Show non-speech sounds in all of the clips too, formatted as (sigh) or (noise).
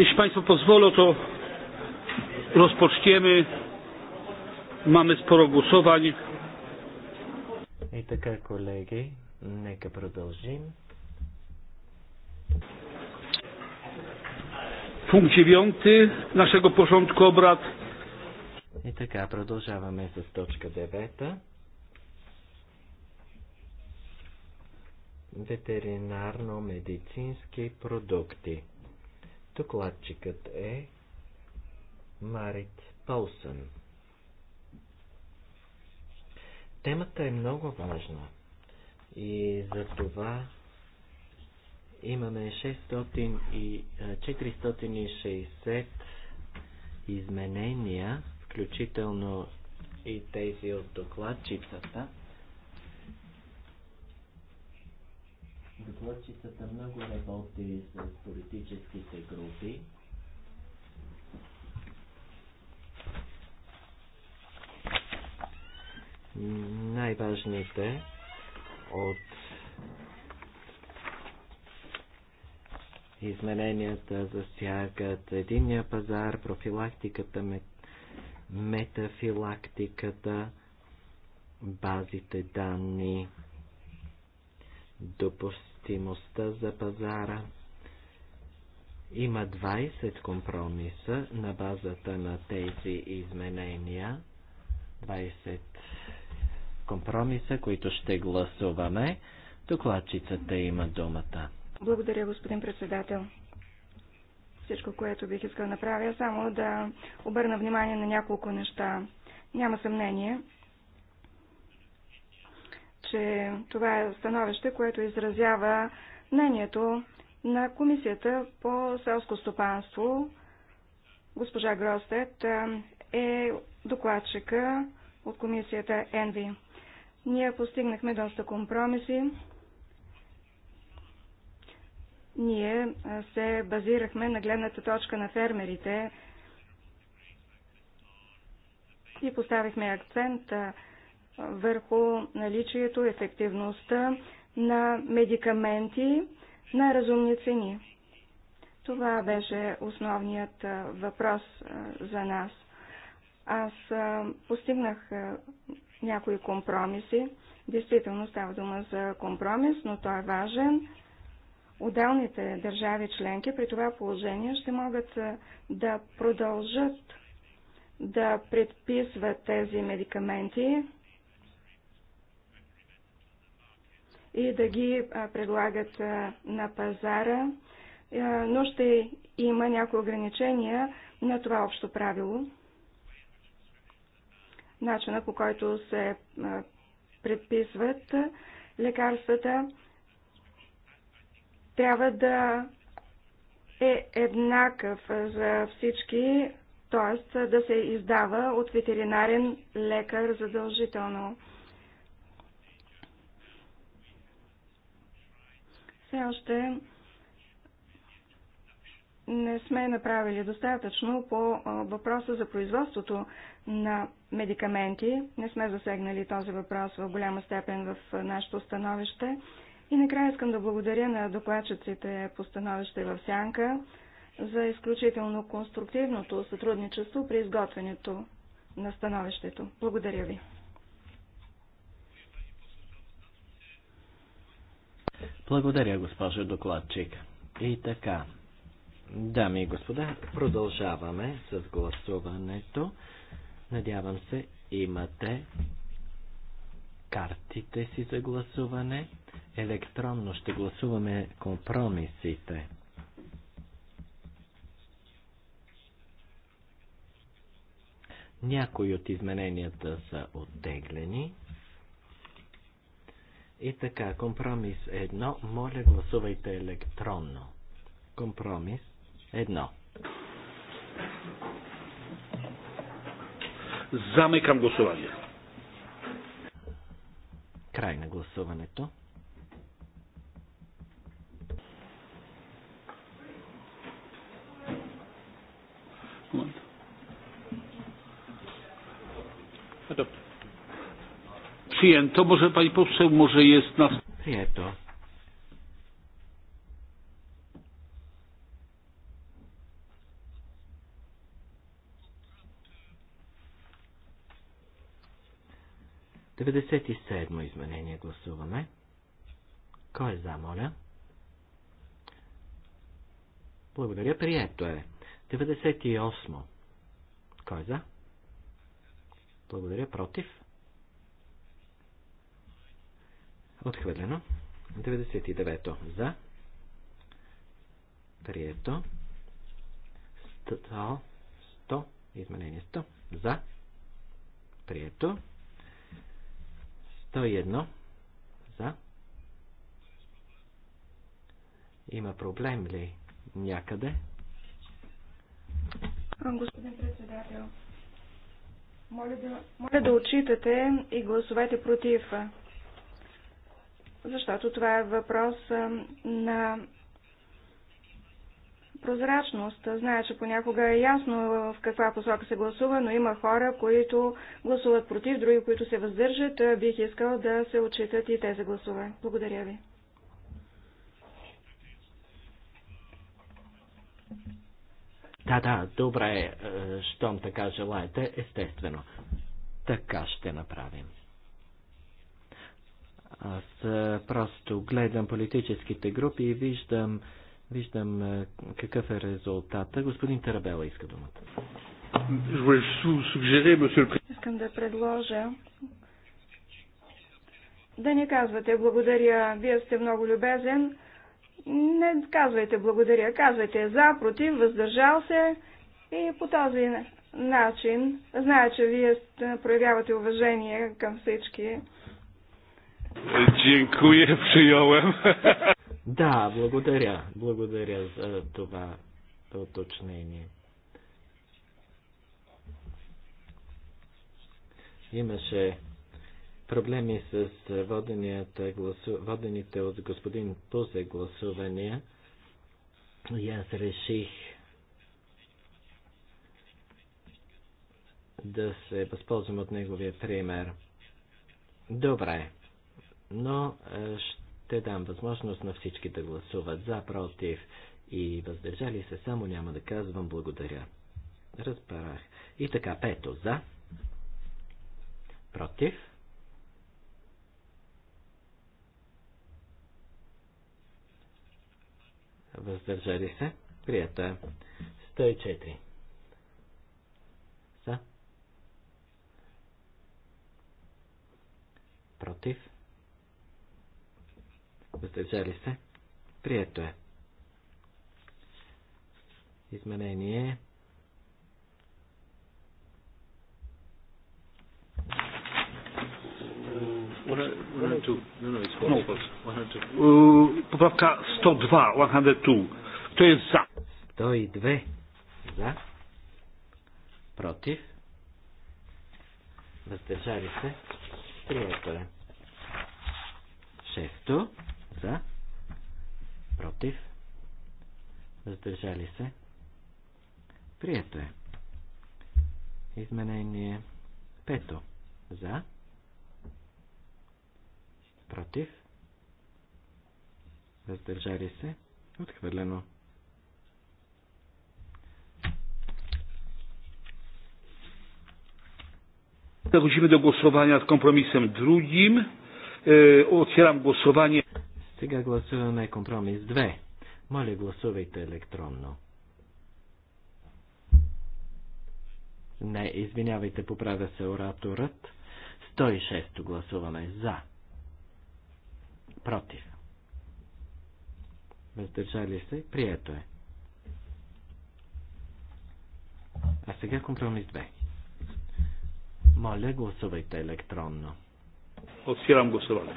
Jeśli Państwo pozwolą, to rozpoczniemy. Mamy sporo głosowań. I tak, kolegi, нека продължим. Punkt dziewiąty naszego porządku obrad. I a prodążamy ze точка dziewięta. weterynarno medycyńskie produkty. Докладчикът е Марит Паусън. Темата е много важна и за това имаме 600 и 460 изменения, включително и тези от докладчицата. Докладчицата много работи с политическите групи. Най-важните от измененията засягат единния пазар, профилактиката, метафилактиката, базите данни, допустимостта допустимостта за пазара. Има 20 компромиса на базата на тези изменения. 20 компромиса, които ще гласуваме. Докладчицата има думата. Благодаря, господин председател. Всичко, което бих искал да направя, е само да обърна внимание на няколко неща. Няма съмнение, че това е становище, което изразява мнението на Комисията по селско стопанство. Госпожа Гростет е докладчика от Комисията ЕНВИ. Ние постигнахме доста компромиси. Ние се базирахме на гледната точка на фермерите и поставихме акцент върху наличието, ефективността на медикаменти на разумни цени. Това беше основният въпрос за нас. Аз постигнах някои компромиси. Действително става дума за компромис, но той е важен. Отделните държави членки при това положение ще могат да продължат да предписват тези медикаменти и да ги предлагат на пазара, но ще има някои ограничения на това общо правило. Начина по който се предписват лекарствата трябва да е еднакъв за всички, т.е. да се издава от ветеринарен лекар задължително. Все още не сме направили достатъчно по въпроса за производството на медикаменти. Не сме засегнали този въпрос в голяма степен в нашето становище. И накрая искам да благодаря на докладчиците по становище в Сянка за изключително конструктивното сътрудничество при изготвянето на становището. Благодаря ви. Благодаря, госпожо докладчик. И така, дами и господа, продължаваме с гласуването. Надявам се, имате картите си за гласуване. Електронно ще гласуваме компромисите. Някои от измененията са оттеглени. И така, компромис 1. Моля, гласувайте електронно. Компромис 1. Замекам гласуване. Край на гласуването. Adopted przyjęto. Może pani poseł, może jest nas... Przyjęto. Деветдесет и седмо изменение гласуваме. Кой е за, моля? Благодаря, прието е. 98. Кой е за? Благодаря, против. Отхвърлено. 99-то. За. Прието. 100. Изменение 100. За. Прието. 101. За. Има проблем ли някъде? Господин председател, моля да, моля да отчитате и гласовете против защото това е въпрос на прозрачност. Знае, че понякога е ясно в каква посока се гласува, но има хора, които гласуват против, други, които се въздържат. Бих искал да се отчитат и тези гласове. Благодаря ви. Да, да, добре, е, щом така желаете, естествено. Така ще направим. Аз просто гледам политическите групи и виждам, виждам какъв е резултата. Господин Тарабела иска думата. Искам да предложа да не казвате благодаря, вие сте много любезен. Не казвайте благодаря, казвайте за, против, въздържал се и по този начин, зная, че вие проявявате уважение към всички Dziękuję, przyjąłem. Да, (laughs) благодаря. Благодаря за това уточнение. Имаше проблеми с гласу... водените от господин Пузе гласувания и аз реших да се възползвам от неговия пример. Добре но е, ще дам възможност на всички да гласуват за, против и въздържали се, само няма да казвам благодаря. Разбрах. И така, пето за, против, въздържали се, прията 104. Е. За, против, въздържали се, прието е. Изменение Поправка 102, 102. Kto е за? 102. За. Против. Въздържали се. Прието е. Шесто. За. Против. Въздържали се. Прието е. Изменение пето. За. Против. Въздържали се. Отхвърлено. Przechodzimy do głosowania z kompromisem drugim. E, Otwieram głosowanie. Сега гласуваме компромис 2. Моля, гласувайте електронно. Не, извинявайте, поправя се ораторът. 106 гласуваме за. Против. Въздържали се. Прието е. А сега компромис 2. Моля, гласувайте електронно. Отсирам гласуване.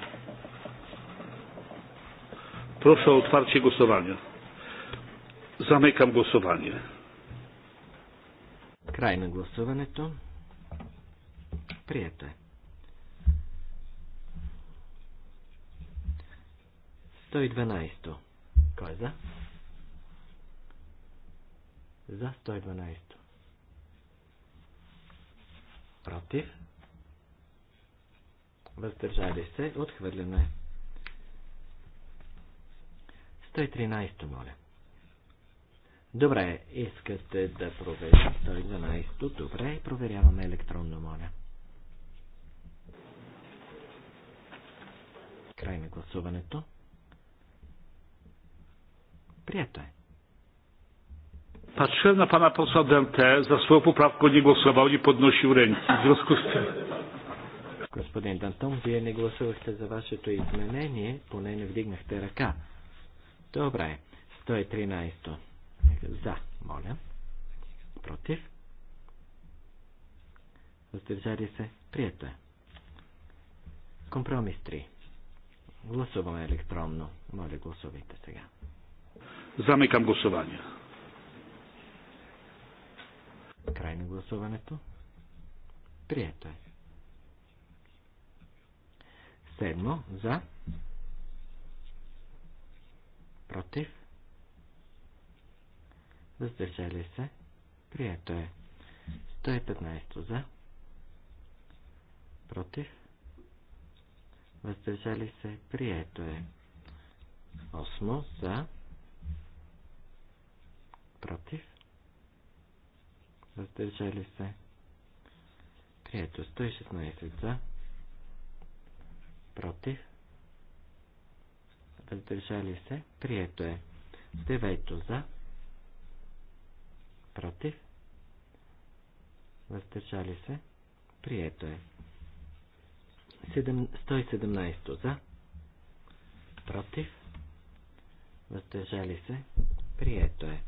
Proszę o otwarcie głosowania. Zamykam głosowanie. Край на гласуването. Прието е. 112. Кой е за? За 112. Против? Въздържали се. Отхвърлено е. 113 моля. Добре, искате да проверим 112. Добре, проверяваме електронно, моля. Край на гласуването. Прието е. Пачвам на пана posła за za swoją не nie и nie podnosił ręki. W Господин Дантон, вие не гласувахте за вашето изменение, поне не вдигнахте ръка. Добре. 113. За. Моля. Против. Въздържали се. Прието е. Компромис 3. Гласуваме електронно. Моля, гласувайте сега. Замикам гласуване. Край на гласуването. Прието е. Седмо. За против, въздържали се, прието е. 115 за, против, въздържали се, прието е. 8 за, против, въздържали се, прието 116 за, против, въздържали се, прието е. Девето за, против, въздържали се, прието е. 117 за, против, въздържали се, прието е.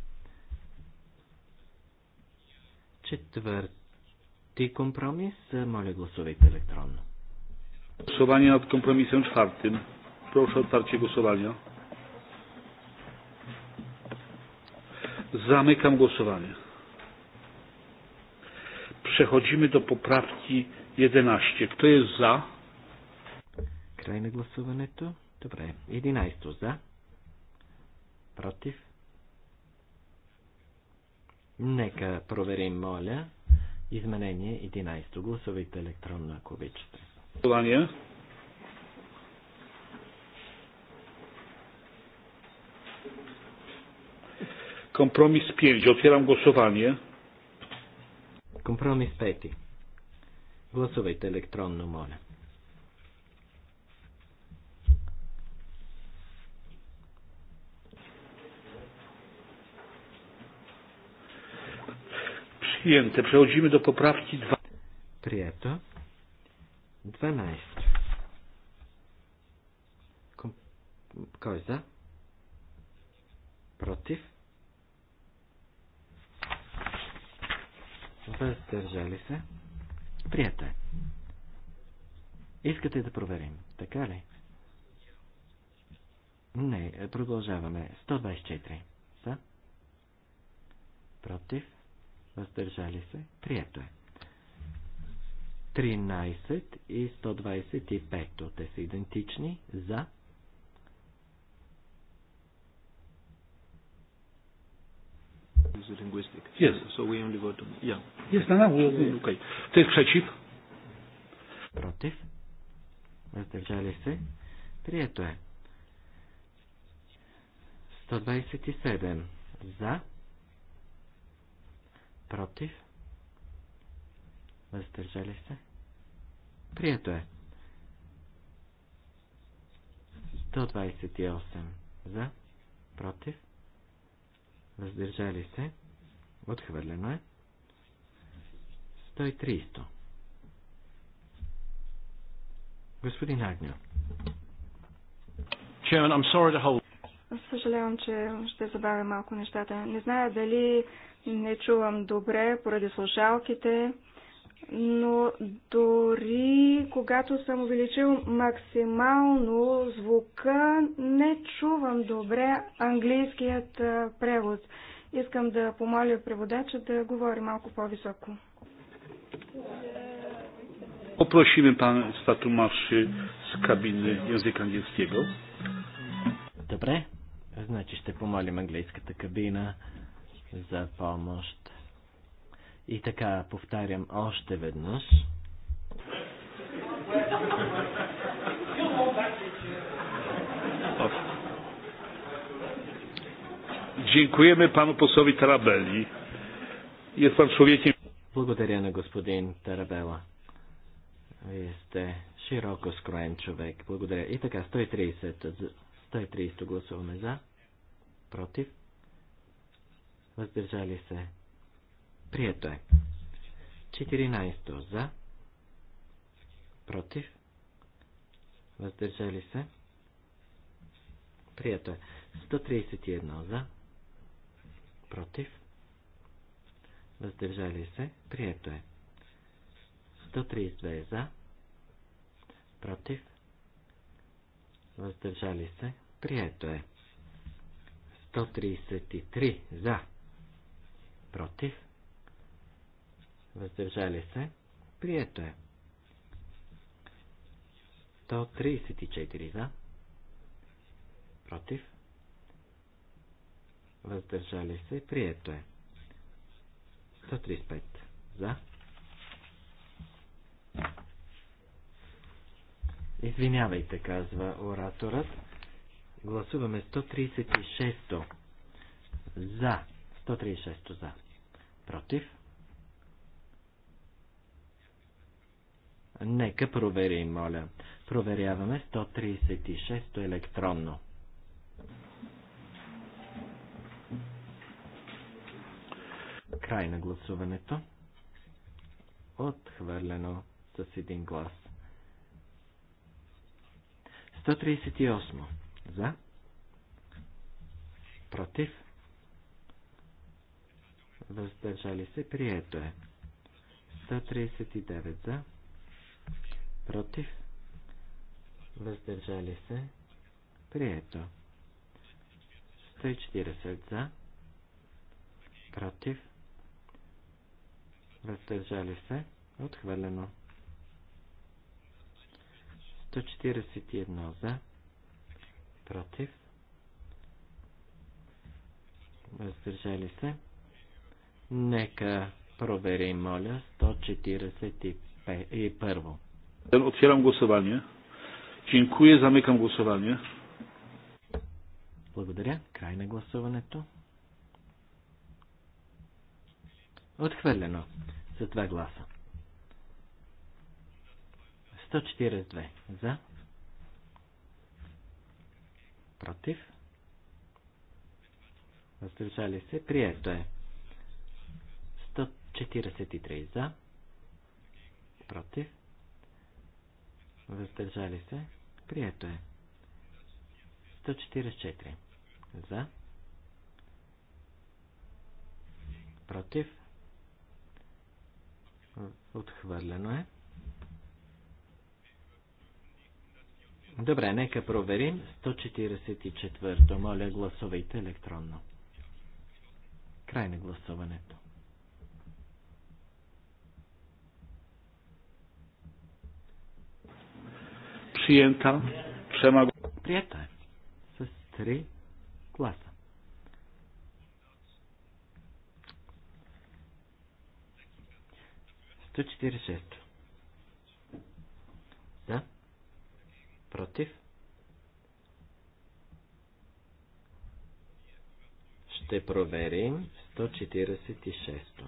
Четвърти компромис, моля гласувайте електронно. Гласование от компромисом четвъртим. Proszę o otwarcie głosowania. Zamykam głosowanie. Przechodzimy do poprawki 11. Kto jest za? Krajne głosowanie to? Dobre. 11 za. Protiv? Neka проверим, моля. Изменение 11. Гласувайте elektronne ако Głosowanie. Kompromis 5. Otwieram głosowanie. Kompromis 5. Głosujcie elektronną molę. Przyjęte. Przechodzimy do poprawki 2. Przyjęto. 12. Kom... Kto za? Protiv? въздържали се, прията е. Искате да проверим, така ли? Не, продължаваме. 124. За? Против? Въздържали се? Прието е. 13 и 125. Те са идентични. За? is linguistic. Yes. So we only go to yeah. Yes, no, no, we agree. Okay. Kto jest przeciw? Против. Въздържали се. Прието е. 127. За. Против. Въздържали се. Прието е. 128. За. Против въздържали се, отхвърлено е. 130. Господин Агню. Chairman, I'm sorry to hold. Съжалявам, че ще забавя малко нещата. Не зная дали не чувам добре поради слушалките но дори когато съм увеличил максимално звука, не чувам добре английският превод. Искам да помоля преводача да говори малко по-високо. Попросиме пан статумаши с кабина язик английския. Добре, значи ще помолим английската кабина за помощ. И така, повтарям още веднъж. Дякуваме пану посови Тарабели. Jest pan człowiekiem. Благодаря на господин Тарабела. Вие сте широко скроен човек. Благодаря. И така, 130, 130 гласуваме за, против, въздържали се Прието е. 14 за. Против. Въздържали се. Прието е. 131 за. Против. Въздържали се. Прието е. 132 за. Против. Въздържали се. Прието е. 133 за. Против въздържали се, прието е. 134 за, против, въздържали се, прието е. 135 за. Извинявайте, казва ораторът. Гласуваме 136 за. 136 за. Против. Нека проверим, моля. Проверяваме 136-то електронно. Край на гласуването. Отхвърлено с един глас. 138. За. Против. Въздържали се. Прието е. 139 за против, въздържали се, прието. 140 за, против, въздържали се, отхвърлено. 141 за, против, въздържали се. Нека проверим, моля, 141. Otwieram głosowanie. Dziękuję, zamykam głosowanie. Благодаря. Край на гласуването. Отхвърлено. За два гласа. 142. За. Против. Въздържали се. Прието е. 143. За. Против въздържали се, прието е. 144 за, против, отхвърлено е. Добре, нека проверим. 144. Моля, гласувайте електронно. Край на гласуването. Przyjęta. Прията е. С три głosy. Сто четири шесто. За. Против. Ще проверим 146.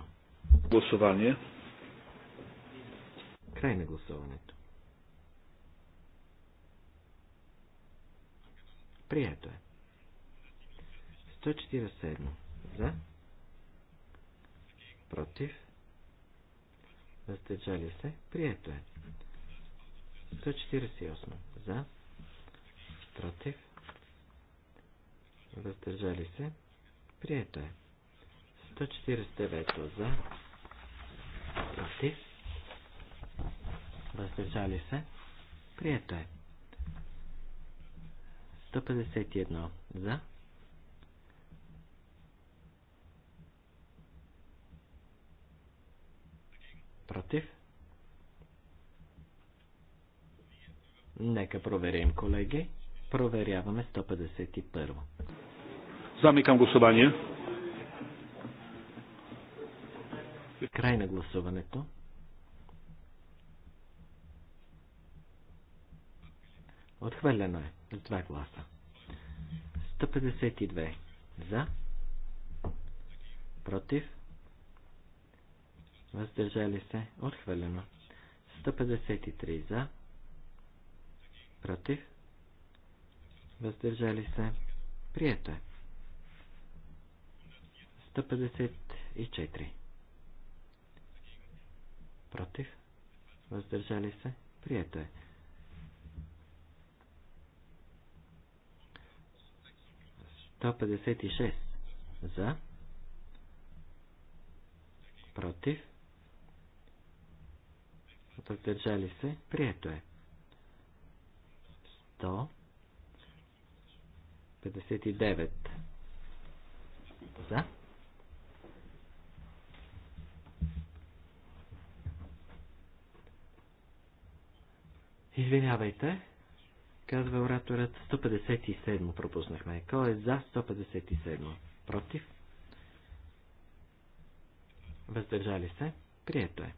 Гласование. Край на гласуването. Прието е. 147. За. Против. Въздържали се. Прието е. 148. За. Против. Въздържали се. Прието е. 149. За. Против. Въздържали се. Прието е. 151 за. Против. Нека проверим, колеги. Проверяваме 151. Замикам гласование. Край на гласуването. Отхвърлено е. Два гласа. 152 за, против, въздържали се, отхвърлено. 153 за, против, въздържали се, прието е. 154 против, въздържали се, прието е. 156 за, против, въздържали се, прието е. 159 за, Извинявайте казва ораторът. 157 пропуснахме. Кой е за 157? Против? Въздържали се? Прието е.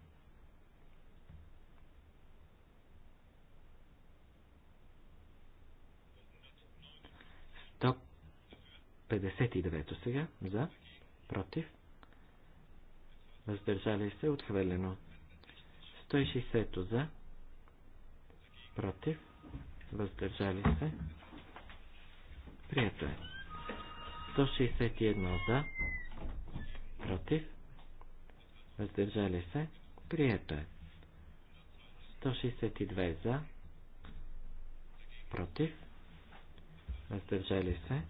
Стоп. 59 сега. За. Против. Въздържали се? Отхвърлено. 160 за. Против въздържали се. Прието е. 161 за, против, въздържали се. Прието е. 162 за, против, въздържали се.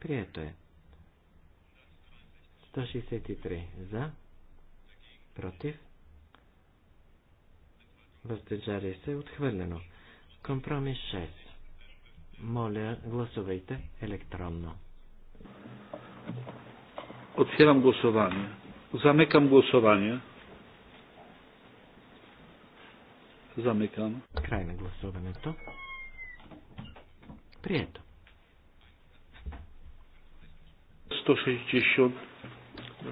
Прието е. 163 за, против, въздържали се, отхвърлено. Компромис 6. Моля, гласувайте електронно. Otwieram głosowanie. Zamykam głosowanie. Zamykam. Край на гласуването. Прието. 160.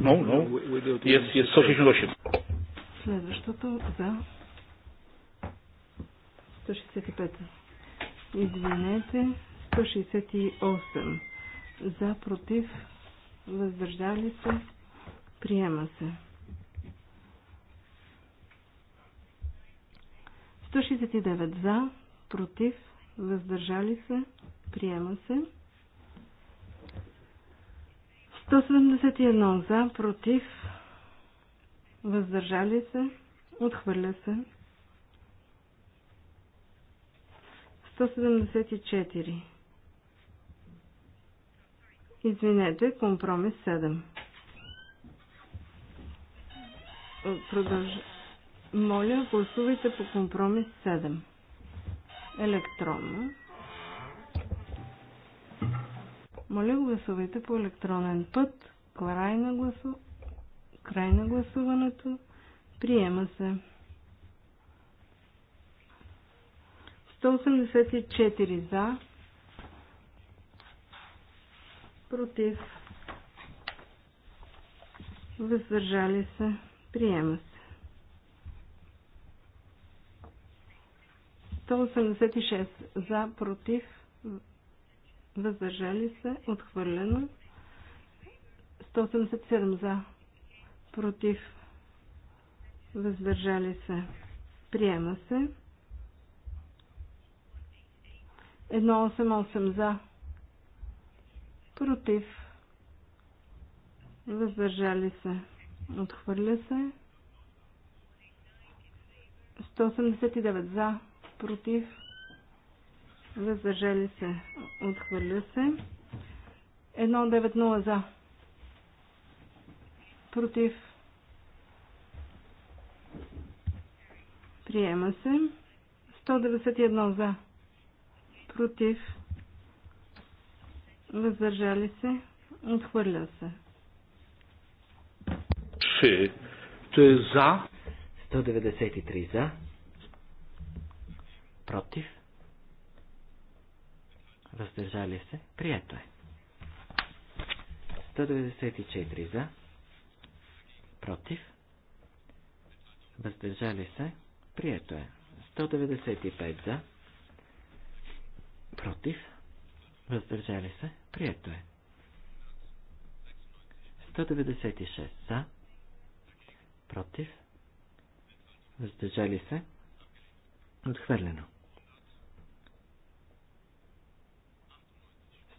No, no. Jest, jest 168. Следващото за 165. Извинете. 168. За, против, въздържали се, приема се. 169 за, против, въздържали се, приема се. 171 за, против, въздържали се, отхвърля се. 174. Извинете, компромис 7. Продълж... Моля, гласувайте по компромис 7. Електронно. Моля, гласувайте по електронен път. Край на, гласу... Край на гласуването. Приема се. 184 за, против, въздържали се, приема се. 186 за, против, въздържали се, отхвърлено. 187 за, против, въздържали се, приема се. 188 за. Против. Въздържали се. Отхвърля се. 189 за. Против. Въздържали се. Отхвърля се. 190 за. Против. Приема се. 191 за против, въздържали се, отхвърля се. Ше, То е за. 193 за. Против. Въздържали се. Прието е. 194 за. Против. Въздържали се. Прието е. 195 за. Против. Въздържали се. Прието е. 196 за. Против. Въздържали се. Отхвърлено.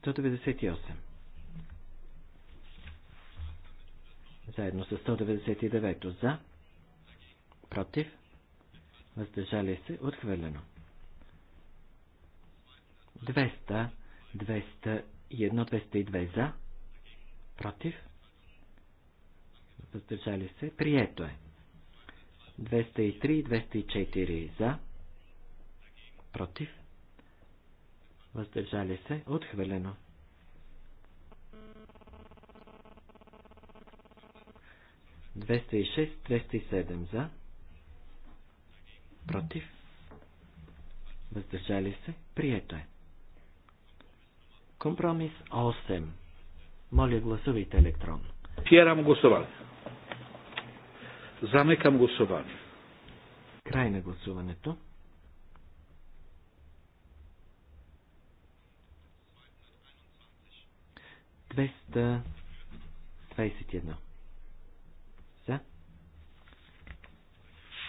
198. Заедно с 199 за. Против. Въздържали се. Отхвърлено. 200, 201, 202 за, против, въздържали се, прието е. 203, 204 за, против, въздържали се, отхвърлено. 206, 207 за, против, въздържали се, прието е. Компромис 8. Моля, гласувайте електронно. Пирам гласуване. Замекам гласуване. Край на гласуването. Двеста едно. За.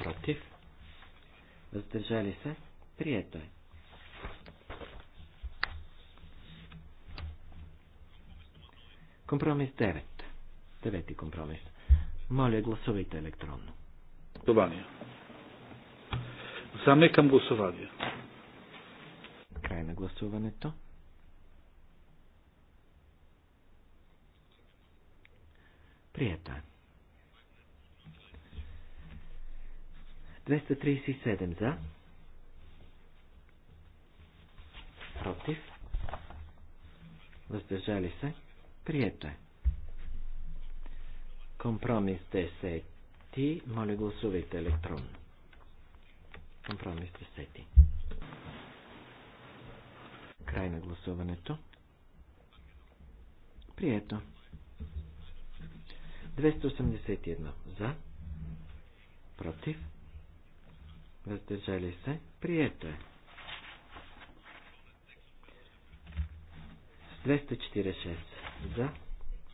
Против. Въздържали се. Прието е. Компромис 9. Девети компромис. Моля, гласувайте електронно. Гласувание. Замекам гласуване. Край на гласуването. Прието 237 е. за. Против. Въздържали се. Прието е. Компромис 10. Моля гласувайте електронно. Компромис 10. Край на гласуването. Прието. 281. За. Против. Въздържали се. Прието е. 246 за,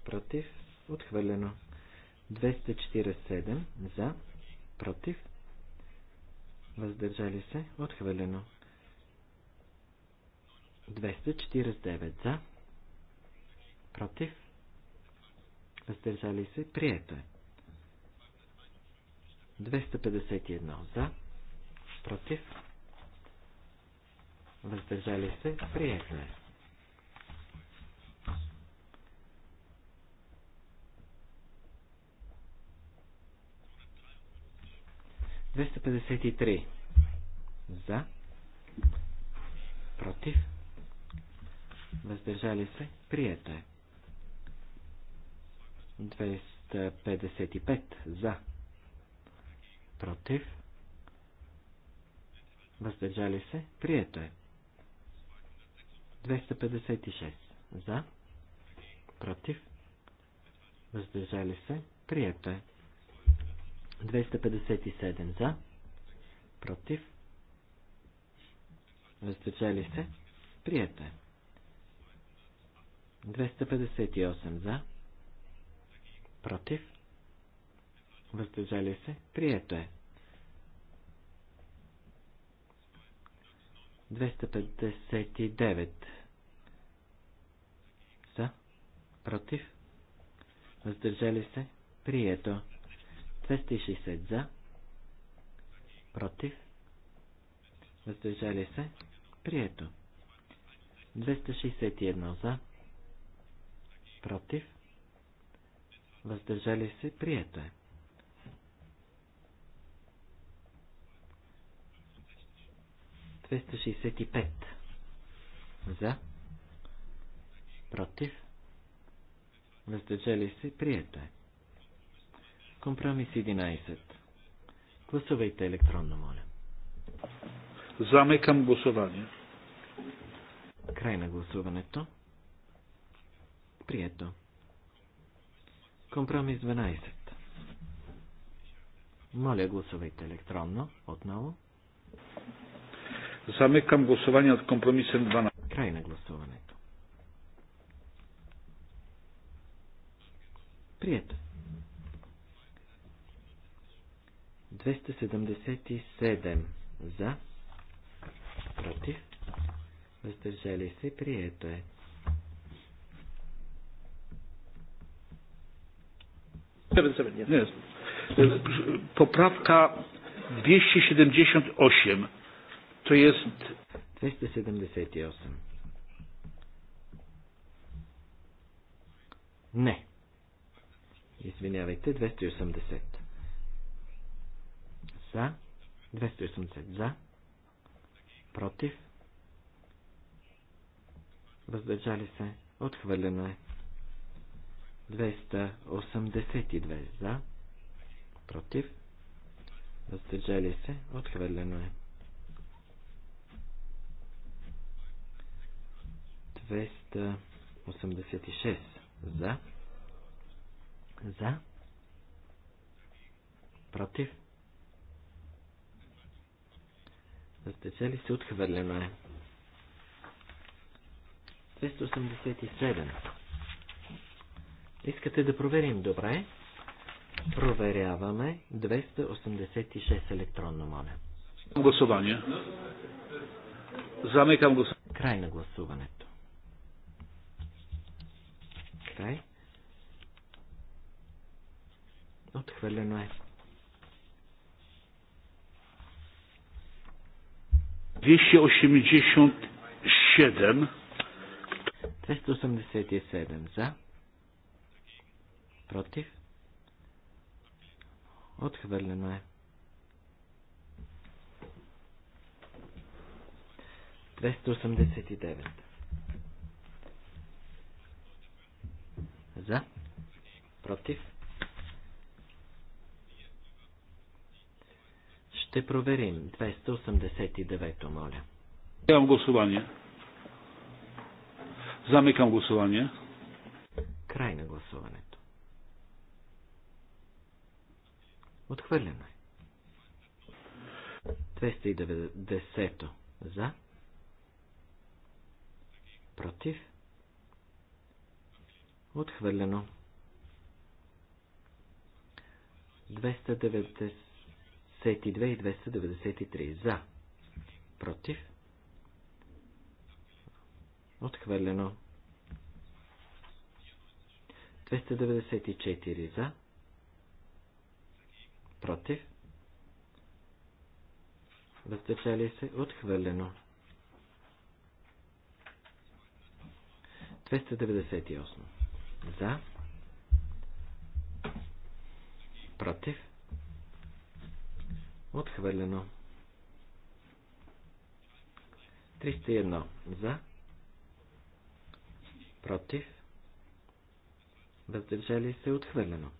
против, отхвърлено. 247 за, против, въздържали се, отхвърлено. 249 за, против, въздържали се, прието е. 251 за, против, въздържали се, прието е. 253. За. Против. Въздържали се. Прието е. 255. За. Против. Въздържали се. Прието е. 256. За. Против. Въздържали се. Прието е. 257 за, против, въздържали се, прието е. 258 за, против, въздържали се, прието е. 259 за, против, въздържали се, прието. 260 за, против, въздържали се, прието. 261 за, против, въздържали се, прието е. 265 за, против, въздържали се, прието е. Компромис 11. Гласувайте електронно, моля. Замекам гласуване. Край на гласуването. Прието. Компромис 12. Моля, гласувайте електронно отново. Замекам гласуване от компромисен 12. Край на гласуването. Прието. 277 за, против, въздържали се, прието е. Поправка 278 то jest 278. Не. Извинявайте, 280 за, 280 за, против, въздържали се, отхвърлено е. 282 за, против, въздържали се, отхвърлено е. 286 за, за, против, ли се. Отхвърлено е. 287. Искате да проверим? Добре. Проверяваме 286 електронно, моля. Гласование. Замекам гласуване. Край на гласуването. Край. Отхвърлено е. 287. 287 за. Против. Отхвърлено е. 289. За. Против. Ще проверим. 289 моля. Замикам гласование. Замикам гласование. Край на гласуването. Отхвърлено е. 290 за. Против. Отхвърлено. 290 292 и 293 за. Против. Отхвърлено. 294 за. Против. Въздържали се. Отхвърлено. 298. За. Против. Отхвърлено. 301. За. Против. Въздържали се. Отхвърлено.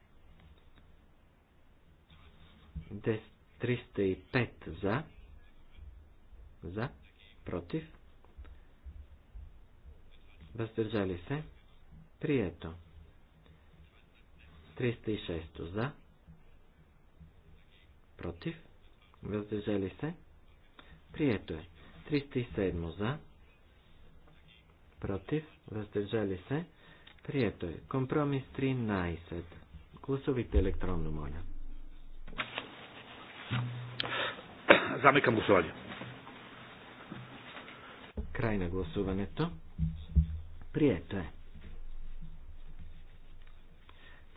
305. За. За. Против. Въздържали се. Прието. 306. За. Против. Въздържали се? Прието е. 307 за. Против. Въздържали се? Прието е. Компромис 13. Гласувайте електронно, моля. Замикам гласуване. Край на гласуването. Прието е.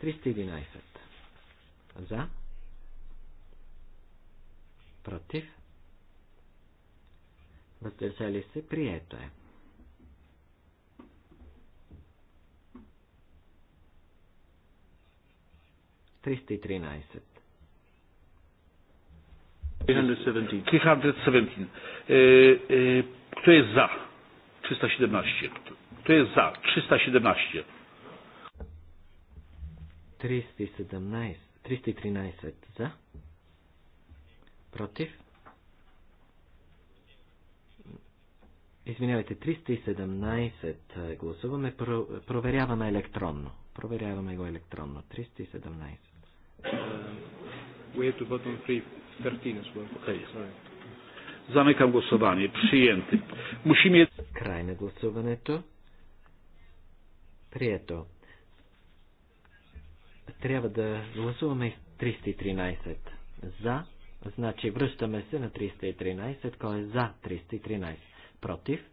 311. За против, въздържали се, прието е. Триста и тринайсет. 317. Kto jest za? 317. Kto jest za? 317. 317. 313 за. Против. Извинявайте, 317 гласуваме. Про, проверяваме електронно. Проверяваме го електронно. 317. We have to vote on 313 as well. Прието. Трябва да гласуваме 313. За, Значи връщаме се на 313. Кой е за 313? Против?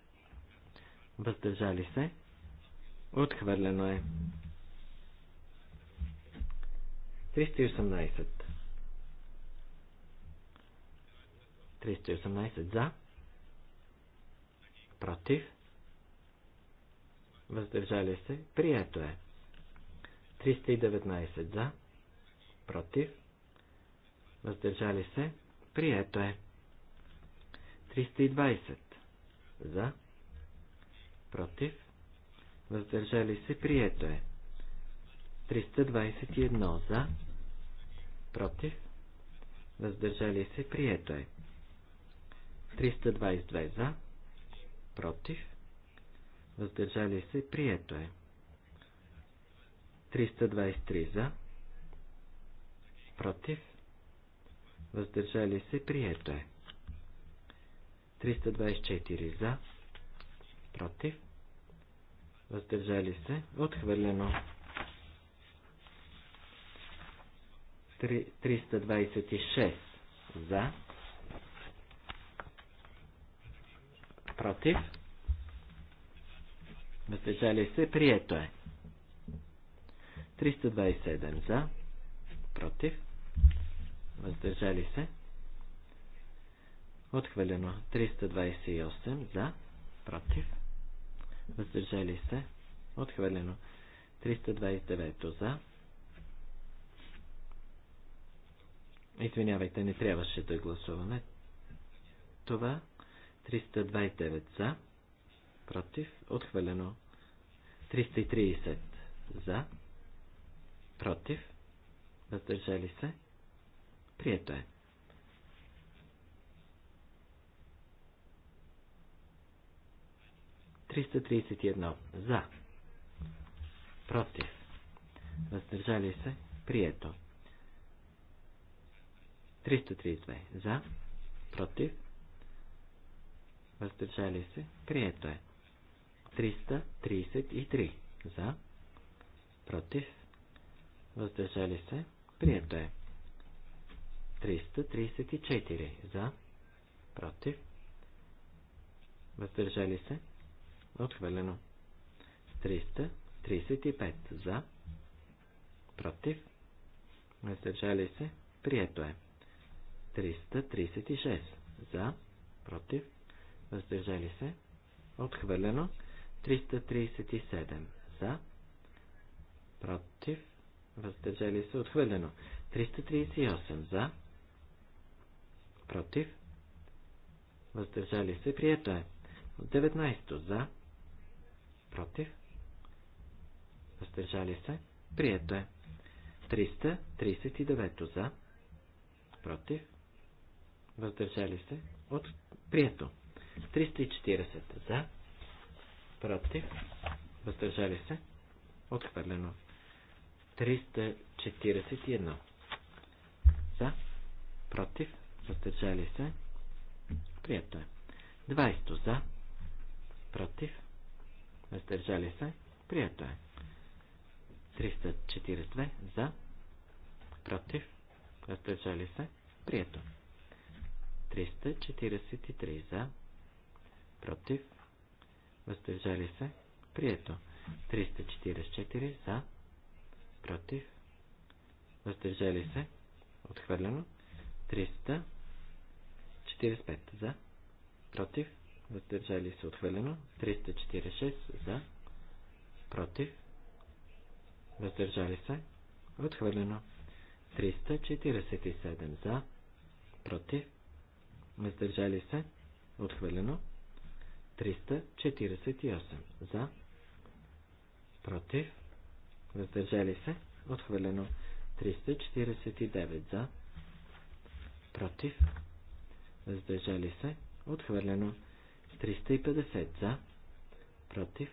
Въздържали се? Отхвърлено е. 318. 318 за. Против. Въздържали се. Прието е. 319 за. Против въздържали се, прието е. 320 за, против, въздържали се, прието е. 321 за, против, въздържали се, прието е. 322 за, против, въздържали се, прието е. 323 за, против, въздържали се, прието е. 324 за, против, въздържали се, отхвърлено. 326 за, против, въздържали се, прието е. 327 за, против, въздържали се. Отхвърлено 328 за, против, въздържали се. Отхвърлено 329 за. Извинявайте, не трябваше да гласуваме. Това 329 за, против, отхвърлено 330 за, против, въздържали се. Прието е. За. Против. Въздържали се. Прието. 332. За. Против. Въздържали се. Прието е. 333. За. Против. Въздържали се. Прието е. 334. 334 за, против, въздържали се, отхвърлено. 335 за, против, въздържали се, прието е. 336 за, против, въздържали се, отхвърлено. 337 за, против, въздържали се, отхвърлено. 338 за, против, въздържали се, прието е. 19 за, против, въздържали се, прието е. 339 за, против, въздържали се, от прието. 340 за, против, въздържали се, отхвърлено. 341 за, против, въздържали се, прието е. 20 за, против, въздържали се, прието е. 342 за, против, въздържали се, прието. 343 за, против, въздържали се, прието. 344 за, против, въздържали се, отхвърлено. 300 45 за, против, въздържали се отхвърлено, 346 за, против, въздържали се, отхвърлено, 347 за, против, въздържали се, отхвърлено, 348 за, против, въздържали се, отхвърлено, 349 за, против, въздържали се, отхвърлено 350 за, против,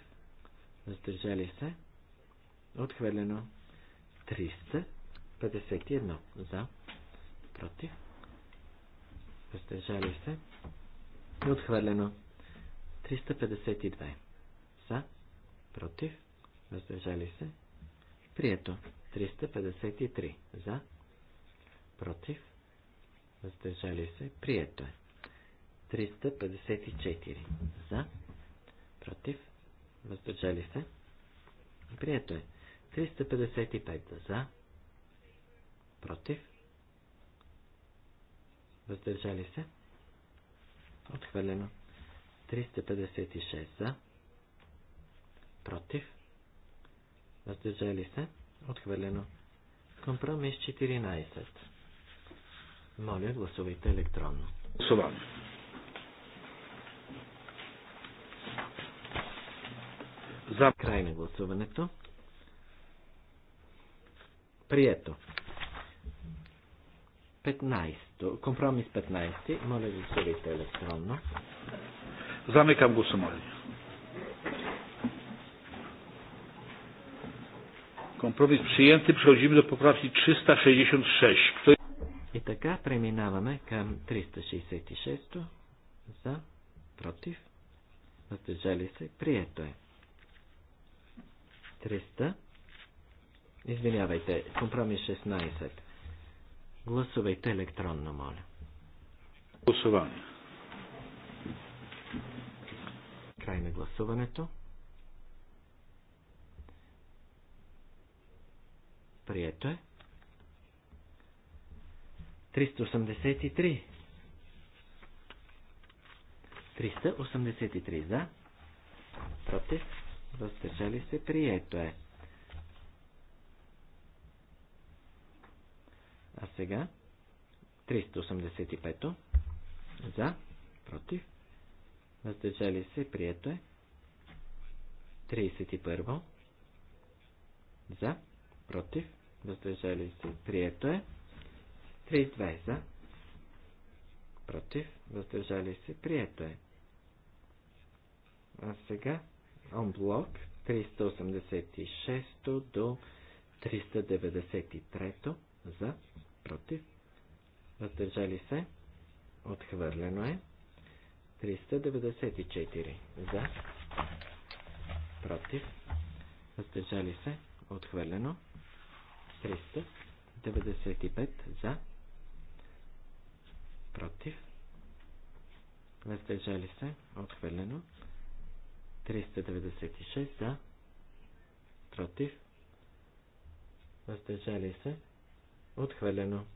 въздържали се, отхвърлено 351 за, против, въздържали се, отхвърлено 352 за, против, въздържали се, прието 353 за, против, въздържали се, прието е. 354 за, против, въздържали се, прието е. 355 за, против, въздържали се, отхвърлено. 356 за, против, въздържали се, отхвърлено. Компромис 14. Моля, гласувайте електронно. Гласувам. За край на гласуването. Прието. 15. Компромис 15. Моля, гласувайте електронно. Замикам го гласуване. Компромис przyjęty. Przechodzimy do poprawki 366. Kto и така преминаваме към 366 за против. Въздържали се. Прието е. 300. Извинявайте. Компромис 16. Гласувайте електронно, моля. Гласуване. Край на гласуването. Прието е. 383. 383 за. Против. Въздържали се. Прието е. А сега 385 за, против, въздържали се, прието е. 31 за, против, въздържали се, прието е. 3.2 за. Против. Въздържали се. Прието е. А сега онблок 386 до 393 за. Против. Въздържали се. Отхвърлено е. 394 за. Против. Въздържали се. Отхвърлено. 395 за против, въздържали се, отхвърлено, 396 за, против, въздържали се, отхвърлено,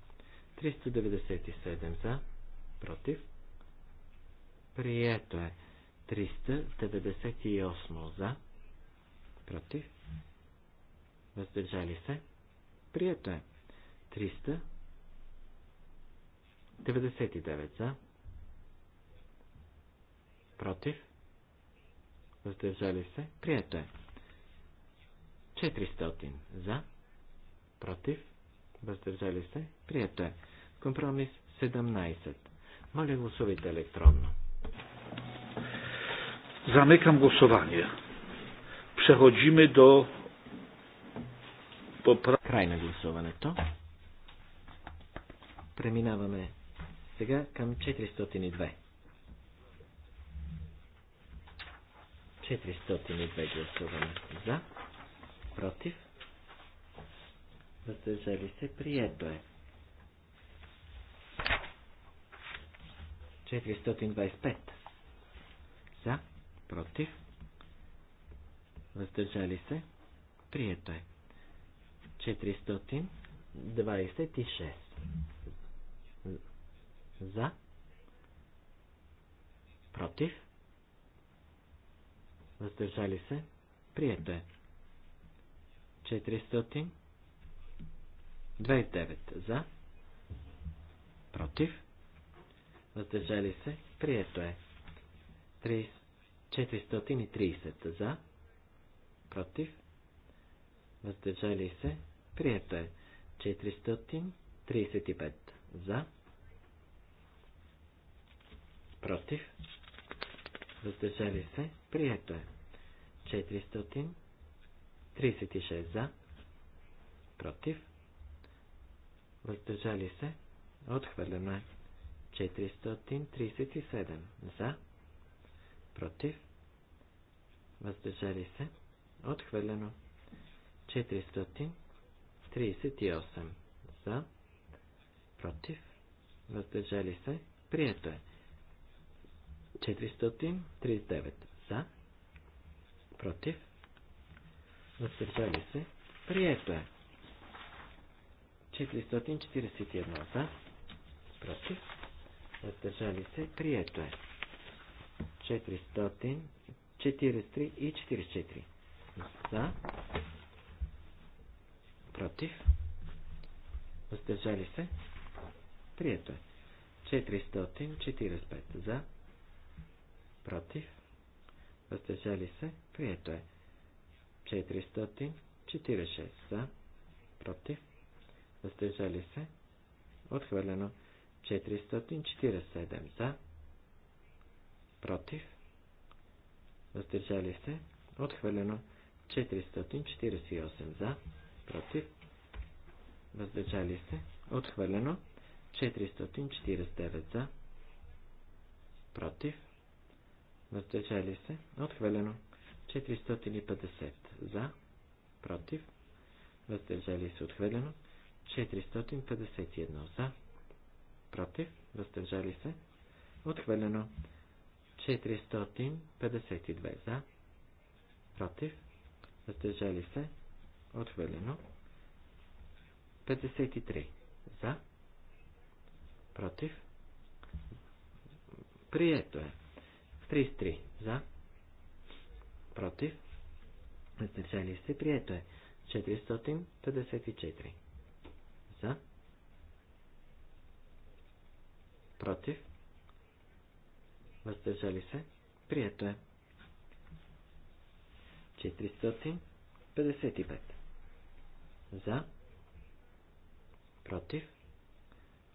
397 за, против, прието е, 398 за, против, въздържали се, прието е, 300 99 за. Против. Въздържали се. Прието е. 400 за. Против. Въздържали се. Прието е. Компромис 17. Моля гласувайте електронно. Zamykam głosowanie. Przechodzimy do край Krajne głosowanie to. Преминаваме сега към 402. 402 гласуваме за, против, въздържали се, прието е. 425 за, против, въздържали се, прието е. 426 за. Против. Въздържали се. Прието е. 400. 29. За. Против. Въздържали се. Прието е. 430. За. Против. Въздържали се. Прието е. 435. За. Против. Въздържали се. Прието е. 436 за. Против. Въздържали се. Отхвърлено е. 437 за. Против. Въздържали се. Отхвърлено. 438 за. Против. Въздържали се. Прието е. 439 за, против, въздържали се, прието е. 441 за, против, въздържали се, прието е. 443 и 44 за, против, въздържали се, прието е. 445 за, против, въздържали се, прието е. 446 за, против, въздържали се, отхвърлено. 447 за, против, въздържали се, отхвърлено. 448 за, против, въздържали се, отхвърлено. 449 за, против, въздържали се, отхвърлено 450 за, против, въздържали се, отхвърлено 451 за, против, въздържали се, отхвърлено 452 за, против, въздържали се, отхвърлено 53 за, против, прието е. 33 за, против, въздържали се, прието е. 454 за, против, въздържали се, прието е. 455 за, против,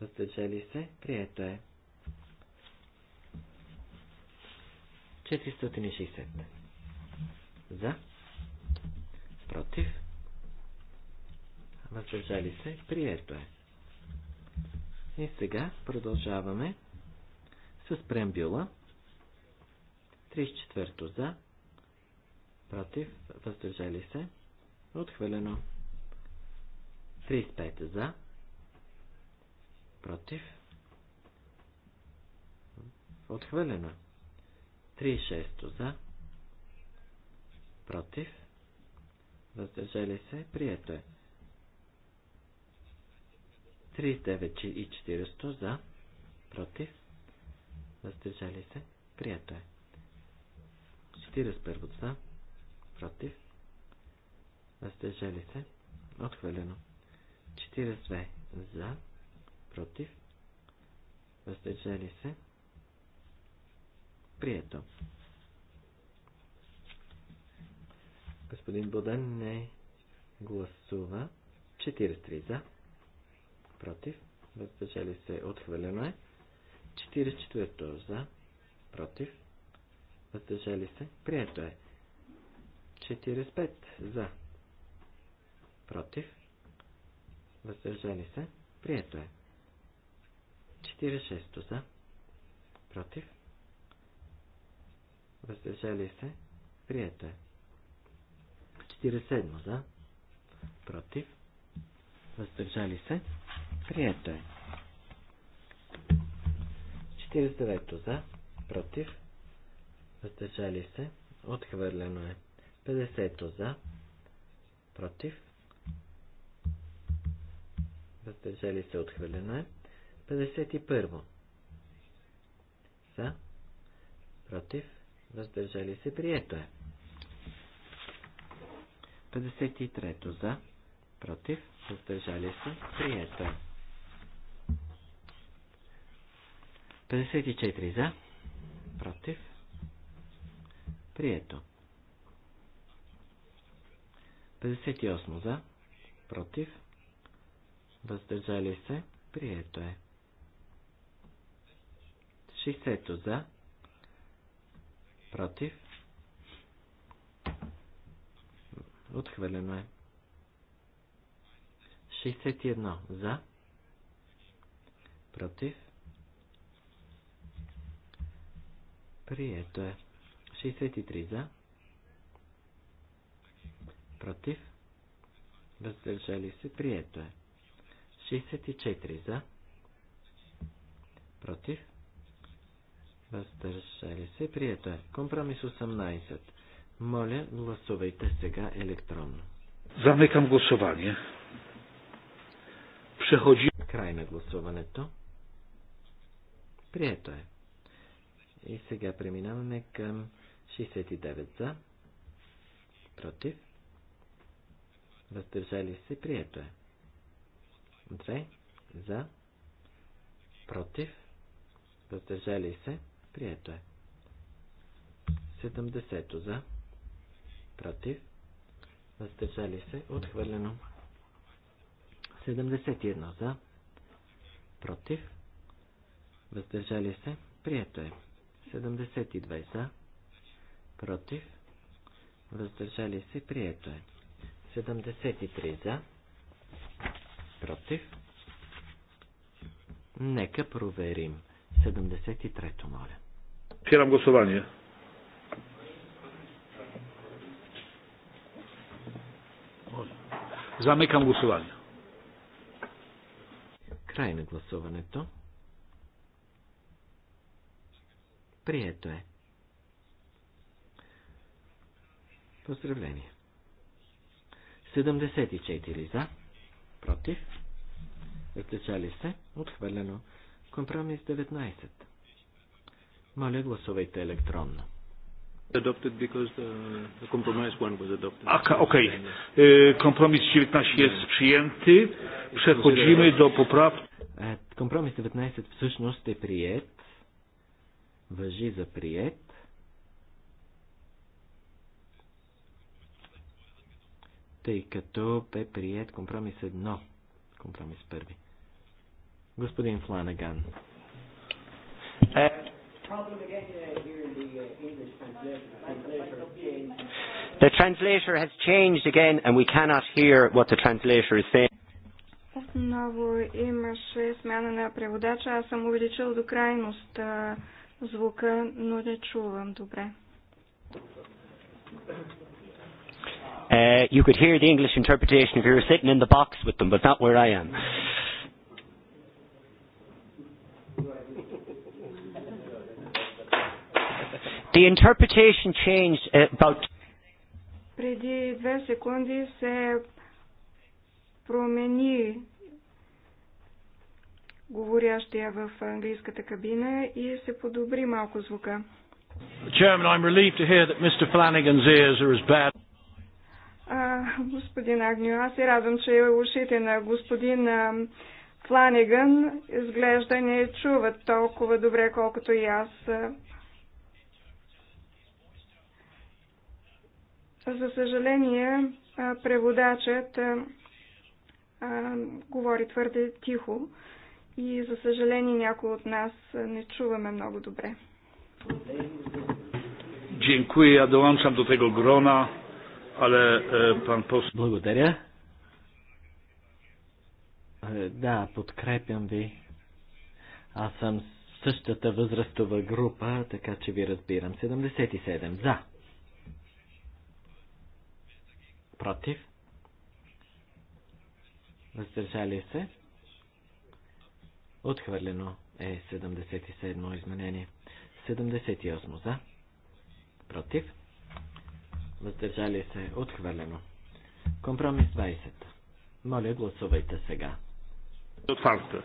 въздържали се, прието е. 460. За. Против. Въздържали се. Прието е. И сега продължаваме с преамбюла. 34 за. Против. Въздържали се. Отхвилено. 35 за. Против. Отхвилено. 36 36 за, против, въздържали се, прието е. 39 и 40 за, против, въздържали се, прието е. 41 за, против, въздържали се, отхвърлено. 42 за, против, въздържали се, Прието. Господин Бодан не гласува. 43 за. Против. Въздържали се. Отхвърлено е. 44 за. Против. Въздържали се. Прието е. 45 за. Против. Въздържали се. Прието е. 46 за. Против въздържали се, прието е. 47 за, против, въздържали се, прието е. 49 за, против, въздържали се, отхвърлено е. 50 за, против, въздържали се, отхвърлено е. 51 за, против, въздържали се, прието е. 53 за, против, въздържали се, прието е. 54 за, против, прието. 58 за, против, въздържали се, прието е. 60 за, Против. Отхвърлено е. 61. За. Против. Прието е. 63 за. Против. Въздържали се. Прието е. 64 за. Против въздържали се, прието е. Компромис 18. Моля, гласувайте сега електронно. Замекам гласование. Преходи... Край на гласуването. Прието е. И сега преминаваме към 69 за. Против. Въздържали се. Прието е. 2 за. Против. Въздържали се. Прието е. 70 за. Против. Въздържали се. Отхвърлено. 71 за. Против. Въздържали се. Прието е. 72 за. Против. Въздържали се. Прието е. 73 за. Против. Нека проверим. 73-то, моля. Otwieram głosowanie. Zamykam głosowanie. Край на гласуването. Прието е. Поздравление. 74 за, против, въздържали се, отхвърлено. Компромис 19. Моля, гласувайте електронно. Adopted because the, uh, the compromise one was adopted. Aka, okej. Kompromis 19 jest przyjęty. Przechodzimy do poprawki. Компромис 19 е е, всъщност е прият. Въжи за прият. Тъй като бе прият компромис 1. Компромис 1. Господин Фланаган. Е, The translator has changed again and we cannot hear what the translator is saying. Отново имаше смяна на преводача. Аз съм увеличил до крайност звука, но не чувам добре. Uh, you could hear the English interpretation if you were sitting in the box with them, but not where I am. Uh, The interpretation changed about... Преди две секунди се промени говорящия в английската кабина и се подобри малко звука. Chairman, I'm relieved to hear that Mr. Flanagan's ears are as bad. А, господин Агнио, аз се радвам, че ушите на господин Фланеган изглежда не чуват толкова добре, колкото и аз. За съжаление, преводачът говори твърде тихо и за съжаление някои от нас не чуваме много добре. E, Благодаря. Е, да, подкрепям ви. Аз съм същата възрастова група, така че ви разбирам. 77 за. против, въздържали се, отхвърлено е 77 изменение, 78 за, против, въздържали се, отхвърлено. Компромис 20. Моля, гласувайте сега. Отварта.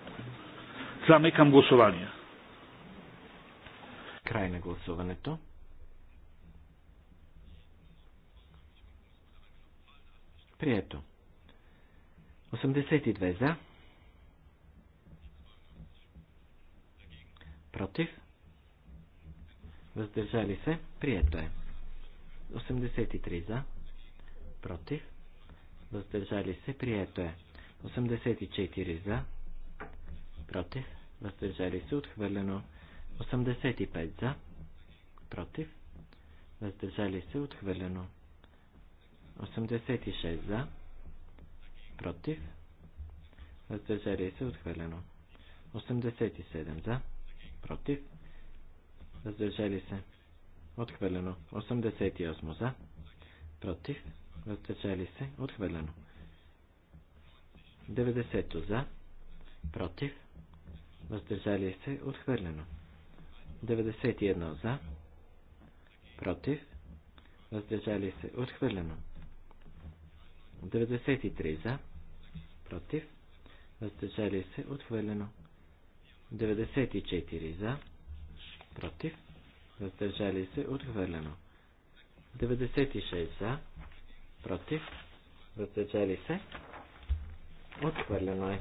Замикам гласувания. Край на гласуването. Прието. 82 за. Против. Въздържали се. Прието е. 83 за. Против. Въздържали се. Прието е. 84 за. Против. Въздържали се. Отхвърлено. 85 за. Против. Въздържали се. Отхвърлено. 86 за, против, въздържали се, отхвърлено. 87 за, против, въздържали се, отхвърлено. 88 за, против, въздържали се, отхвърлено. 90 за, против, въздържали се, отхвърлено. 91 за, против, въздържали се, отхвърлено. 93 за, против, въздържали се, отхвърлено. 94 за, против, въздържали се, отхвърлено. 96 за, против, въздържали се, отхвърлено е.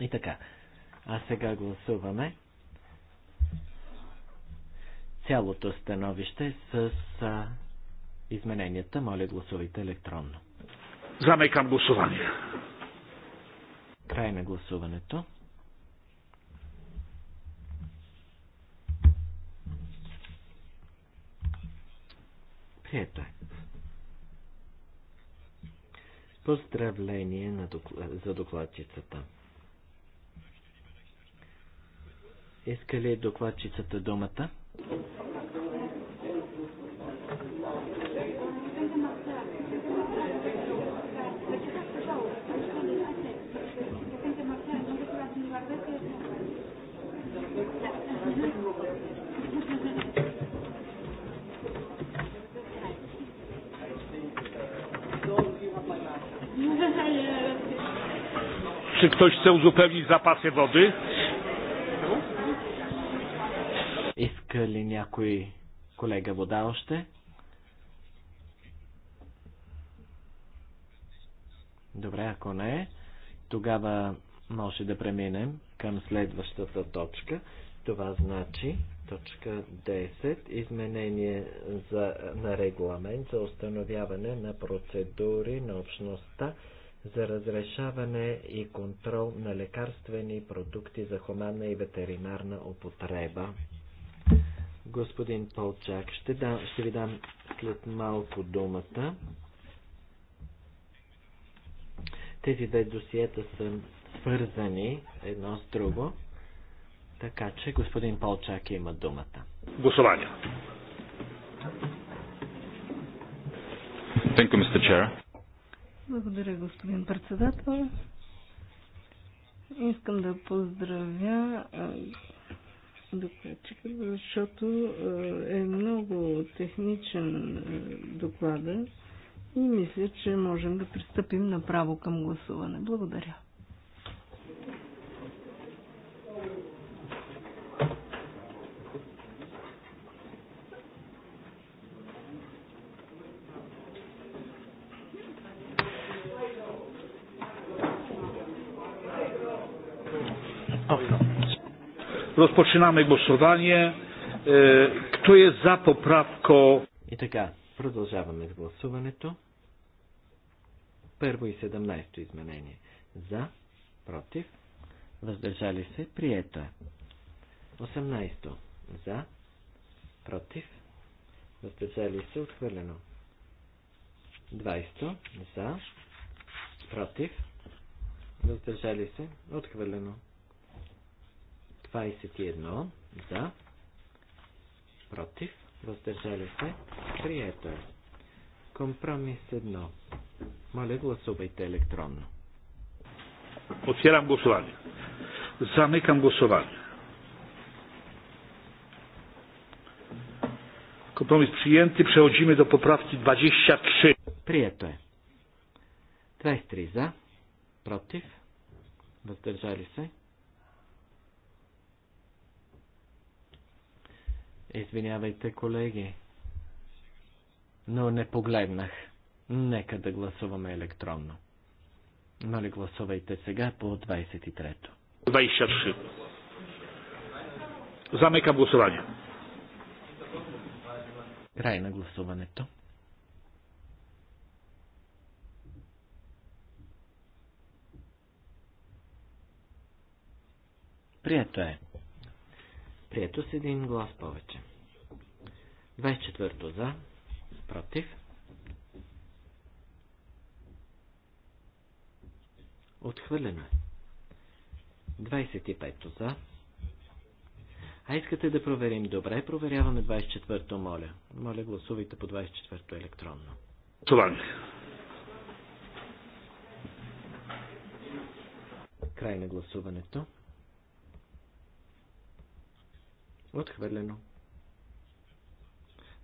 И така, а сега гласуваме цялото становище с а, измененията. Моля, гласувайте електронно. Замекам głosowanie. Край на гласуването. Прието е. Поздравление на доклад... за докладчицата. Иска ли докладчицата думата? Czy ktoś chce uzupełnić zapasy wody? Иска ли някой колега вода още? Добре, ако не, тогава може да преминем към следващата точка. Това значи точка 10 изменение за, на регламент за установяване на процедури на общността за разрешаване и контрол на лекарствени продукти за хуманна и ветеринарна употреба. Господин Полчак, ще, да, ще ви дам след малко думата. Тези две досиета са свързани едно с друго, така че господин Полчак има думата. Гласование. Thank you, Mr. Chair. Благодаря, господин председател. Искам да поздравя докладчика, защото е много техничен доклада и мисля, че можем да пристъпим направо към гласуване. Благодаря. Rozpoczynamy głosowanie. E, kto jest za poprawką? И така, продължаваме с гласуването. Първо и 17 изменение. За, против, въздържали се, прието е. 18. За, против, въздържали се, отхвърлено. 20. За, против, въздържали се, отхвърлено. 21 за, против, въздържали се, прието е. Компромис 1. Моля, гласувайте електронно. Otwieram głosowanie. Zamykam głosowanie. Kompromis przyjęty. Przechodzimy do poprawki 23. Przyjęto. 23 za, protiv, воздержали се, Извинявайте, колеги, но не погледнах. Нека да гласуваме електронно. Моля, гласувайте сега по 23-то. 23. Замекам гласуване. Край на гласуването. Прието е. Прието с един глас повече. 24 за, против. Отхвърлено е. 25 за. А искате да проверим добре? Проверяваме 24-то, моля. Моля, гласувайте по 24-то електронно. Гласуване. Край на гласуването. Отхвърлено.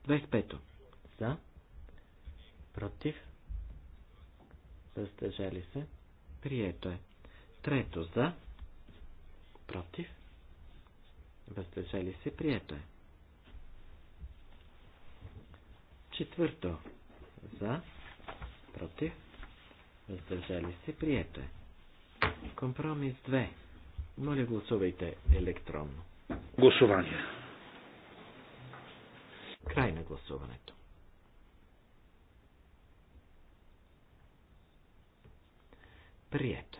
25. За. Против. Въздържали се. Прието е. Трето. За. Против. Въздържали се. Прието е. Четвърто. За. Против. Въздържали се. Прието е. Компромис 2. Моля гласувайте електронно. Гласование. Край на гласуването. Прието.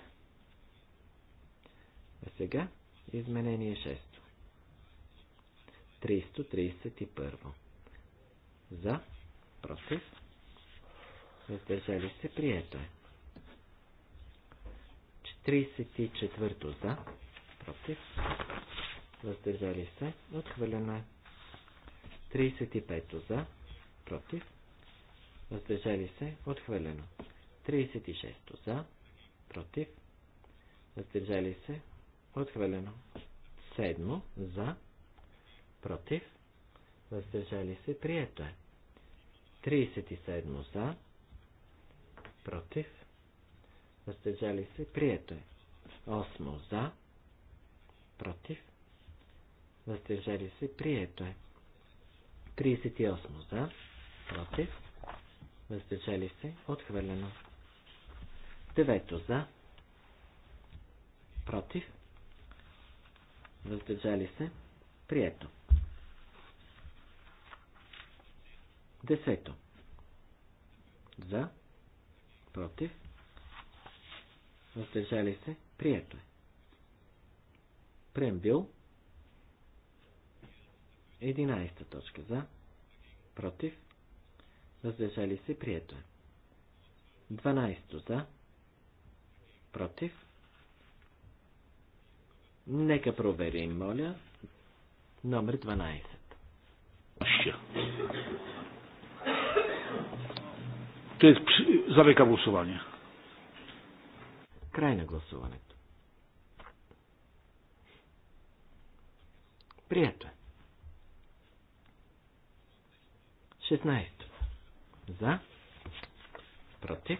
А сега изменение 6. 331. За, против, въздържали се, прието е. 34 за, против, въздържали се, отхвърлено е. 35 за, против, въздържали се, отхвърлено. 36 за, против, въздържали се, отхвърлено. 7 за, против, въздържали се, прието е. 37 за, против, въздържали се, прието е. 8 за, против, въздържали се, прието е. 38 за, против, въздържали се, отхвърлено. 9 за, против, въздържали се, прието. 10 за, против, въздържали се, прието е. Преамбил 1 11 точка за, против, въздържали се, прието е. 12 за, против. Нека проверим, моля, номер 12. To за века głosowanie. Край на гласуването. Прието е. 16. За. Против.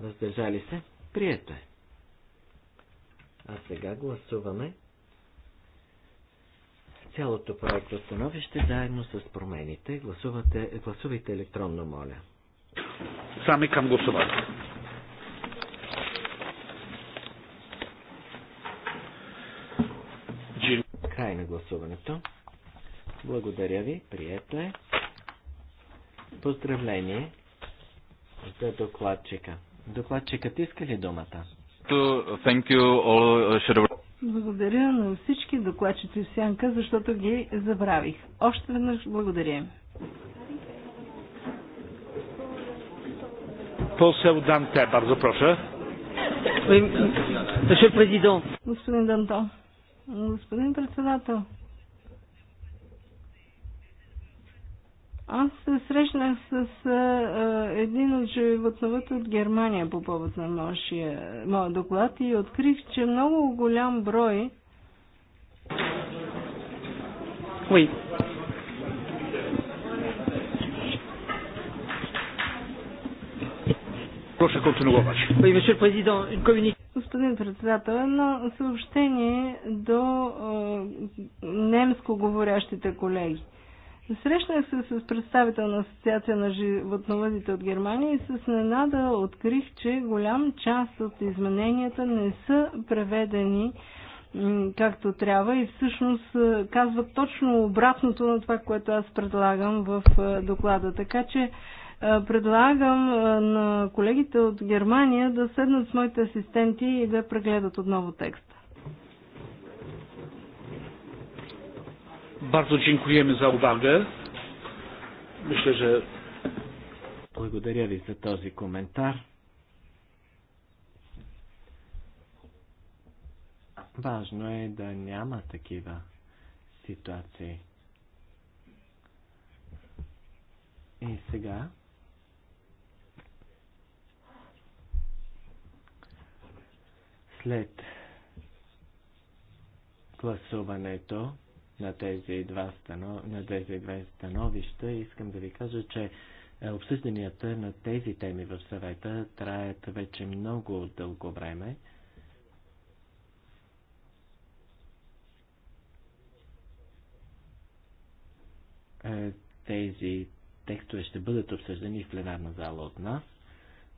Въздържали се. Прието е. А сега гласуваме цялото проекто становище заедно с промените. Гласувате, гласувайте електронно, моля. Сами към гласуване. Край на гласуването. Благодаря ви, прието е. Поздравление за докладчика. Докладчикът иска ли думата? Uh, благодаря на всички докладчици в сянка, защото ги забравих. Още веднъж благодаря. Посел Данте, бързо проша. Господин Данто. Господин председател, Аз се срещнах с един от животновъдите от Германия по повод на нашия, моя доклад и открих, че много голям брой Oui. Господин председател, едно съобщение до немско говорящите колеги. Срещнах се с представител на Асоциация на животновъдите от Германия и с ненада открих, че голям част от измененията не са преведени както трябва и всъщност е, казват точно обратното на това, което аз предлагам в е, доклада. Така че е, предлагам на колегите от Германия да седнат с моите асистенти и да прегледат отново текст. Bardzo dziękujemy za uwagę. Myślę, że. Благодаря ви за този коментар. Важно е да няма такива ситуации. И сега след гласуването на тези, два станов... на тези две становища, искам да ви кажа, че е, обсъжданията на тези теми в съвета траят вече много дълго време. Е, тези текстове ще бъдат обсъждани в пленарна зала от нас,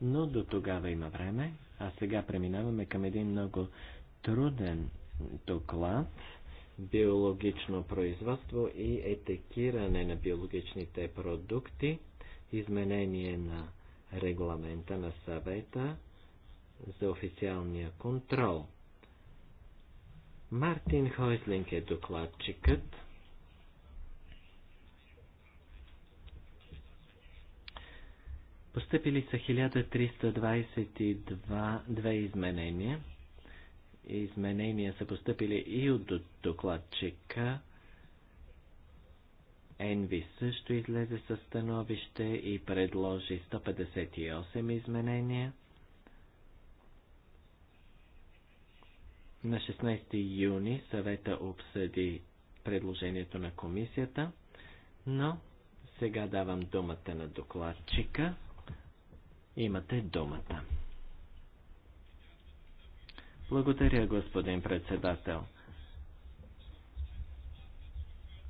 но до тогава има време, а сега преминаваме към един много труден доклад биологично производство и етикиране на биологичните продукти, изменение на регламента на съвета за официалния контрол. Мартин Хойзлинг е докладчикът. Постъпили са 1322 изменения – изменения са поступили и от докладчика. Енви също излезе със становище и предложи 158 изменения. На 16 юни съвета обсъди предложението на комисията, но сега давам думата на докладчика. Имате думата. Благодаря, господин председател.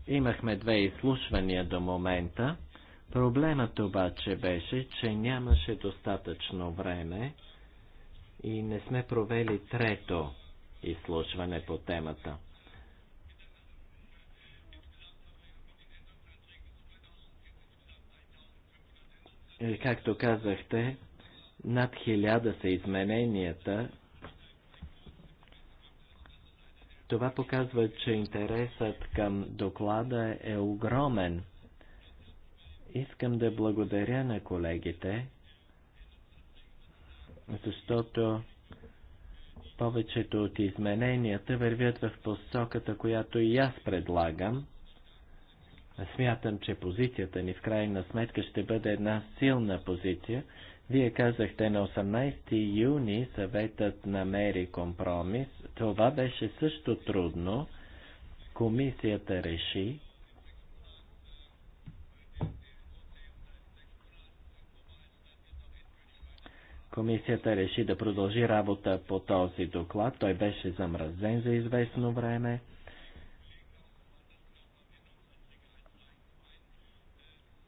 Имахме две изслушвания до момента. Проблемът обаче беше, че нямаше достатъчно време и не сме провели трето изслушване по темата. Е, както казахте, над хиляда са измененията това показва, че интересът към доклада е огромен. Искам да благодаря на колегите, защото повечето от измененията вървят в посоката, която и аз предлагам. Смятам, че позицията ни в крайна сметка ще бъде една силна позиция. Вие казахте на 18 юни съветът намери компромис това беше също трудно. Комисията реши, Комисията реши да продължи работа по този доклад. Той беше замразен за известно време.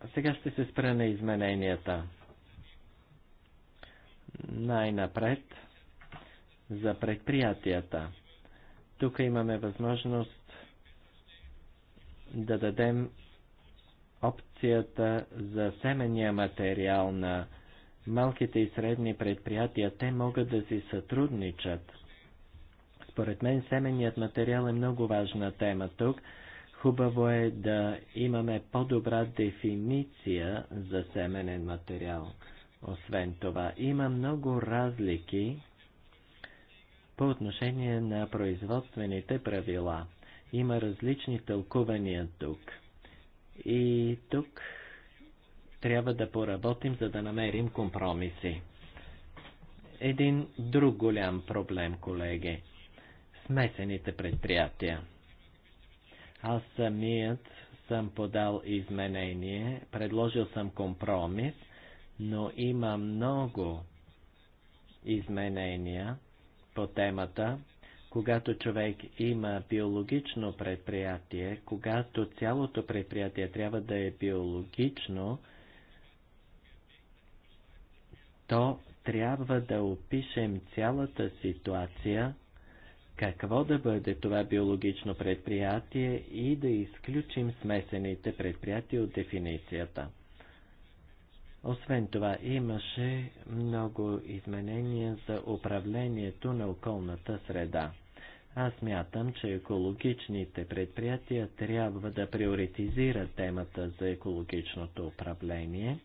А сега ще се спра на измененията. Най-напред за предприятията. Тук имаме възможност да дадем опцията за семения материал на малките и средни предприятия. Те могат да си сътрудничат. Според мен семеният материал е много важна тема тук. Хубаво е да имаме по-добра дефиниция за семенен материал. Освен това, има много разлики по отношение на производствените правила има различни тълкувания тук. И тук трябва да поработим, за да намерим компромиси. Един друг голям проблем, колеги. Смесените предприятия. Аз самият съм подал изменение, предложил съм компромис, но има много изменения, по темата. Когато човек има биологично предприятие, когато цялото предприятие трябва да е биологично, то трябва да опишем цялата ситуация, какво да бъде това биологично предприятие и да изключим смесените предприятия от дефиницията. Освен това, имаше много изменения за управлението на околната среда. Аз мятам, че екологичните предприятия трябва да приоритизират темата за екологичното управление.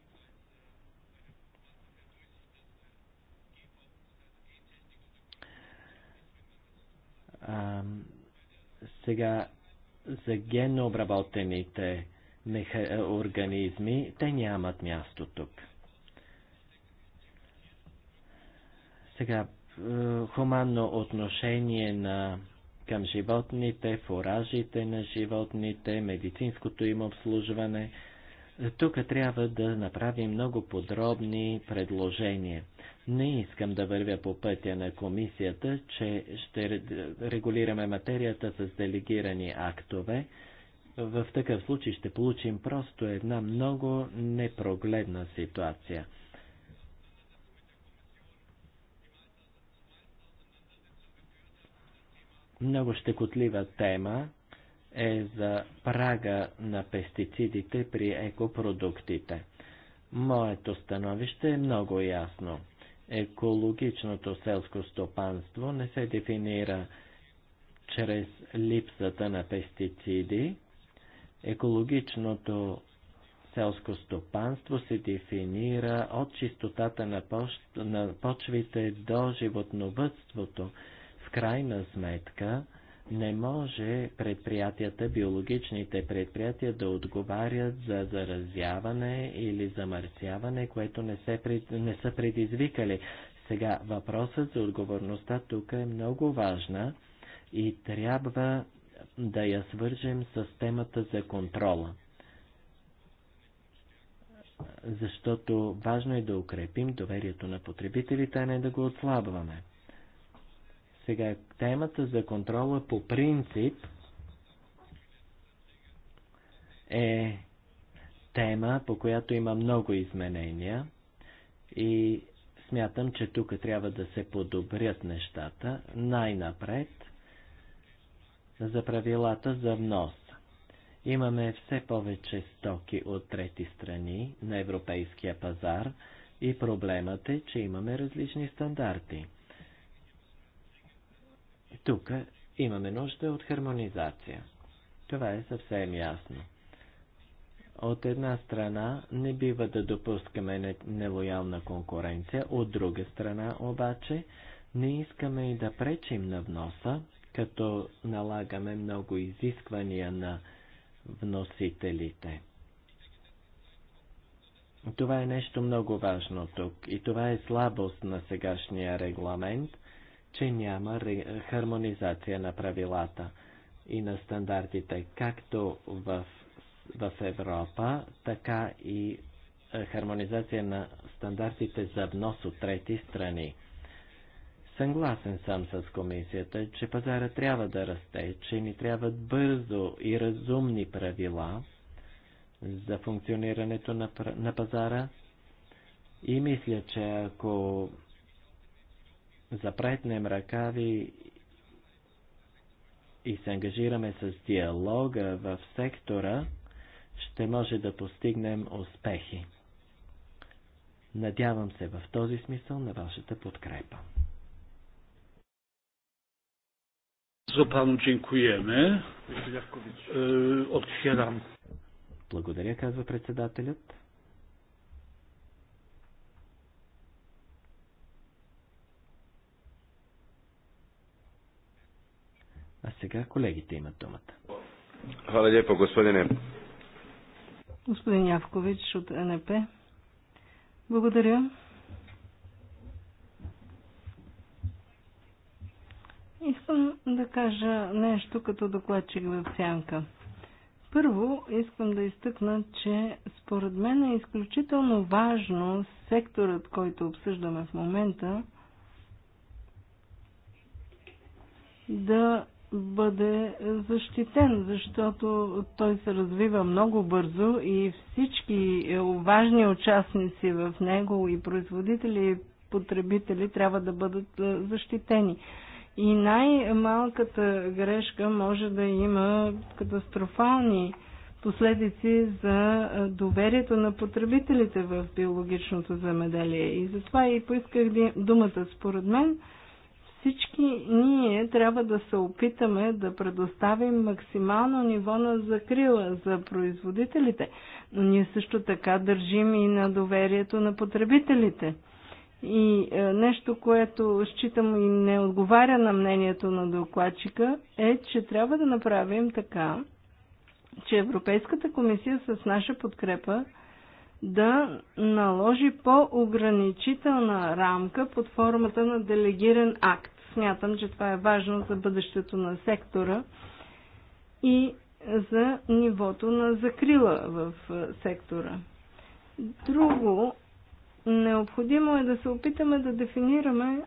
А, сега за генообработените меха... Е, организми, те нямат място тук. Сега, е, хуманно отношение на, към животните, фуражите на животните, медицинското им обслужване. Тук трябва да направим много подробни предложения. Не искам да вървя по пътя на комисията, че ще регулираме материята с делегирани актове. В такъв случай ще получим просто една много непрогледна ситуация. Много щекотлива тема е за прага на пестицидите при екопродуктите. Моето становище е много ясно. Екологичното селско стопанство не се дефинира чрез липсата на пестициди, Екологичното селско стопанство се дефинира от чистотата на, поч... на почвите до животновътството. В крайна сметка не може предприятията, биологичните предприятия да отговарят за заразяване или замърсяване, което не, се пред... не са предизвикали. Сега въпросът за отговорността тук е много важна и трябва да я свържем с темата за контрола. Защото важно е да укрепим доверието на потребителите, а не да го отслабваме. Сега темата за контрола по принцип е тема, по която има много изменения и смятам, че тук трябва да се подобрят нещата. Най-напред за правилата за внос. Имаме все повече стоки от трети страни на европейския пазар и проблемът е, че имаме различни стандарти. Тук имаме нужда от хармонизация. Това е съвсем ясно. От една страна не бива да допускаме нелоялна конкуренция, от друга страна обаче не искаме и да пречим на вноса, като налагаме много изисквания на вносителите. Това е нещо много важно тук и това е слабост на сегашния регламент, че няма хармонизация на правилата и на стандартите, както в, в Европа, така и е, хармонизация на стандартите за внос от трети страни. Съгласен съм с комисията, че пазара трябва да расте, че ни трябват бързо и разумни правила за функционирането на, на пазара и мисля, че ако запретнем ръкави и се ангажираме с диалога в сектора, ще може да постигнем успехи. Надявам се в този смисъл на вашата подкрепа. За panu dziękujemy. E, otwieram. Благодаря, казва председателят. А сега колегите имат думата. Хвала лепо, господине. Господин Явкович от НП. Благодаря. Искам да кажа нещо като докладчик в сянка. Първо, искам да изтъкна, че според мен е изключително важно секторът, който обсъждаме в момента, да бъде защитен, защото той се развива много бързо и всички важни участници в него и производители и потребители трябва да бъдат защитени. И най-малката грешка може да има катастрофални последици за доверието на потребителите в биологичното замеделие. И затова и поисках думата. Според мен всички ние трябва да се опитаме да предоставим максимално ниво на закрила за производителите, но ние също така държим и на доверието на потребителите – и е, нещо, което считам и не отговаря на мнението на докладчика, е, че трябва да направим така, че Европейската комисия с наша подкрепа да наложи по-ограничителна рамка под формата на делегиран акт. Смятам, че това е важно за бъдещето на сектора и за нивото на закрила в е, сектора. Друго Необходимо е да се опитаме да дефинираме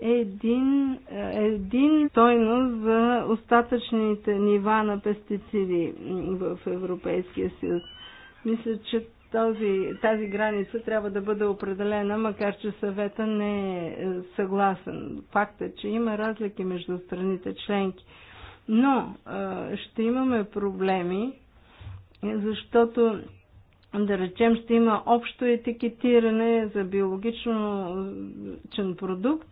един, един стойност за остатъчните нива на пестициди в Европейския съюз. Мисля, че този, тази граница трябва да бъде определена, макар че съвета не е съгласен. Факт е, че има разлики между страните членки. Но ще имаме проблеми, защото да речем, ще има общо етикетиране за биологичен продукт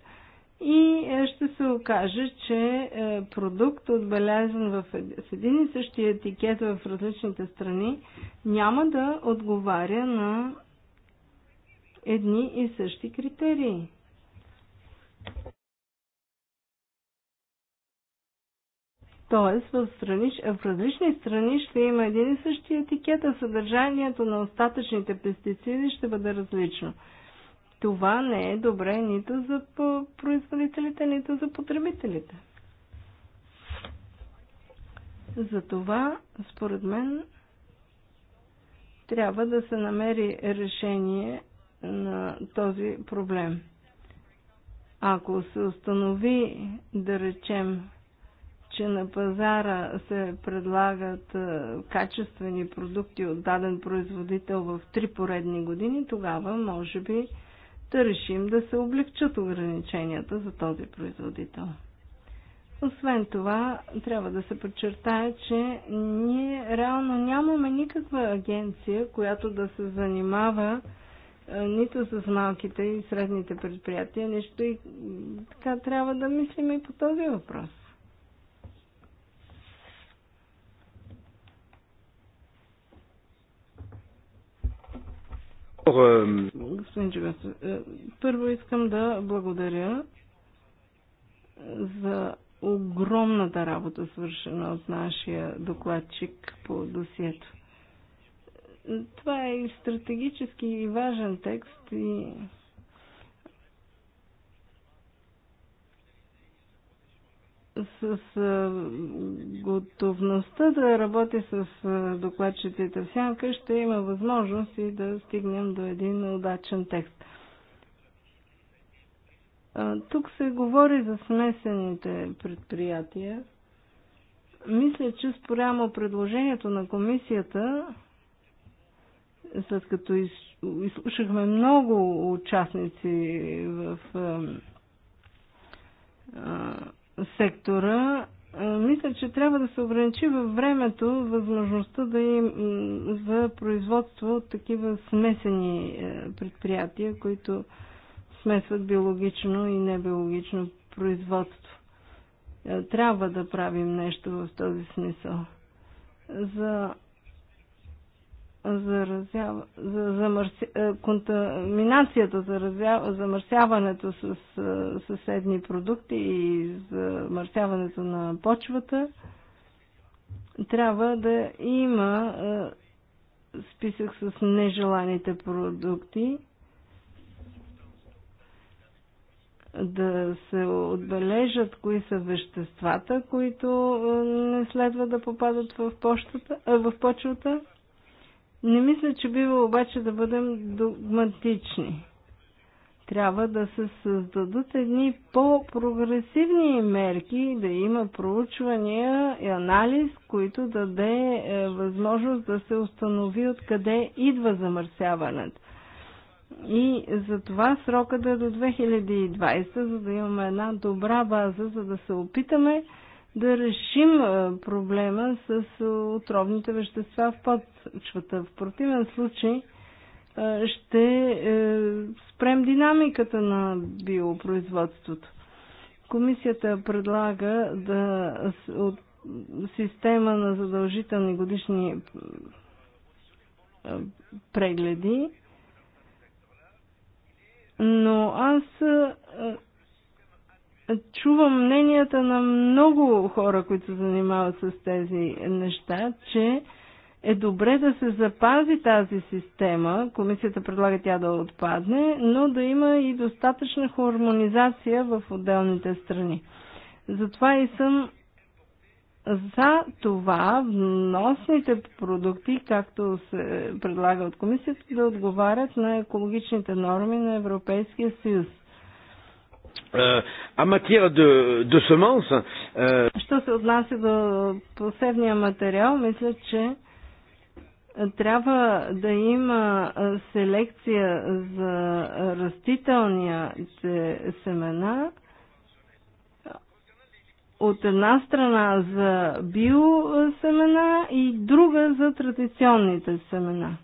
и е, ще се окаже, че е, продукт, отбелязан в, с един и същи етикет в различните страни, няма да отговаря на едни и същи критерии. Тоест, в, странич, в различни страни ще има един и същи етикет, а съдържанието на остатъчните пестициди ще бъде различно. Това не е добре нито за производителите, нито за потребителите. Затова, според мен, трябва да се намери решение на този проблем. Ако се установи, да речем, че на пазара се предлагат е, качествени продукти от даден производител в три поредни години, тогава може би да решим да се облегчат ограниченията за този производител. Освен това, трябва да се подчертае, че ние реално нямаме никаква агенция, която да се занимава е, нито с малките и средните предприятия, нещо и така трябва да мислим и по този въпрос. Господин Джигас, е, първо искам да благодаря за огромната работа, свършена от нашия докладчик по досието. Е, това е и стратегически и важен текст и с готовността да работя с докладчиците в сянка, ще има възможност и да стигнем до един удачен текст. Тук се говори за смесените предприятия. Мисля, че спорямо предложението на комисията, след като изслушахме много участници в сектора, мисля, че трябва да се ограничи във времето възможността да им за производство от такива смесени е, предприятия, които смесват биологично и небиологично производство. Е, трябва да правим нещо в този смисъл. За заразява, за, е, контаминацията, заразява, замърсяването с е, съседни продукти и замърсяването на почвата, трябва да има е, списък с нежеланите продукти, да се отбележат кои са веществата, които не следва да попадат в, почтата, в почвата не мисля, че бива обаче да бъдем догматични. Трябва да се създадат едни по-прогресивни мерки, да има проучвания и анализ, които да даде е, възможност да се установи откъде идва замърсяването. И за това срока да е до 2020, за да имаме една добра база, за да се опитаме да решим проблема с отровните вещества в подчвата. В противен случай ще е, спрем динамиката на биопроизводството. Комисията предлага да от система на задължителни годишни прегледи, но аз чувам мненията на много хора, които се занимават с тези неща, че е добре да се запази тази система. Комисията предлага тя да отпадне, но да има и достатъчна хармонизация в отделните страни. Затова и съм за това вносните продукти, както се предлага от комисията, да отговарят на екологичните норми на Европейския съюз – Euh, en matière de, de semences. Uh... Що се отнася до посевния материал, мисля, че трябва да има селекция за растителните семена. От една страна за биосемена и друга за традиционните семена.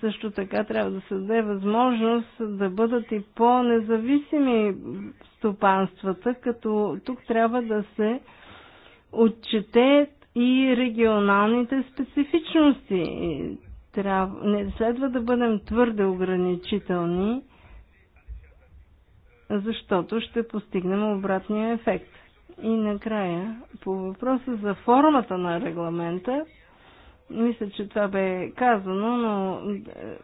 Също така трябва да се даде възможност да бъдат и по-независими стопанствата, като тук трябва да се отчете и регионалните специфичности. Трябва, не следва да бъдем твърде ограничителни, защото ще постигнем обратния ефект. И накрая, по въпроса за формата на регламента, мисля, че това бе казано, но е,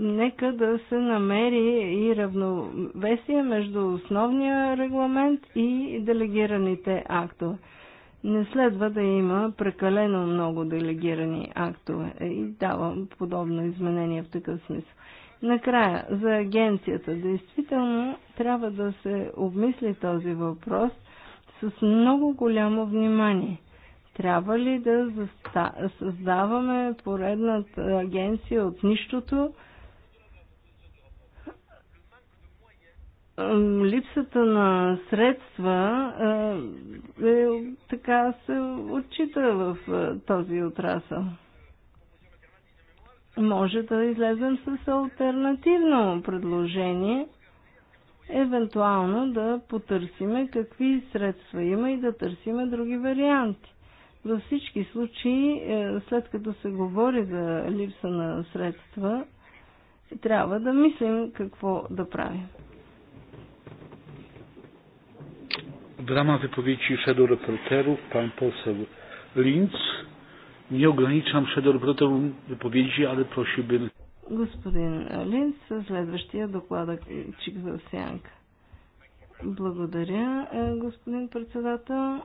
нека да се намери и равновесие между основния регламент и делегираните актове. Не следва да има прекалено много делегирани актове е, и давам подобно изменение в такъв смисъл. Накрая, за агенцията. Действително трябва да се обмисли този въпрос с много голямо внимание. Трябва ли да създаваме поредната агенция от нищото? липсата на средства е, така се отчита в този отрасъл. Може да излезем с альтернативно предложение, евентуално да потърсиме какви средства има и да търсиме други варианти. Във всички случаи, е, след като се говори за липса на средства, трябва да мислим какво да правим. Драма ramach wypowiedzi shadow пан pan Линц. Linz. ограничам ograniczam shadow reporterów wypowiedzi, проши prosiłbym. Господин Линц, следващия Чик за сянка. Благодаря, е, господин председател.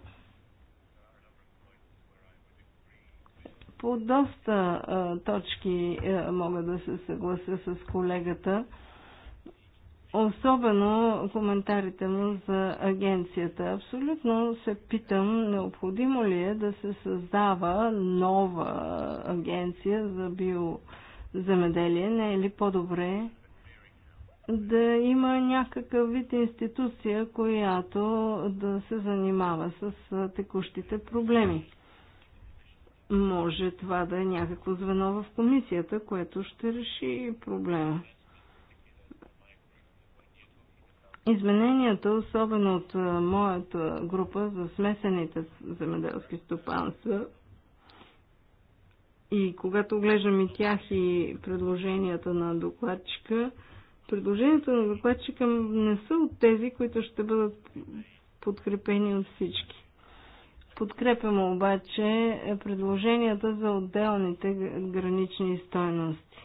По доста точки мога да се съглася с колегата. Особено коментарите му за агенцията. Абсолютно се питам, необходимо ли е да се създава нова агенция за биоземеделие? Не е ли по-добре да има някакъв вид институция, която да се занимава с текущите проблеми? може това да е някакво звено в комисията, което ще реши проблема. Измененията, особено от моята група за смесените земеделски стопанства, и когато оглеждам и тях и предложенията на докладчика, предложенията на докладчика не са от тези, които ще бъдат подкрепени от всички. Подкрепям обаче предложенията за отделните гранични стойности.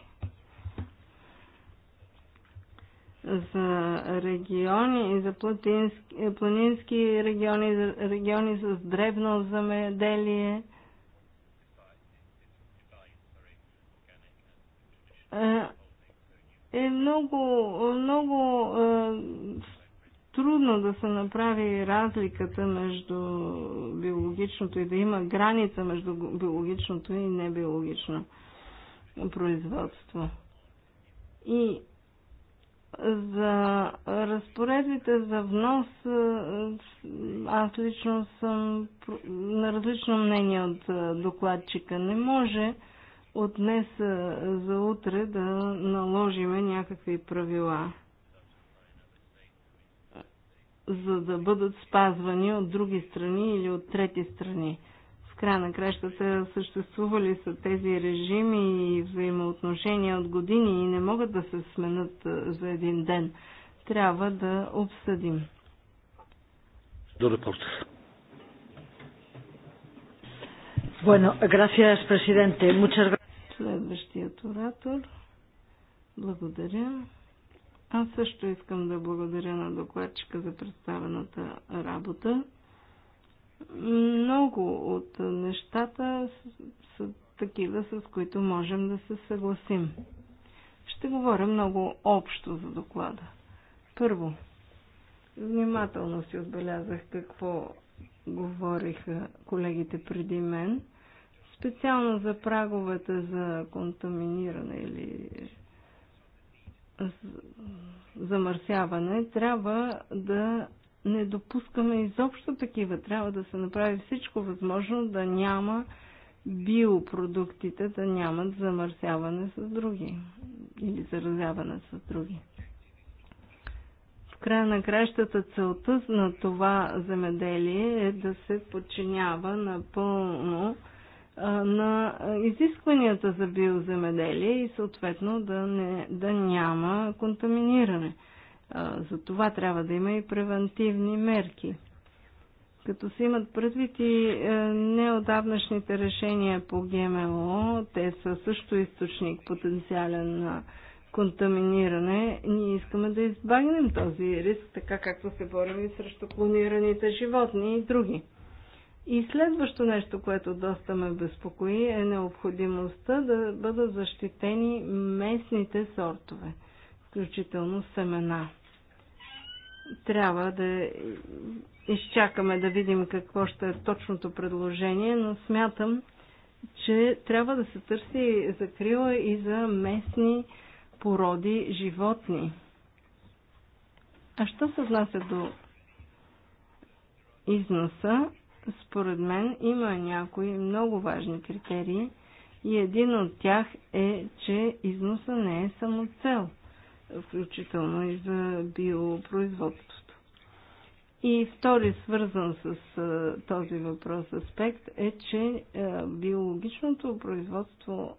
за региони и за платински, планински региони, за региони с древно замеделие. Е, е много, много е, трудно да се направи разликата между биологичното и да има граница между биологичното и небиологично производство. И за разпоредбите за внос аз лично съм на различно мнение от докладчика. Не може от днес за утре да наложиме някакви правила за да бъдат спазвани от други страни или от трети страни. В края на кращата съществували са тези режими и взаимоотношения от години и не могат да се сменят за един ден. Трябва да обсъдим. До репорта. Bueno, gracias, presidente. Muchas gracias. Следващият оратор. Благодаря. Аз също искам да благодаря на докладчика за представената работа. Много от нещата са такива, с които можем да се съгласим. Ще говоря много общо за доклада. Първо, внимателно си отбелязах какво говориха колегите преди мен, специално за праговете за контаминиране или замърсяване, трябва да не допускаме изобщо такива. Трябва да се направи всичко възможно да няма биопродуктите, да нямат замърсяване с други или заразяване с други. В края на кращата целта на това земеделие е да се подчинява напълно на изискванията за биоземеделие и съответно да, не, да няма контаминиране. За това трябва да има и превентивни мерки. Като се имат предвид и е, неодавнашните решения по ГМО, те са също източник потенциален на контаминиране. Ние искаме да избегнем този риск, така както се борим и срещу клонираните животни и други. И следващо нещо, което доста ме безпокои, е необходимостта да бъдат защитени местните сортове, включително семена. Трябва да изчакаме да видим какво ще е точното предложение, но смятам, че трябва да се търси закрила и за местни породи животни. А що се внася до износа? според мен има някои много важни критерии и един от тях е, че износа не е само цел, включително и за биопроизводството. И втори свързан с този въпрос аспект е, че биологичното производство,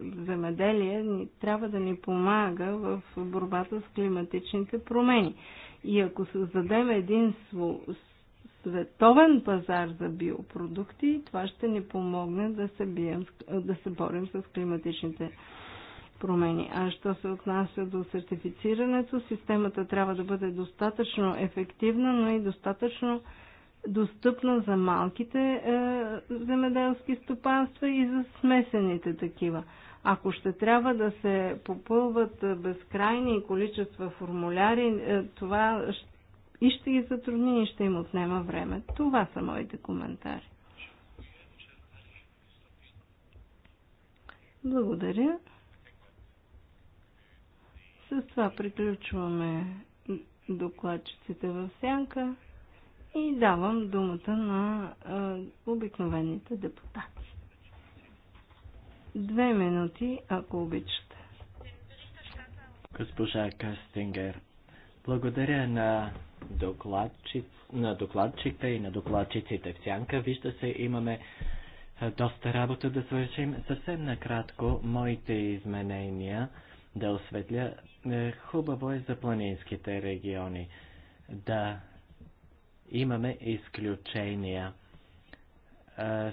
земеделие ни, трябва да ни помага в борбата с климатичните промени. И ако създадем един световен пазар за биопродукти и това ще ни помогне да се, бием, да се борим с климатичните промени. А що се отнася до сертифицирането, системата трябва да бъде достатъчно ефективна, но и достатъчно достъпна за малките е, земеделски стопанства и за смесените такива. Ако ще трябва да се попълват е, безкрайни количества формуляри, е, това ще и ще ги затрудни и ще им отнема време. Това са моите коментари. Благодаря. С това приключваме докладчиците в сянка и давам думата на а, обикновените депутати. Две минути, ако обичате. Госпожа Кастингер, благодаря на, докладчиц, на докладчика и на докладчиците в Сянка. Вижда се, имаме доста работа да свършим. Съвсем накратко, моите изменения да осветля. Е, хубаво е за планинските региони да имаме изключения.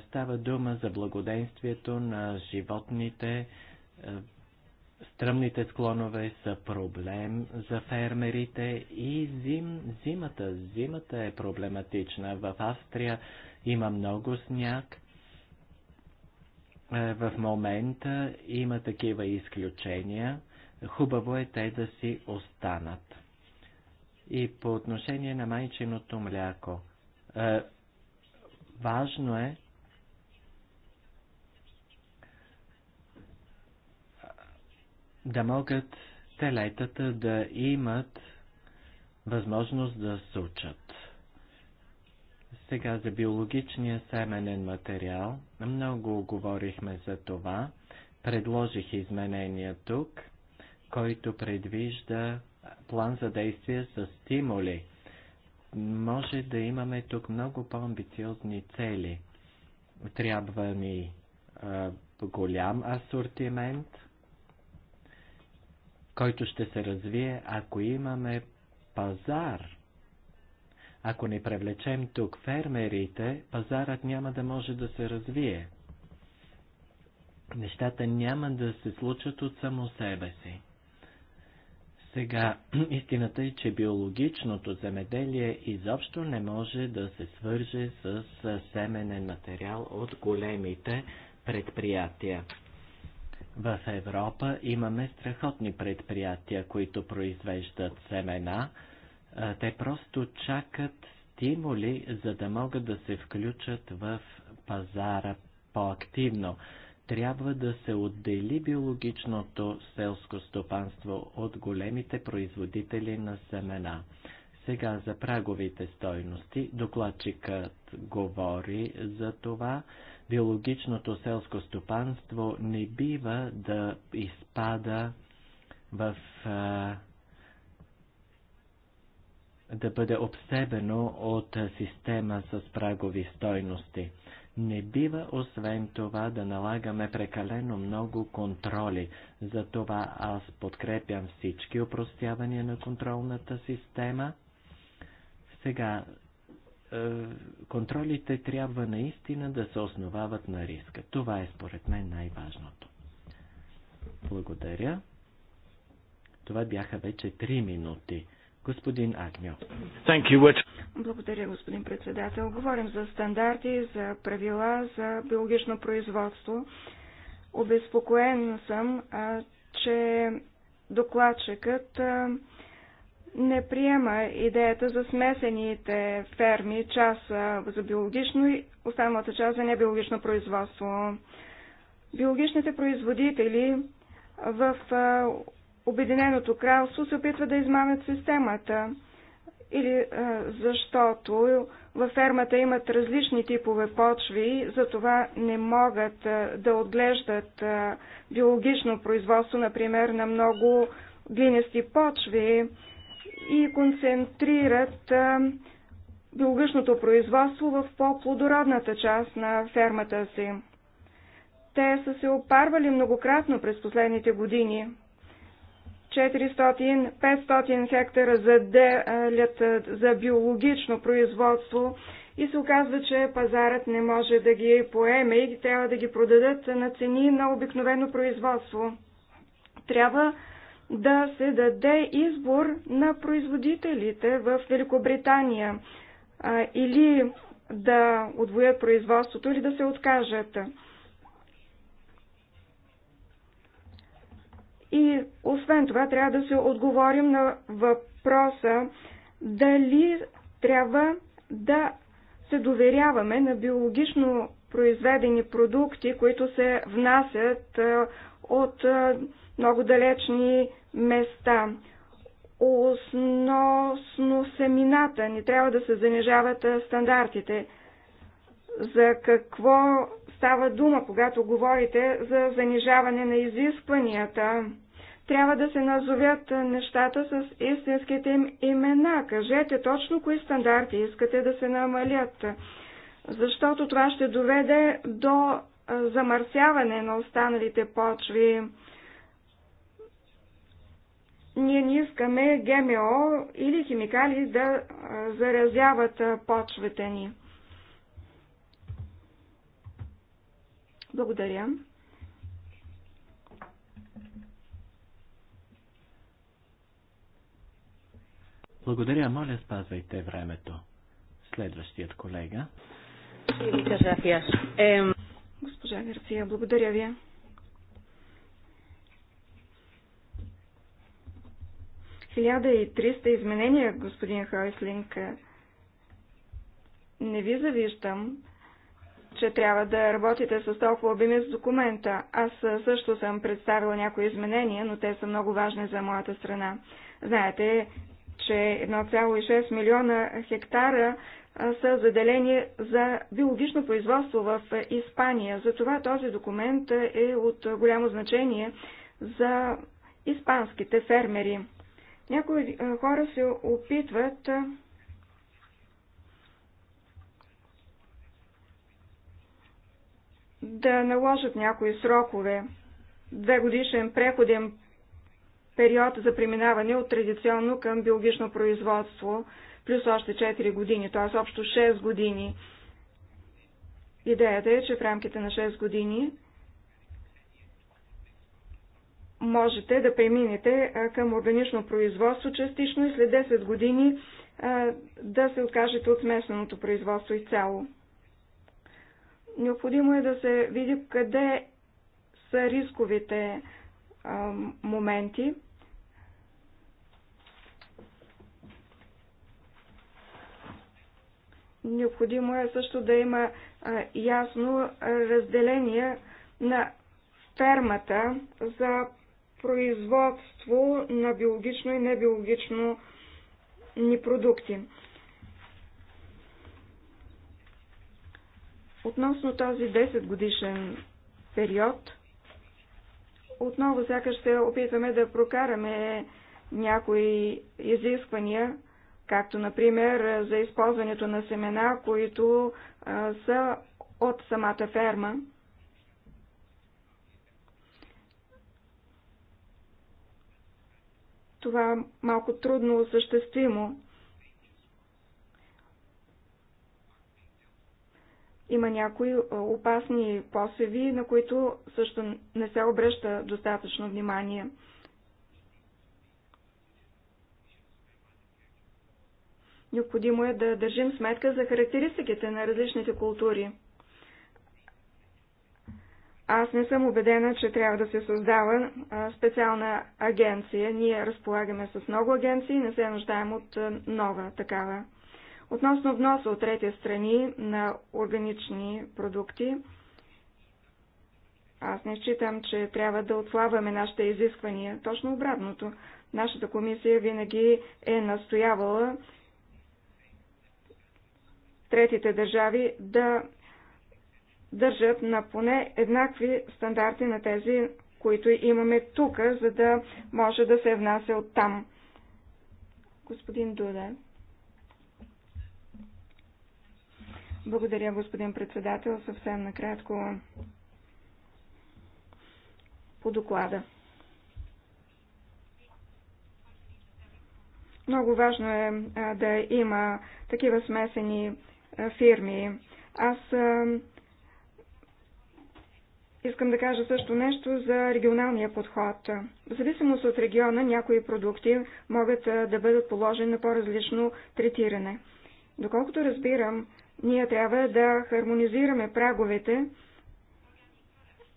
Става дума за благоденствието на животните, Стръмните склонове са проблем за фермерите и зим, зимата. Зимата е проблематична. В Австрия има много сняг. Е, в момента има такива изключения. Хубаво е те да си останат. И по отношение на майчиното мляко. Е, важно е да могат телетата да имат възможност да учат. Сега за биологичния семенен материал. Много говорихме за това. Предложих изменения тук, който предвижда план за действие с стимули. Може да имаме тук много по-амбициозни цели. Трябва ни а, голям асортимент – който ще се развие, ако имаме пазар. Ако не привлечем тук фермерите, пазарът няма да може да се развие. Нещата няма да се случат от само себе си. Сега, (clears throat) истината е, че биологичното земеделие изобщо не може да се свърже с семенен материал от големите предприятия. В Европа имаме страхотни предприятия, които произвеждат семена. Те просто чакат стимули, за да могат да се включат в пазара по-активно. Трябва да се отдели биологичното селско стопанство от големите производители на семена. Сега за праговите стойности. Докладчикът говори за това. Биологичното селско стопанство не бива да изпада в а, да бъде обсебено от система с прагови стойности. Не бива освен това да налагаме прекалено много контроли. Затова аз подкрепям всички упростявания на контролната система – сега, е, контролите трябва наистина да се основават на риска. Това е според мен най-важното. Благодаря. Това бяха вече три минути. Господин Агньо. Благодаря, господин председател. Говорим за стандарти, за правила, за биологично производство. Обезпокоен съм, че докладчикът не приема идеята за смесените ферми, част за биологично и останалата част за небиологично производство. Биологичните производители в Обединеното кралство се опитват да измамят системата или защото във фермата имат различни типове почви, затова не могат да отглеждат биологично производство, например, на много глинести почви и концентрират биологичното производство в по-плодородната част на фермата си. Те са се опарвали многократно през последните години. 400-500 хектара заделят за биологично производство и се оказва, че пазарът не може да ги поеме и трябва да ги продадат на цени на обикновено производство. Трябва да се даде избор на производителите в Великобритания а, или да отвоят производството или да се откажат. И освен това трябва да се отговорим на въпроса дали трябва да се доверяваме на биологично произведени продукти, които се внасят от много далечни места. Основно семината ни трябва да се занижават стандартите. За какво става дума, когато говорите за занижаване на изискванията? Трябва да се назовят нещата с истинските им имена. Кажете точно кои стандарти искате да се намалят, защото това ще доведе до замърсяване на останалите почви ние не искаме ГМО или химикали да заразяват почвата ни. Благодаря. Благодаря, моля спазвайте времето. Следващият колега. Госпожа Гарсия, благодаря ви. 1300 изменения, господин Хойслинг. Не ви завиждам, че трябва да работите с толкова обеми с документа. Аз също съм представила някои изменения, но те са много важни за моята страна. Знаете, че 1,6 милиона хектара са заделени за биологично производство в Испания. Затова този документ е от голямо значение за испанските фермери. Някои е, хора се опитват е, да наложат някои срокове. Две годишен преходен период за преминаване от традиционно към биологично производство, плюс още 4 години, т.е. общо 6 години. Идеята е, че в рамките на 6 години можете да преминете към органично производство частично и след 10 години да се откажете от смесеното производство изцяло. Необходимо е да се види къде са рисковите моменти. Необходимо е също да има ясно разделение на фермата за производство на биологично и небиологично ни продукти. Относно този 10 годишен период, отново сякаш ще опитаме да прокараме някои изисквания, както например за използването на семена, които а, са от самата ферма. това малко трудно осъществимо. Има някои опасни посеви, на които също не се обръща достатъчно внимание. Необходимо е да държим сметка за характеристиките на различните култури. Аз не съм убедена, че трябва да се създава специална агенция. Ние разполагаме с много агенции не се нуждаем от нова такава. Относно вноса от трети страни на органични продукти, аз не считам, че трябва да отслабваме нашите изисквания. Точно обратното. Нашата комисия винаги е настоявала третите държави да държат на поне еднакви стандарти на тези, които имаме тук, за да може да се внася от там. Господин Дуда. Благодаря, господин председател. Съвсем накратко по доклада. Много важно е да има такива смесени фирми. Аз Искам да кажа също нещо за регионалния подход. В зависимост от региона, някои продукти могат да бъдат положени на по-различно третиране. Доколкото разбирам, ние трябва да хармонизираме праговете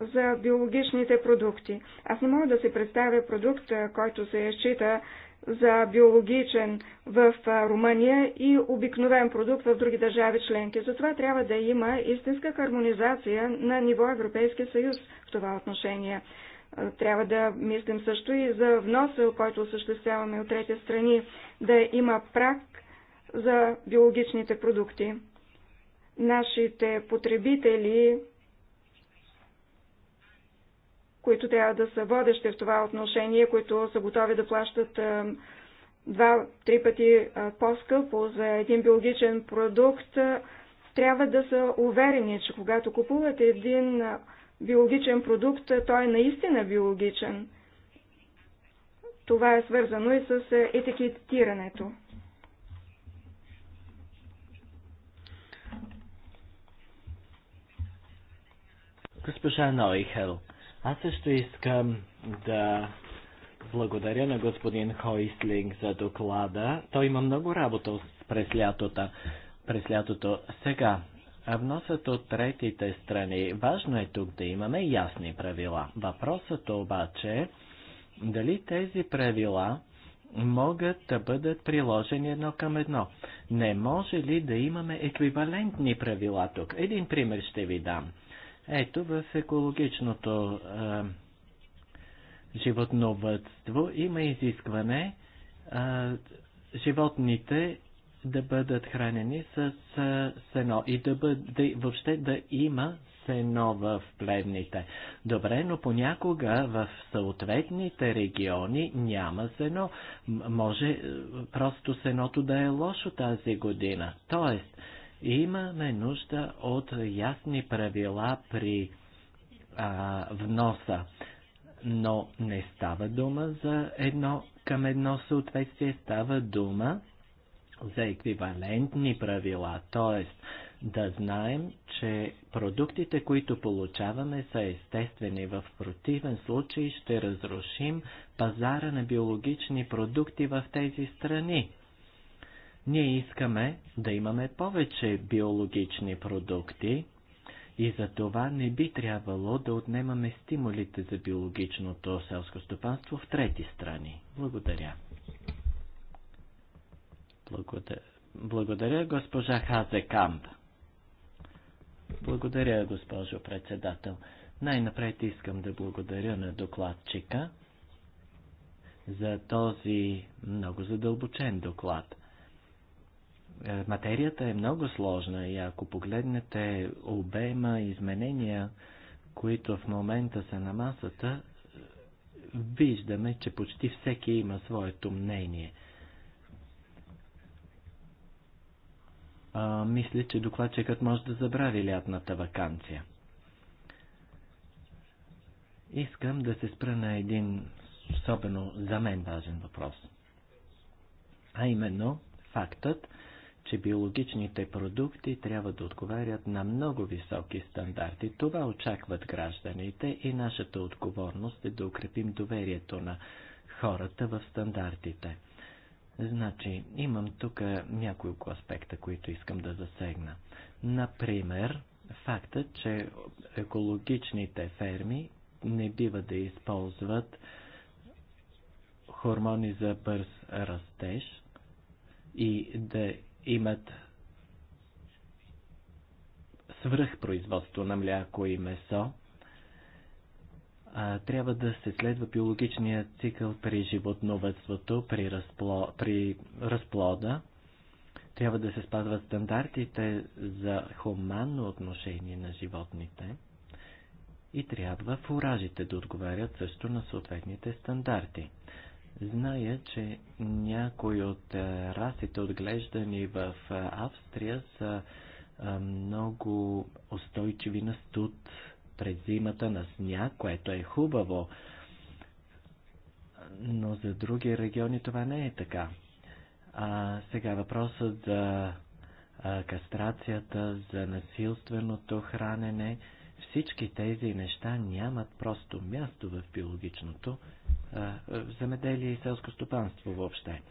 за биологичните продукти. Аз не мога да се представя продукт, който се счита за биологичен в Румъния и обикновен продукт в други държави членки. Затова трябва да има истинска хармонизация на ниво Европейския съюз в това отношение. Трябва да мислим също и за вноса, който осъществяваме от трети страни, да има прак за биологичните продукти. Нашите потребители които трябва да са водещи в това отношение, които са готови да плащат е, два-три пъти е, по-скъпо за един биологичен продукт, е, трябва да са уверени, че когато купуват един биологичен продукт, той е наистина биологичен. Това е свързано и с етикетирането. Госпожа Нойхел, аз също искам да благодаря на господин Хойслинг за доклада. Той има много работа през лятото. През лятото. Сега, вносът от третите страни. Важно е тук да имаме ясни правила. Въпросът обаче е дали тези правила могат да бъдат приложени едно към едно. Не може ли да имаме еквивалентни правила тук? Един пример ще ви дам. Ето в екологичното а, животновътство има изискване е, животните да бъдат хранени с е, сено и да бъде, въобще да има сено в плевните. Добре, но понякога в съответните региони няма сено. Може просто сеното да е лошо тази година. Тоест, Имаме нужда от ясни правила при а, вноса, но не става дума за едно към едно съответствие, става дума за еквивалентни правила, т.е. да знаем, че продуктите, които получаваме, са естествени. В противен случай ще разрушим пазара на биологични продукти в тези страни. Ние искаме да имаме повече биологични продукти и за това не би трябвало да отнемаме стимулите за биологичното селско стопанство в трети страни. Благодаря. Благодаря, Благодаря госпожа Хазекамп. Благодаря, госпожо председател. Най-напред искам да благодаря на докладчика за този много задълбочен доклад – е, материята е много сложна и ако погледнете обема изменения, които в момента са на масата, виждаме, че почти всеки има своето мнение. А, мисля, че докладчикът може да забрави лятната вакансия. Искам да се спра на един особено за мен важен въпрос. А именно фактът, че биологичните продукти трябва да отговарят на много високи стандарти. Това очакват гражданите и нашата отговорност е да укрепим доверието на хората в стандартите. Значи, имам тук няколко аспекта, които искам да засегна. Например, факта, че екологичните ферми не бива да използват хормони за бърз растеж и да имат свръхпроизводство на мляко и месо, трябва да се следва биологичният цикъл при животновътството, при, разпло, при разплода. Трябва да се спазват стандартите за хуманно отношение на животните и трябва фуражите да отговарят също на съответните стандарти. Зная, че някои от е, расите, отглеждани в е, Австрия, са е, много устойчиви на студ през зимата, на сняг, което е хубаво. Но за други региони това не е така. А, сега въпросът за кастрацията, за насилственото хранене – всички тези неща нямат просто място в биологичното а, в замеделие и селско стопанство въобще.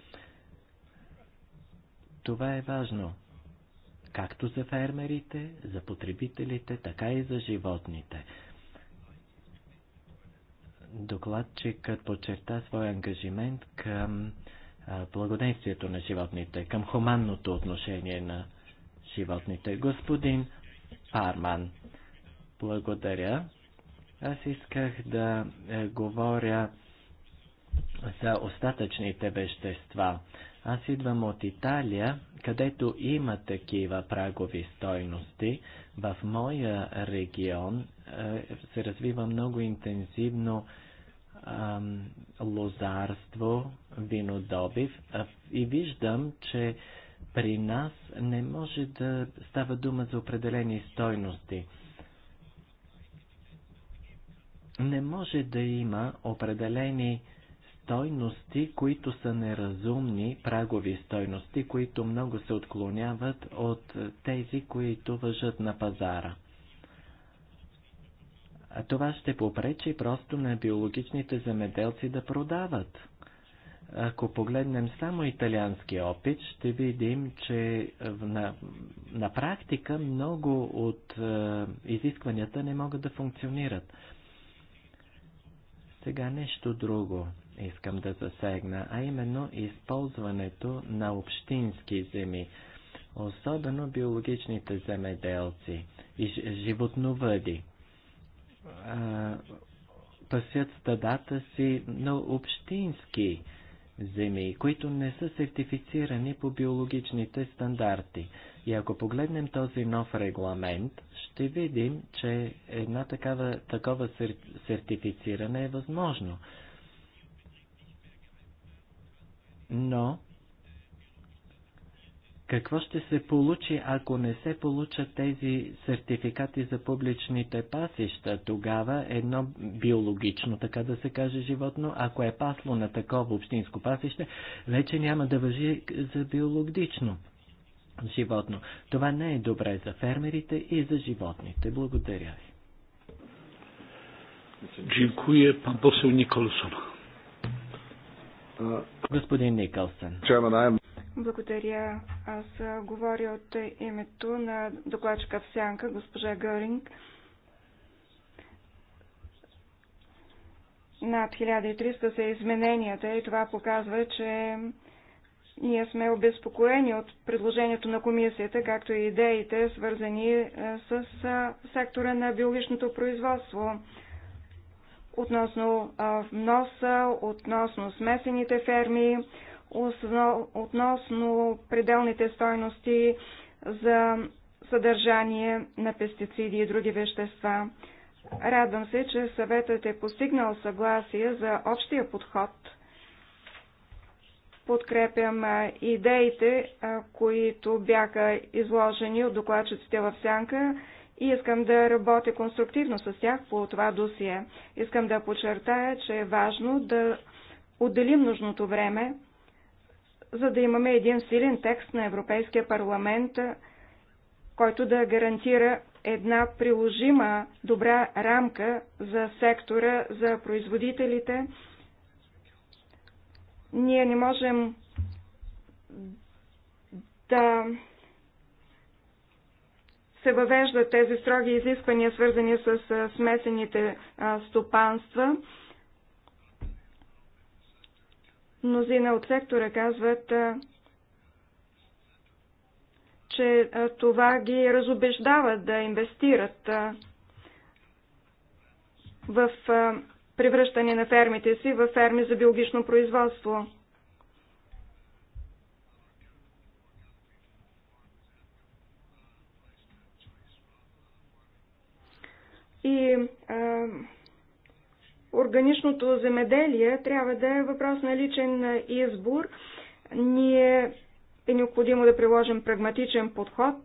Това е важно както за фермерите, за потребителите, така и за животните. Докладчикът подчерта своя ангажимент към благоденствието на животните, към хуманното отношение на животните. Господин Парман, благодаря. Аз исках да е, говоря за остатъчните вещества. Аз идвам от Италия, където има такива прагови стойности. В моя регион е, се развива много интензивно е, лозарство, винодобив е, и виждам, че при нас не може да става дума за определени стойности. Не може да има определени стойности, които са неразумни, прагови стойности, които много се отклоняват от тези, които въжат на пазара. А това ще попречи просто на биологичните земеделци да продават. Ако погледнем само италиански опит, ще видим, че на, на практика много от е, изискванията не могат да функционират. Сега нещо друго искам да засегна, а именно използването на общински земи, особено биологичните земеделци и животновъди. пасят стадата си на общински земи, които не са сертифицирани по биологичните стандарти. И ако погледнем този нов регламент, ще видим, че една такава, такова сертифициране е възможно. Но какво ще се получи, ако не се получат тези сертификати за публичните пасища? Тогава едно биологично, така да се каже, животно, ако е пасло на такова общинско пасище, вече няма да въжи за биологично животно. Това не е добре за фермерите и за животните. Благодаря ви. Дякую, пан посел Николсон. Господин Никълсън. Благодаря. Аз говоря от името на докладчика в Сянка, госпожа Гъринг. Над 1300 са измененията и това показва, че ние сме обезпокоени от предложението на комисията, както и идеите, свързани е, с е, сектора на биологичното производство, относно е, вноса, относно смесените ферми, относно пределните стойности за съдържание на пестициди и други вещества. Радвам се, че съветът е постигнал съгласие за общия подход – Подкрепям идеите, които бяха изложени от докладчиците в Сянка и искам да работя конструктивно с тях по това досие. Искам да подчертая, че е важно да отделим нужното време, за да имаме един силен текст на Европейския парламент, който да гарантира една приложима добра рамка за сектора, за производителите, ние не можем да се въвеждат тези строги изисквания, свързани с смесените стопанства. Мнозина от сектора казват, че това ги разобеждава да инвестират в превръщане на фермите си в ферми за биологично производство. И а, органичното земеделие трябва да е въпрос на личен избор. Ние е необходимо да приложим прагматичен подход,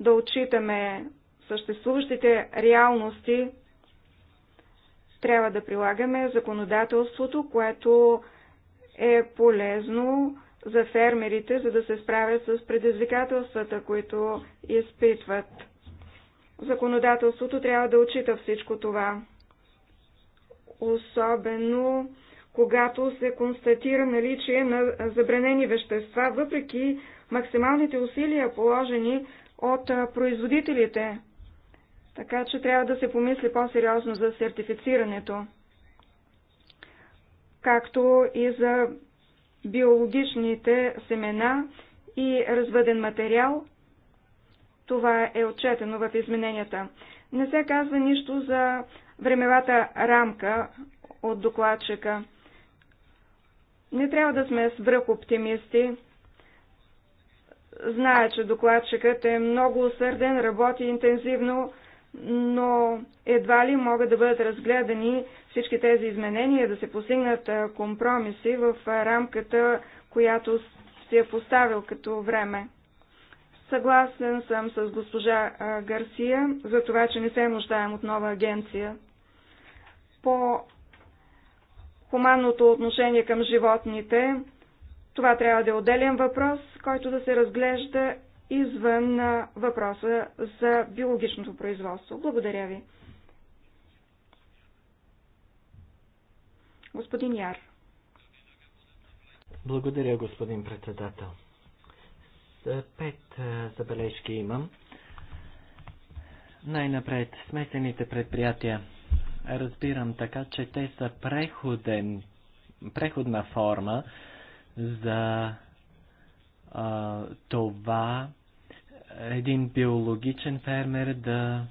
да отчитаме съществуващите реалности трябва да прилагаме законодателството, което е полезно за фермерите, за да се справят с предизвикателствата, които изпитват. Законодателството трябва да отчита всичко това. Особено когато се констатира наличие на забранени вещества, въпреки максималните усилия положени от производителите. Така че трябва да се помисли по-сериозно за сертифицирането, както и за биологичните семена и развъден материал. Това е отчетено в измененията. Не се казва нищо за времевата рамка от докладчика. Не трябва да сме свръх оптимисти. Зная, че докладчикът е много усърден, работи интензивно но едва ли могат да бъдат разгледани всички тези изменения, да се постигнат компромиси в рамката, която си е поставил като време. Съгласен съм с госпожа Гарсия за това, че не се нуждаем от нова агенция. По хуманното отношение към животните, това трябва да е отделен въпрос, който да се разглежда извън въпроса за биологичното производство. Благодаря ви. Господин Яр. Благодаря, господин председател. С е, пет е, забележки имам. Най-напред, смесените предприятия. Разбирам така, че те са преходен, преходна форма за а, това един биологичен фермер да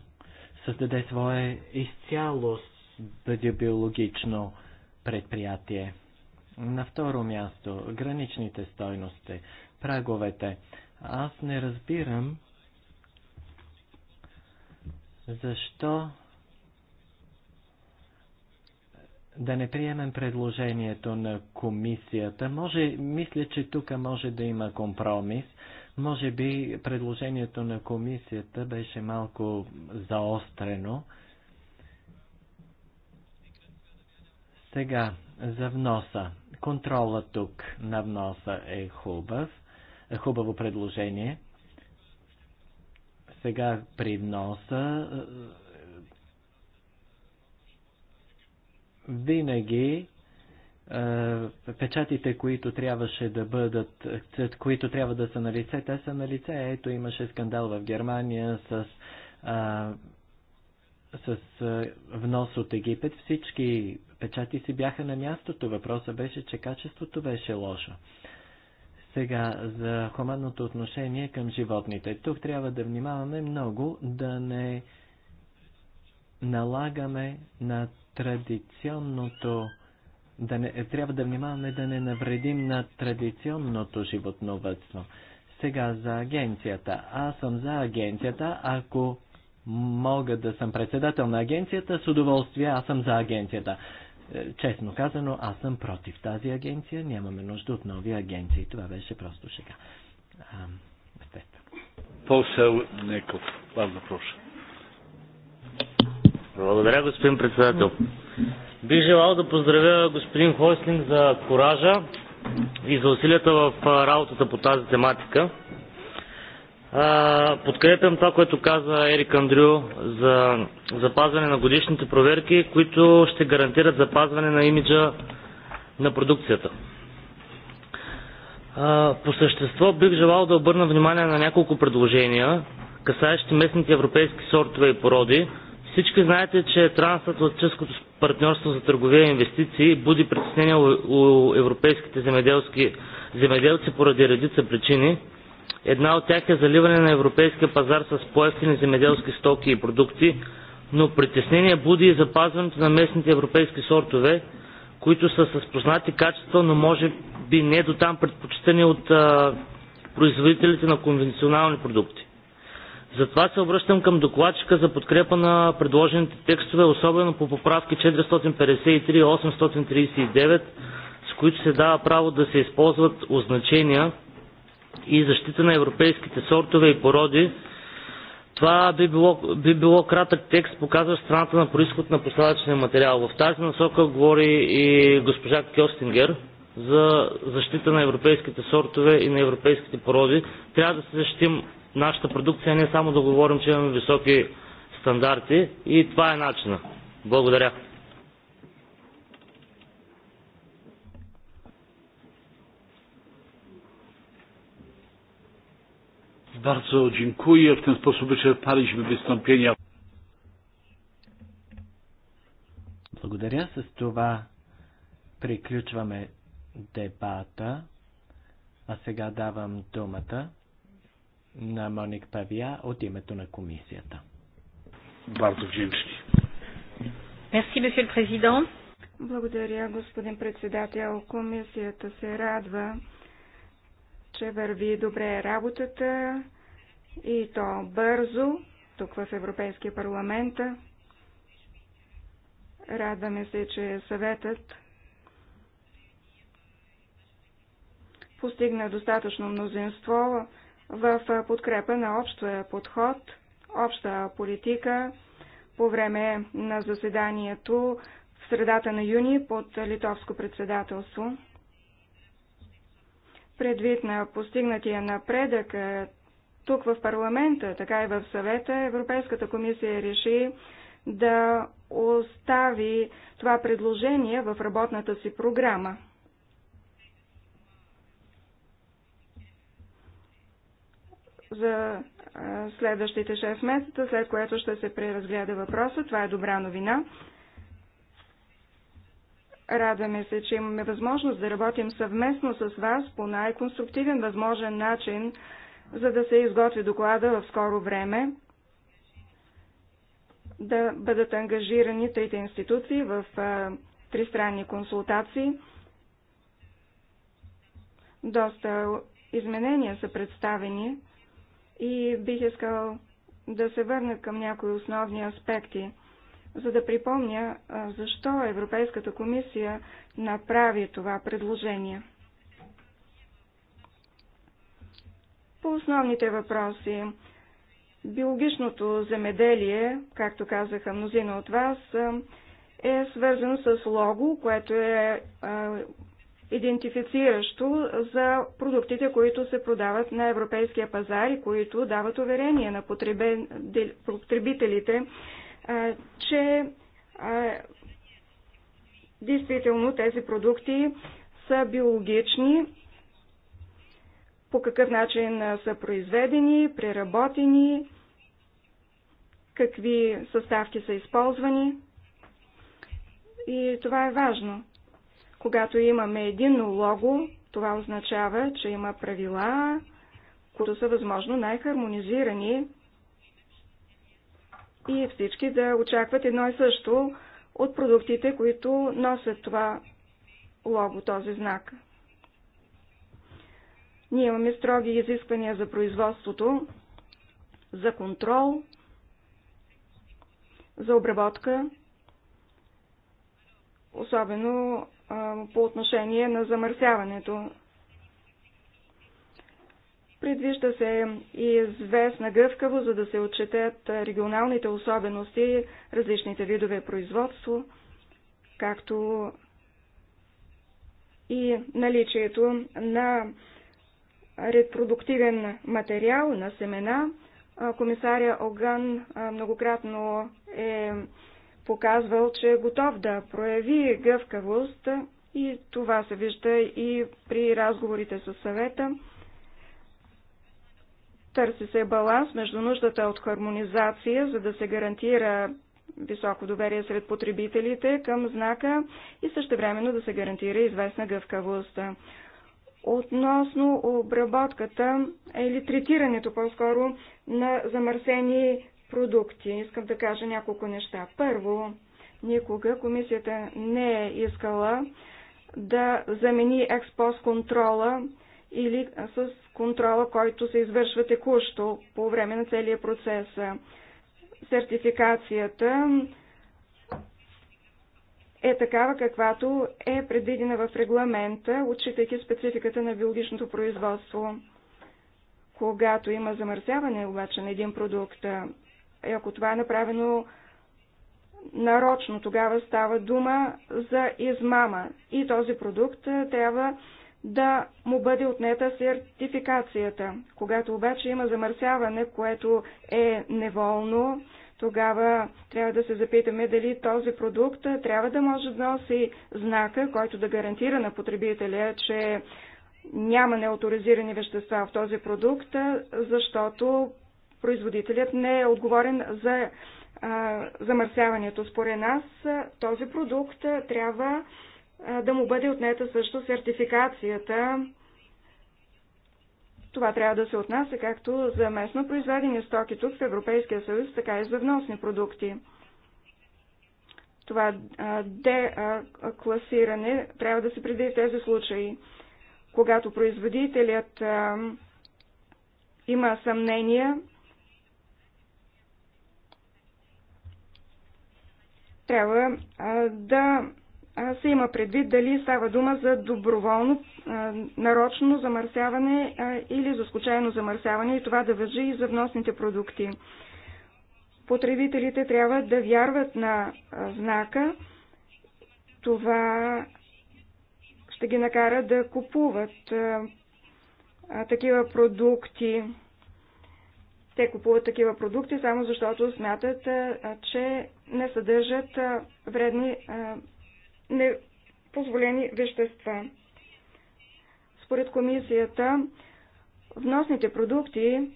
създаде свое изцяло биологично предприятие. На второ място, граничните стойности, праговете. Аз не разбирам защо да не приемем предложението на комисията. Може, мисля, че тук може да има компромис. Може би предложението на комисията беше малко заострено. Сега, за вноса. Контрола тук на вноса е хубав. Хубаво предложение. Сега при вноса винаги печатите, които трябваше да бъдат, които трябва да са на лице, те са на лице. Ето имаше скандал в Германия с, а, с внос от Египет. Всички печати си бяха на мястото. Въпросът беше, че качеството беше лошо. Сега, за хуманното отношение към животните. Тук трябва да внимаваме много да не налагаме на традиционното да не, е, трябва да внимаваме да не навредим на традиционното животновътство. Сега за агенцията. Аз съм за агенцията. Ако мога да съм председател на агенцията, с удоволствие аз съм за агенцията. Е, честно казано, аз съм против тази агенция. Нямаме нужда от нови агенции. Това беше просто шега. Естествено. Посел Неков. Вас запроша. Благодаря, господин председател. Бих желал да поздравя господин Хойслинг за коража и за усилията в работата по тази тематика. Подкрепям това, което каза Ерик Андрю за запазване на годишните проверки, които ще гарантират запазване на имиджа на продукцията. По същество бих желал да обърна внимание на няколко предложения, касаещи местните европейски сортове и породи, всички знаете, че трансатлантическото партньорство за търговия и инвестиции буди притеснение у европейските земеделски, земеделци поради редица причини. Една от тях е заливане на европейския пазар с по земеделски стоки и продукти, но притеснение буди и запазването на местните европейски сортове, които са с познати качества, но може би не до там предпочитани от а, производителите на конвенционални продукти. Затова се обръщам към докладчика за подкрепа на предложените текстове, особено по поправки 453 и 839, с които се дава право да се използват означения и защита на европейските сортове и породи. Това би било, би било кратък текст, показващ страната на происход на посадъчния материал. В тази насока говори и госпожа Кьостингер за защита на европейските сортове и на европейските породи. Трябва да се защитим нашата продукция, не е само да говорим, че имаме високи стандарти и това е начина. Благодаря. Bardzo dziękuję. W ten sposób wyczerpaliśmy wystąpienia. Благодаря. С това приключваме дебата. А сега давам думата на Моник Павия от името на комисията. Bardzo wdzięczni. Благодаря, господин председател. Комисията се радва, че върви добре работата и то бързо тук в Европейския парламент. Радваме се, че съветът постигна достатъчно мнозинство в подкрепа на общия подход, обща политика по време на заседанието в средата на юни под литовско председателство. Предвид на постигнатия напредък е, тук в парламента, така и в съвета, Европейската комисия реши да остави това предложение в работната си програма. за следващите 6 месеца, след което ще се преразгледа въпроса. Това е добра новина. Радваме се, че имаме възможност да работим съвместно с вас по най-конструктивен възможен начин, за да се изготви доклада в скоро време, да бъдат ангажирани трите институции в а, тристранни консултации. Доста изменения са представени и бих искал да се върна към някои основни аспекти, за да припомня защо Европейската комисия направи това предложение. По основните въпроси. Биологичното земеделие, както казаха мнозина от вас, е свързано с лого, което е идентифициращо за продуктите, които се продават на европейския пазар и които дават уверение на потребителите, че действително тези продукти са биологични, по какъв начин са произведени, преработени, какви съставки са използвани. И това е важно. Когато имаме един лого, това означава, че има правила, които са възможно най-хармонизирани и всички да очакват едно и също от продуктите, които носят това лого, този знак. Ние имаме строги изисквания за производството, за контрол, за обработка, особено по отношение на замърсяването. Предвижда се и известна гъвкаво, за да се отчетят регионалните особености, различните видове производство, както и наличието на репродуктивен материал, на семена. Комисаря Оган многократно е показвал, че е готов да прояви гъвкавост и това се вижда и при разговорите с съвета. Търси се баланс между нуждата от хармонизация, за да се гарантира високо доверие сред потребителите към знака и същевременно да се гарантира известна гъвкавост. Относно обработката или третирането по-скоро на замърсени продукти. Искам да кажа няколко неща. Първо, никога комисията не е искала да замени експост контрола или с контрола, който се извършва текущо по време на целия процес. Сертификацията е такава, каквато е предвидена в регламента, отчитайки спецификата на биологичното производство. Когато има замърсяване обаче на един продукт и ако това е направено нарочно, тогава става дума за измама. И този продукт трябва да му бъде отнета сертификацията. Когато обаче има замърсяване, което е неволно, тогава трябва да се запитаме дали този продукт трябва да може да носи знака, който да гарантира на потребителя, че няма неоторизирани вещества в този продукт, защото производителят не е отговорен за замърсяването. Според нас този продукт трябва да му бъде отнета също сертификацията. Това трябва да се отнася както за местно произведени стоки тук в Европейския съюз, така и за вносни продукти. Това декласиране трябва да се преди в тези случаи. Когато производителят има съмнения, трябва да се има предвид дали става дума за доброволно, нарочно замърсяване или за случайно замърсяване и това да въжи и за вносните продукти. Потребителите трябва да вярват на знака. Това ще ги накара да купуват такива продукти. Те купуват такива продукти само защото смятат, че не съдържат вредни, непозволени вещества. Според комисията, вносните продукти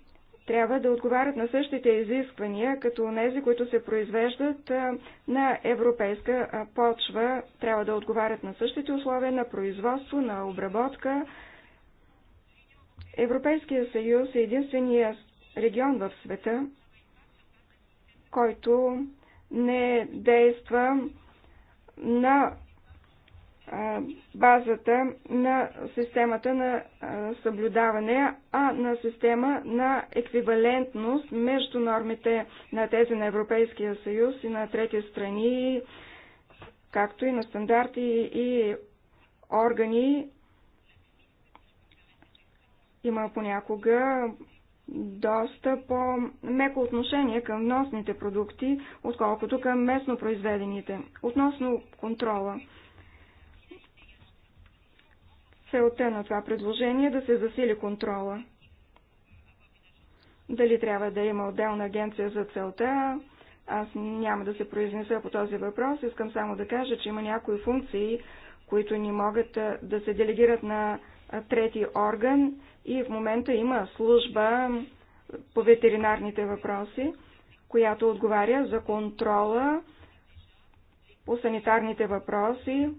трябва да отговарят на същите изисквания, като тези, които се произвеждат на европейска почва, трябва да отговарят на същите условия на производство, на обработка. Европейския съюз е единствения регион в света, който не действа на базата на системата на съблюдаване, а на система на еквивалентност между нормите на тези на Европейския съюз и на трети страни, както и на стандарти и органи. Има понякога доста по-меко отношение към носните продукти, отколкото към местно произведените. Относно контрола. Целта на това предложение е да се засили контрола. Дали трябва да има отделна агенция за целта, аз няма да се произнеса по този въпрос. Искам само да кажа, че има някои функции, които ни могат да се делегират на трети орган и в момента има служба по ветеринарните въпроси, която отговаря за контрола по санитарните въпроси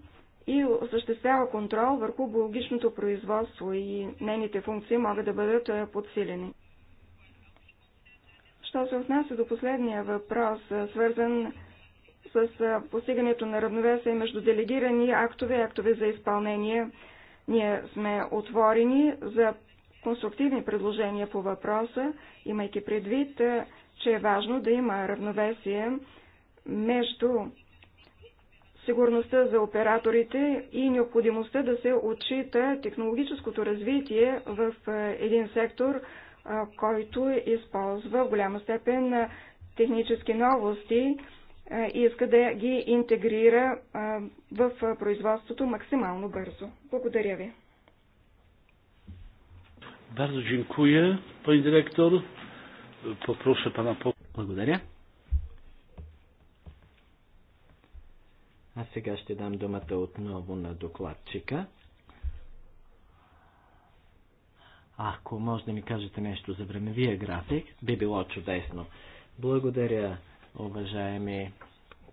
и осъществява контрол върху биологичното производство и нейните функции могат да бъдат е, подсилени. Що се отнася до последния въпрос, е, свързан с е, постигането на равновесие между делегирани актове и актове за изпълнение, ние сме отворени за конструктивни предложения по въпроса, имайки предвид, че е важно да има равновесие между сигурността за операторите и необходимостта да се отчита технологическото развитие в един сектор, който използва в голяма степен технически новости и иска да ги интегрира в производството максимално бързо. Благодаря ви. Bardzo dziękuję, pani dyrektor. Poproszę pana po... Благодаря. А сега ще дам думата отново на докладчика. Ако може да ми кажете нещо за времевия график, би било чудесно. Благодаря, уважаеми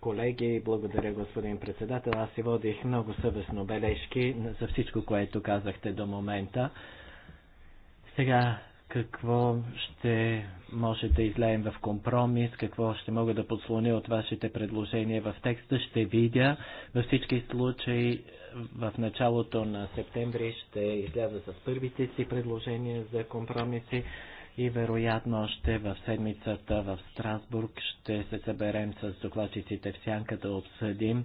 колеги, благодаря господин председател. Аз си водих много съвестно бележки за всичко, което казахте до момента. Сега, какво ще може да излеем в компромис, какво ще мога да подслоня от вашите предложения в текста, ще видя. Във всички случаи в началото на септември ще изляза с първите си предложения за компромиси и вероятно още в седмицата в Страсбург ще се съберем с докладчиците в сянка да обсъдим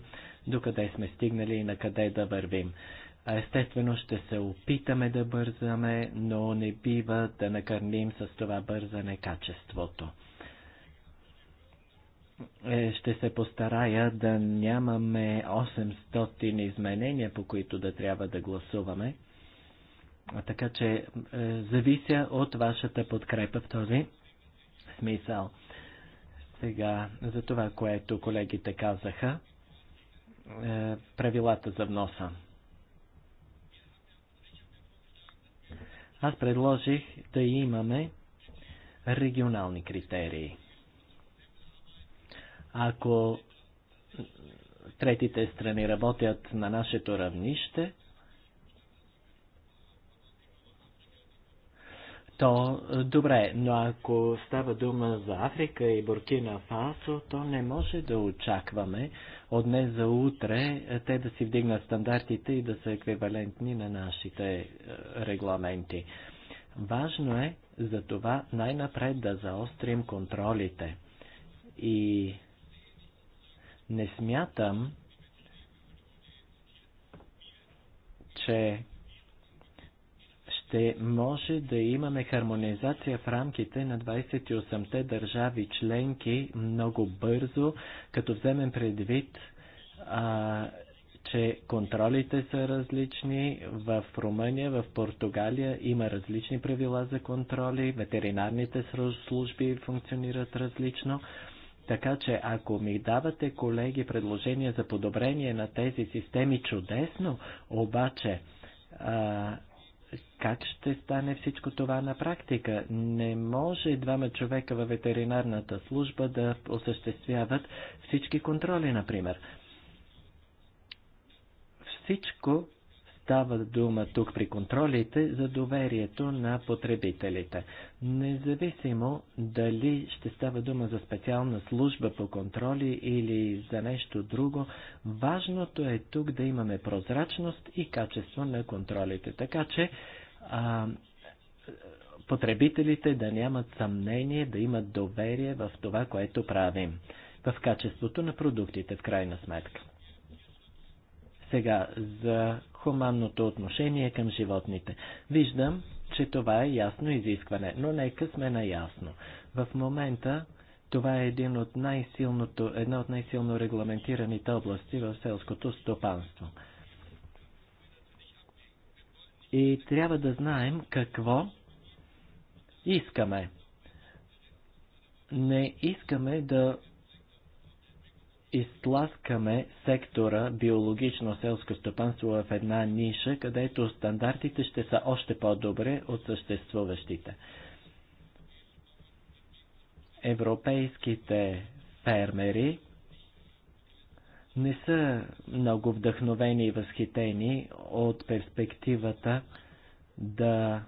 докъде сме стигнали и на къде да вървим. Естествено ще се опитаме да бързаме, но не бива да накърним с това бързане качеството. Е, ще се постарая да нямаме 800 изменения, по които да трябва да гласуваме. Така че е, завися от вашата подкрепа в този смисъл. Сега, за това, което колегите казаха, е, правилата за вноса. Аз предложих да имаме регионални критерии. Ако третите страни работят на нашето равнище, то е, добре, но ако става дума за Африка и Буркина Фасо, то не може да очакваме от днес за утре е, те да си вдигнат стандартите и да са еквивалентни на нашите е, регламенти. Важно е за това най-напред да заострим контролите. И не смятам, че ще може да имаме хармонизация в рамките на 28-те държави членки много бързо, като вземем предвид, а, че контролите са различни. В Румъния, в Португалия има различни правила за контроли, ветеринарните служби функционират различно. Така че ако ми давате, колеги, предложения за подобрение на тези системи, чудесно, обаче а, как ще стане всичко това на практика? Не може двама човека във ветеринарната служба да осъществяват всички контроли, например. Всичко Става дума тук при контролите за доверието на потребителите. Независимо дали ще става дума за специална служба по контроли или за нещо друго, важното е тук да имаме прозрачност и качество на контролите. Така че а, потребителите да нямат съмнение, да имат доверие в това, което правим, в качеството на продуктите в крайна сметка. Сега за хуманното отношение към животните. Виждам, че това е ясно изискване, но нека сме наясно. В момента това е един от най-силното, една от най-силно регламентираните области в селското стопанство. И трябва да знаем какво искаме. Не искаме да изтласкаме сектора биологично селско стопанство в една ниша, където стандартите ще са още по-добре от съществуващите. Европейските фермери не са много вдъхновени и възхитени от перспективата да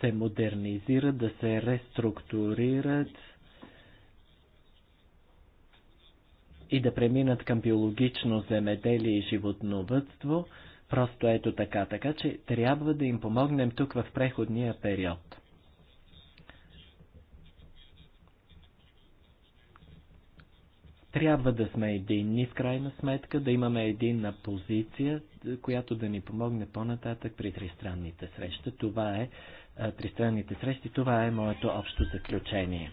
се модернизират, да се реструктурират и да преминат към биологично земеделие и животновътство, просто ето така. Така че трябва да им помогнем тук в преходния период. Трябва да сме единни в крайна сметка, да имаме единна позиция, която да ни помогне по-нататък при тристранните срещи. Това е тристранните срещи. Това е моето общо заключение.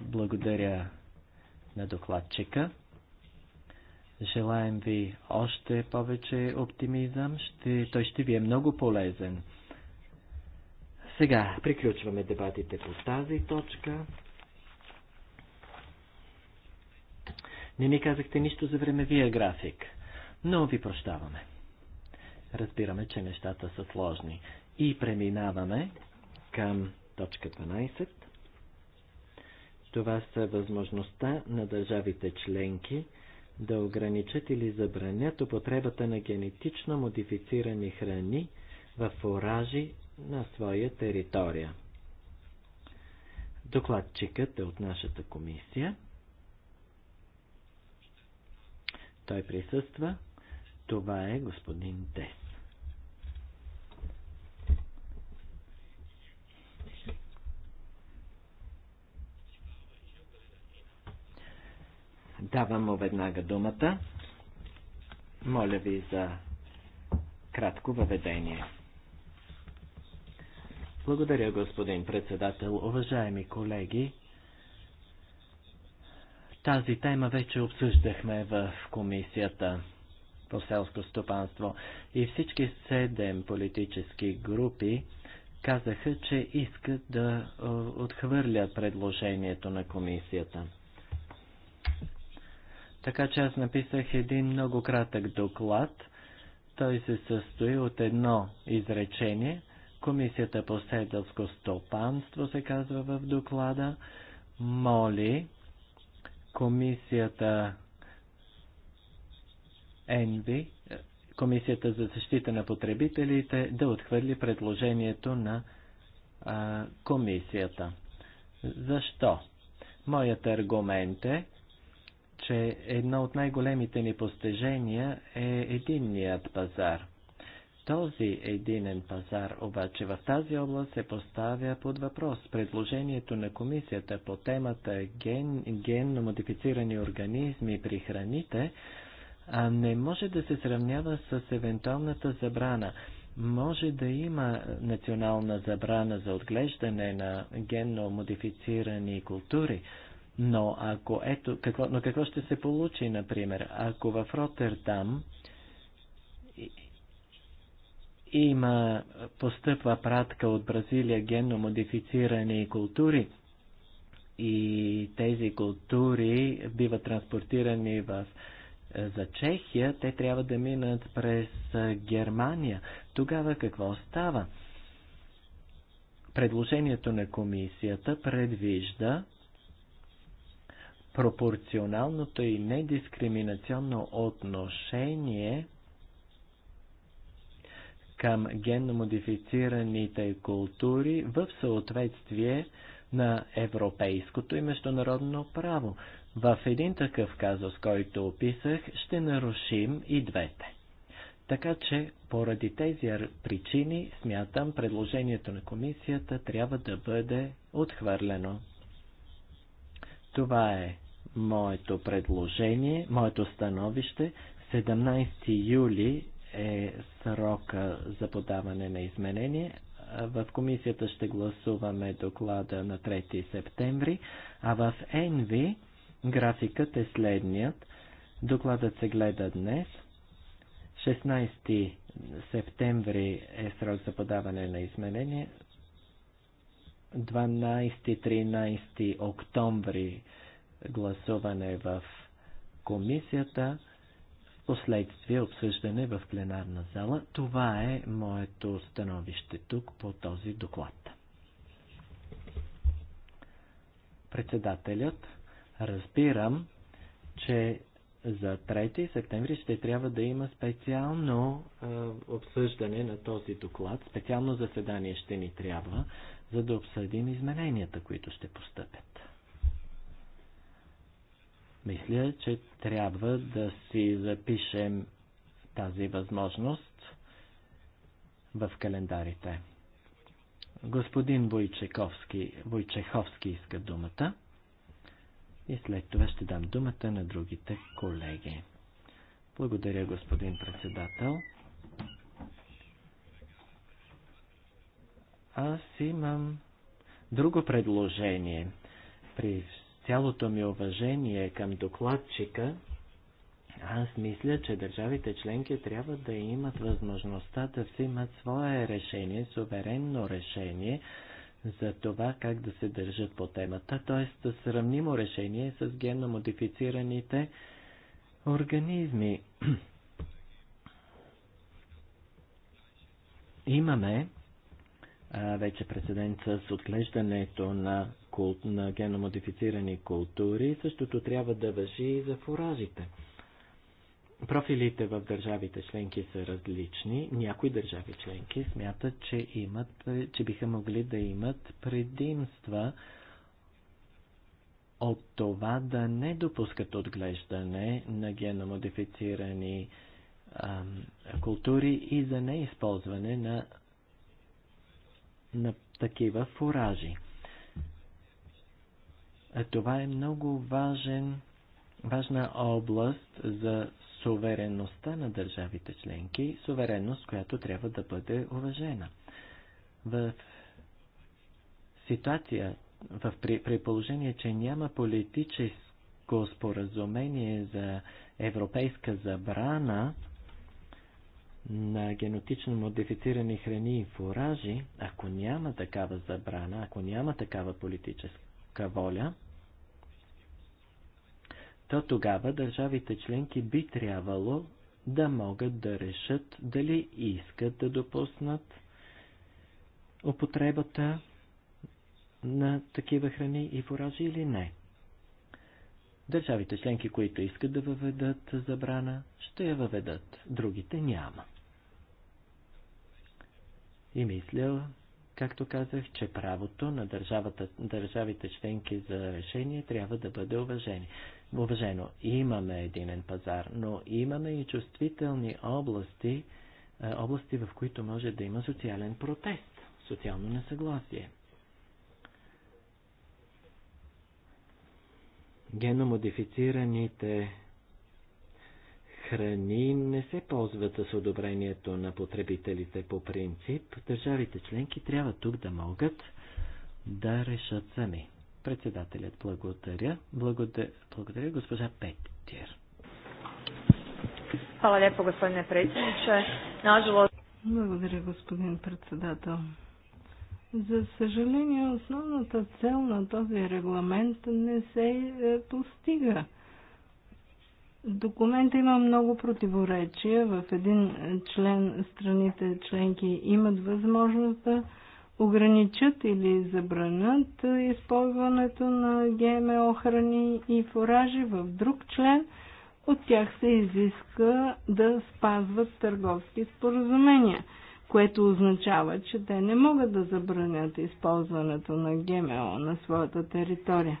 Благодаря на докладчика. Желаем ви още повече оптимизъм. Ще, той ще ви е много полезен. Сега приключваме дебатите по тази точка. Не ми казахте нищо за времевия график, но ви прощаваме. Разбираме, че нещата са сложни. И преминаваме към точка 12. Това са възможността на държавите членки да ограничат или забранят употребата на генетично модифицирани храни в оражи на своя територия. Докладчикът е от нашата комисия. Той присъства. Това е господин Тес. Давам му веднага думата. Моля ви за кратко въведение. Благодаря, господин председател. Уважаеми колеги, тази тема вече обсъждахме в комисията по селско стопанство и всички седем политически групи казаха, че искат да е, отхвърлят предложението на комисията. Така че аз написах един много кратък доклад. Той се състои от едно изречение. Комисията по седелско стопанство се казва в доклада. Моли комисията ЕНВИ, комисията за защита на потребителите, да отхвърли предложението на а, комисията. Защо? Моят аргумент е, че едно от най-големите ни постижения е единният пазар. Този единен пазар обаче в тази област се поставя под въпрос. Предложението на комисията по темата ген, генно модифицирани организми при храните а не може да се сравнява с евентуалната забрана. Може да има национална забрана за отглеждане на генно модифицирани култури, но ако ето, какво, но какво ще се получи, например, ако в Роттердам има, постъпва пратка от Бразилия генно модифицирани култури и тези култури биват транспортирани в е, за Чехия, те трябва да минат през е, Германия. Тогава какво става? Предложението на комисията предвижда пропорционалното и недискриминационно отношение към генно модифицираните култури в съответствие на европейското и международно право. В един такъв казус, който описах, ще нарушим и двете. Така че, поради тези причини, смятам, предложението на комисията трябва да бъде отхвърлено. Това е моето предложение, моето становище. 17 юли е срока за подаване на изменение. В комисията ще гласуваме доклада на 3 септември, а в НВ графикът е следният. Докладът се гледа днес. 16 септември е срок за подаване на изменение. 12-13 октомври гласуване в комисията, последствие обсъждане в пленарна зала. Това е моето становище тук по този доклад. Председателят, разбирам, че за 3 септември ще трябва да има специално е, обсъждане на този доклад, специално заседание ще ни трябва, за да обсъдим измененията, които ще постъпят. Мисля, че трябва да си запишем тази възможност в календарите. Господин Войчеховски, Войчеховски иска думата и след това ще дам думата на другите колеги. Благодаря, господин председател. Аз имам друго предложение. При цялото ми уважение към докладчика, аз мисля, че държавите членки трябва да имат възможността да взимат свое решение, суверенно решение за това как да се държат по темата, т.е. сравнимо решение с модифицираните организми. Имаме а, вече прецедент с отглеждането на култ, на геномодифицирани култури. Същото трябва да въжи и за фуражите. Профилите в държавите членки са различни. Някои държави членки смятат, че, имат, че биха могли да имат предимства от това да не допускат отглеждане на геномодифицирани ам, култури и за неизползване на, на такива фуражи. Това е много важен, важна област за сувереността на държавите членки, сувереност, която трябва да бъде уважена. В ситуация, в, при, при положение, че няма политическо споразумение за европейска забрана на генетично модифицирани храни и фуражи, ако няма такава забрана, ако няма такава политическа политическа воля, то тогава държавите членки би трябвало да могат да решат дали искат да допуснат употребата на такива храни и фуражи или не. Държавите членки, които искат да въведат забрана, ще я въведат, другите няма. И мисля, Както казах, че правото на държавата, държавите членки за решение трябва да бъде уважени. уважено. Имаме единен пазар, но имаме и чувствителни области, е, области в които може да има социален протест, социално несъгласие. Геномодифицираните храни не се ползват с одобрението на потребителите по принцип. Държавите членки трябва тук да могат да решат сами. Председателят благодаря. Благодаря, благодаря госпожа Петтир. Hvala lijepo Благодаря господин председател. За съжаление, основната цел на този регламент не се е, постига документа има много противоречия. В един член страните членки имат възможност да ограничат или забранят използването на ГМО храни и фуражи. В друг член от тях се изиска да спазват търговски споразумения, което означава, че те не могат да забранят използването на ГМО на своята територия.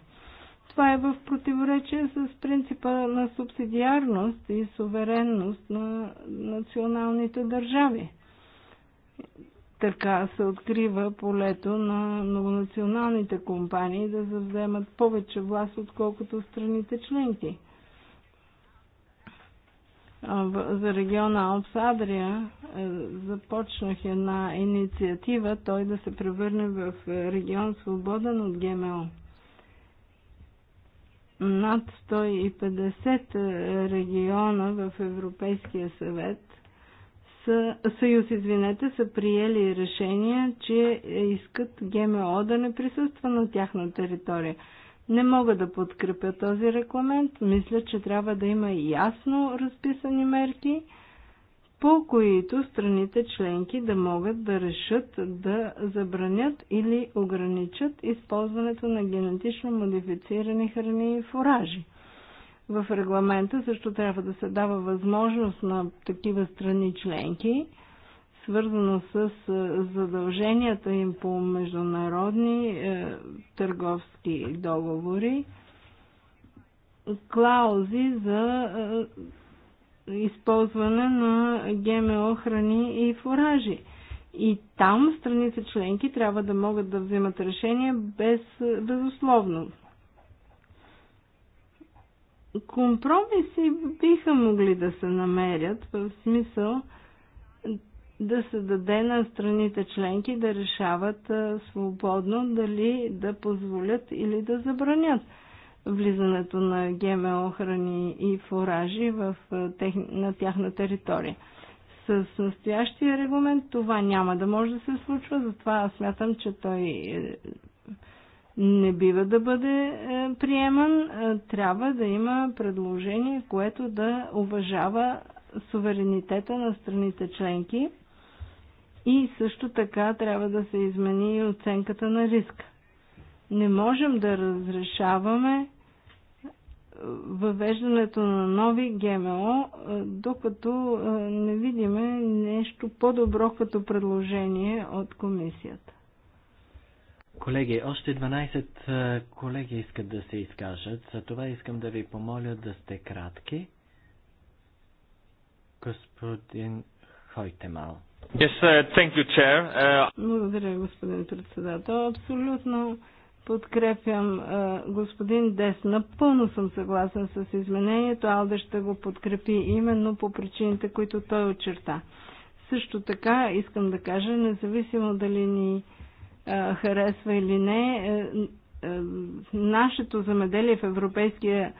Това е в противоречие с принципа на субсидиарност и суверенност на националните държави. Така се открива полето на многонационалните компании да завземат повече власт, отколкото страните членки. За региона Алпс Адрия е, започнах една инициатива той да се превърне в е, регион свободен от ГМО над 150 е, региона в Европейския съвет са, съюз, извинете, са приели решение, че искат ГМО да не присъства на тяхна територия. Не мога да подкрепя този регламент. Мисля, че трябва да има ясно разписани мерки – по които страните членки да могат да решат да забранят или ограничат използването на генетично модифицирани храни и фуражи. В регламента също трябва да се дава възможност на такива страни членки, свързано с е, задълженията им по международни е, търговски договори, клаузи за е, използване на ГМО храни и фуражи. И там страните членки трябва да могат да вземат решение без, безусловно. Компромиси биха могли да се намерят в смисъл да се даде на страните членки да решават свободно дали да позволят или да забранят влизането на ГМО храни и фуражи в, тех, на тяхна територия. С настоящия регламент това няма да може да се случва, затова аз смятам, че той е, не бива да бъде е, приеман. Е, трябва да има предложение, което да уважава суверенитета на страните членки и също така трябва да се измени и оценката на риска. Не можем да разрешаваме въвеждането на нови ГМО, докато не видиме нещо по-добро като предложение от комисията. Колеги, още 12 колеги искат да се изкажат. За това искам да ви помоля да сте кратки. Господин Хойтемал. Yes, uh, thank you, chair. Uh... Благодаря, господин председател. Абсолютно подкрепям господин Дес. Напълно съм съгласен с изменението. Алде ще го подкрепи именно по причините, които той очерта. Също така искам да кажа, независимо дали ни харесва или не, е, е, нашето замеделие в Европейския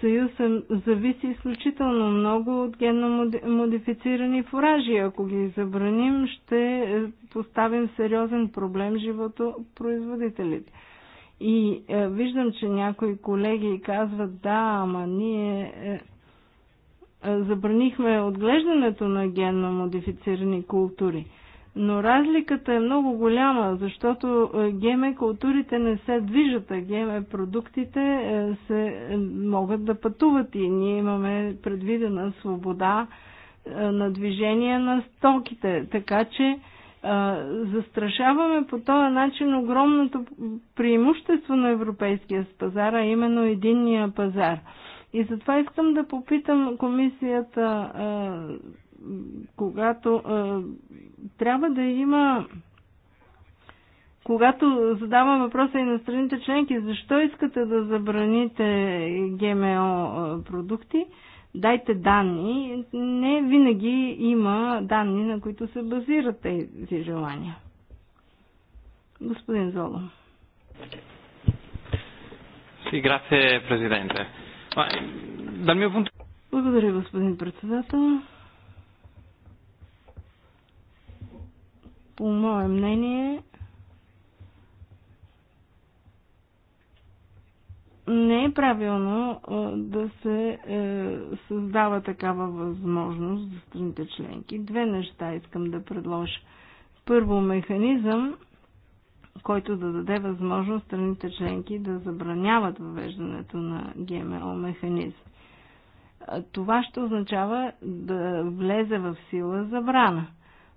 съюз е, зависи изключително много от генно модифицирани фуражи. Ако ги забраним, ще поставим сериозен проблем живото производителите. И е, виждам, че някои колеги казват, да, ама ние е, е, забранихме отглеждането на генно модифицирани култури. Но разликата е много голяма, защото геме културите не се движат, а геме продуктите е, се, е, могат да пътуват и ние имаме предвидена свобода е, на движение на стоките. Така че застрашаваме по този начин огромното преимущество на европейския пазар, а именно единния пазар. И затова искам да попитам комисията, когато трябва да има когато задавам въпроса и на страните членки, защо искате да забраните ГМО продукти, дайте данни, не винаги има данни, на които се базират тези желания. Господин Золо. Sì, grazie Presidente. Благодаря, господин председател. По мое мнение, не е правилно да се е, създава такава възможност за страните членки. Две неща искам да предложа. Първо, механизъм, който да даде възможност страните членки да забраняват въвеждането на ГМО механизъм. Това ще означава да влезе в сила забрана.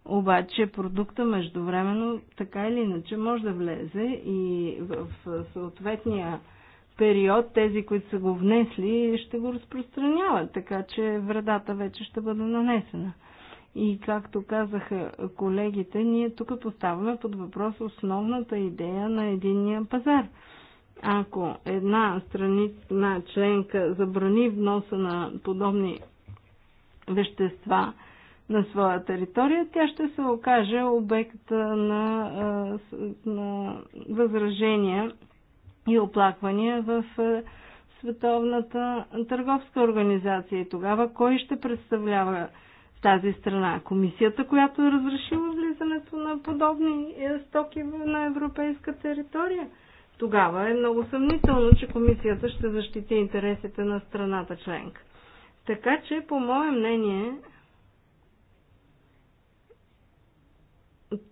Обаче продукта междувременно така или иначе може да влезе и в съответния период тези, които са го внесли, ще го разпространяват, така че вредата вече ще бъде нанесена. И както казаха колегите, ние тук поставяме под въпрос основната идея на единния пазар. Ако една страна членка забрани вноса на подобни вещества на своя територия, тя ще се окаже обект на, на възражения и оплаквания в е, Световната търговска организация. И тогава кой ще представлява тази страна? Комисията, която е разрешила влизането на подобни е, стоки на европейска територия? Тогава е много съмнително, че комисията ще защити интересите на страната членка. Така че, по мое мнение,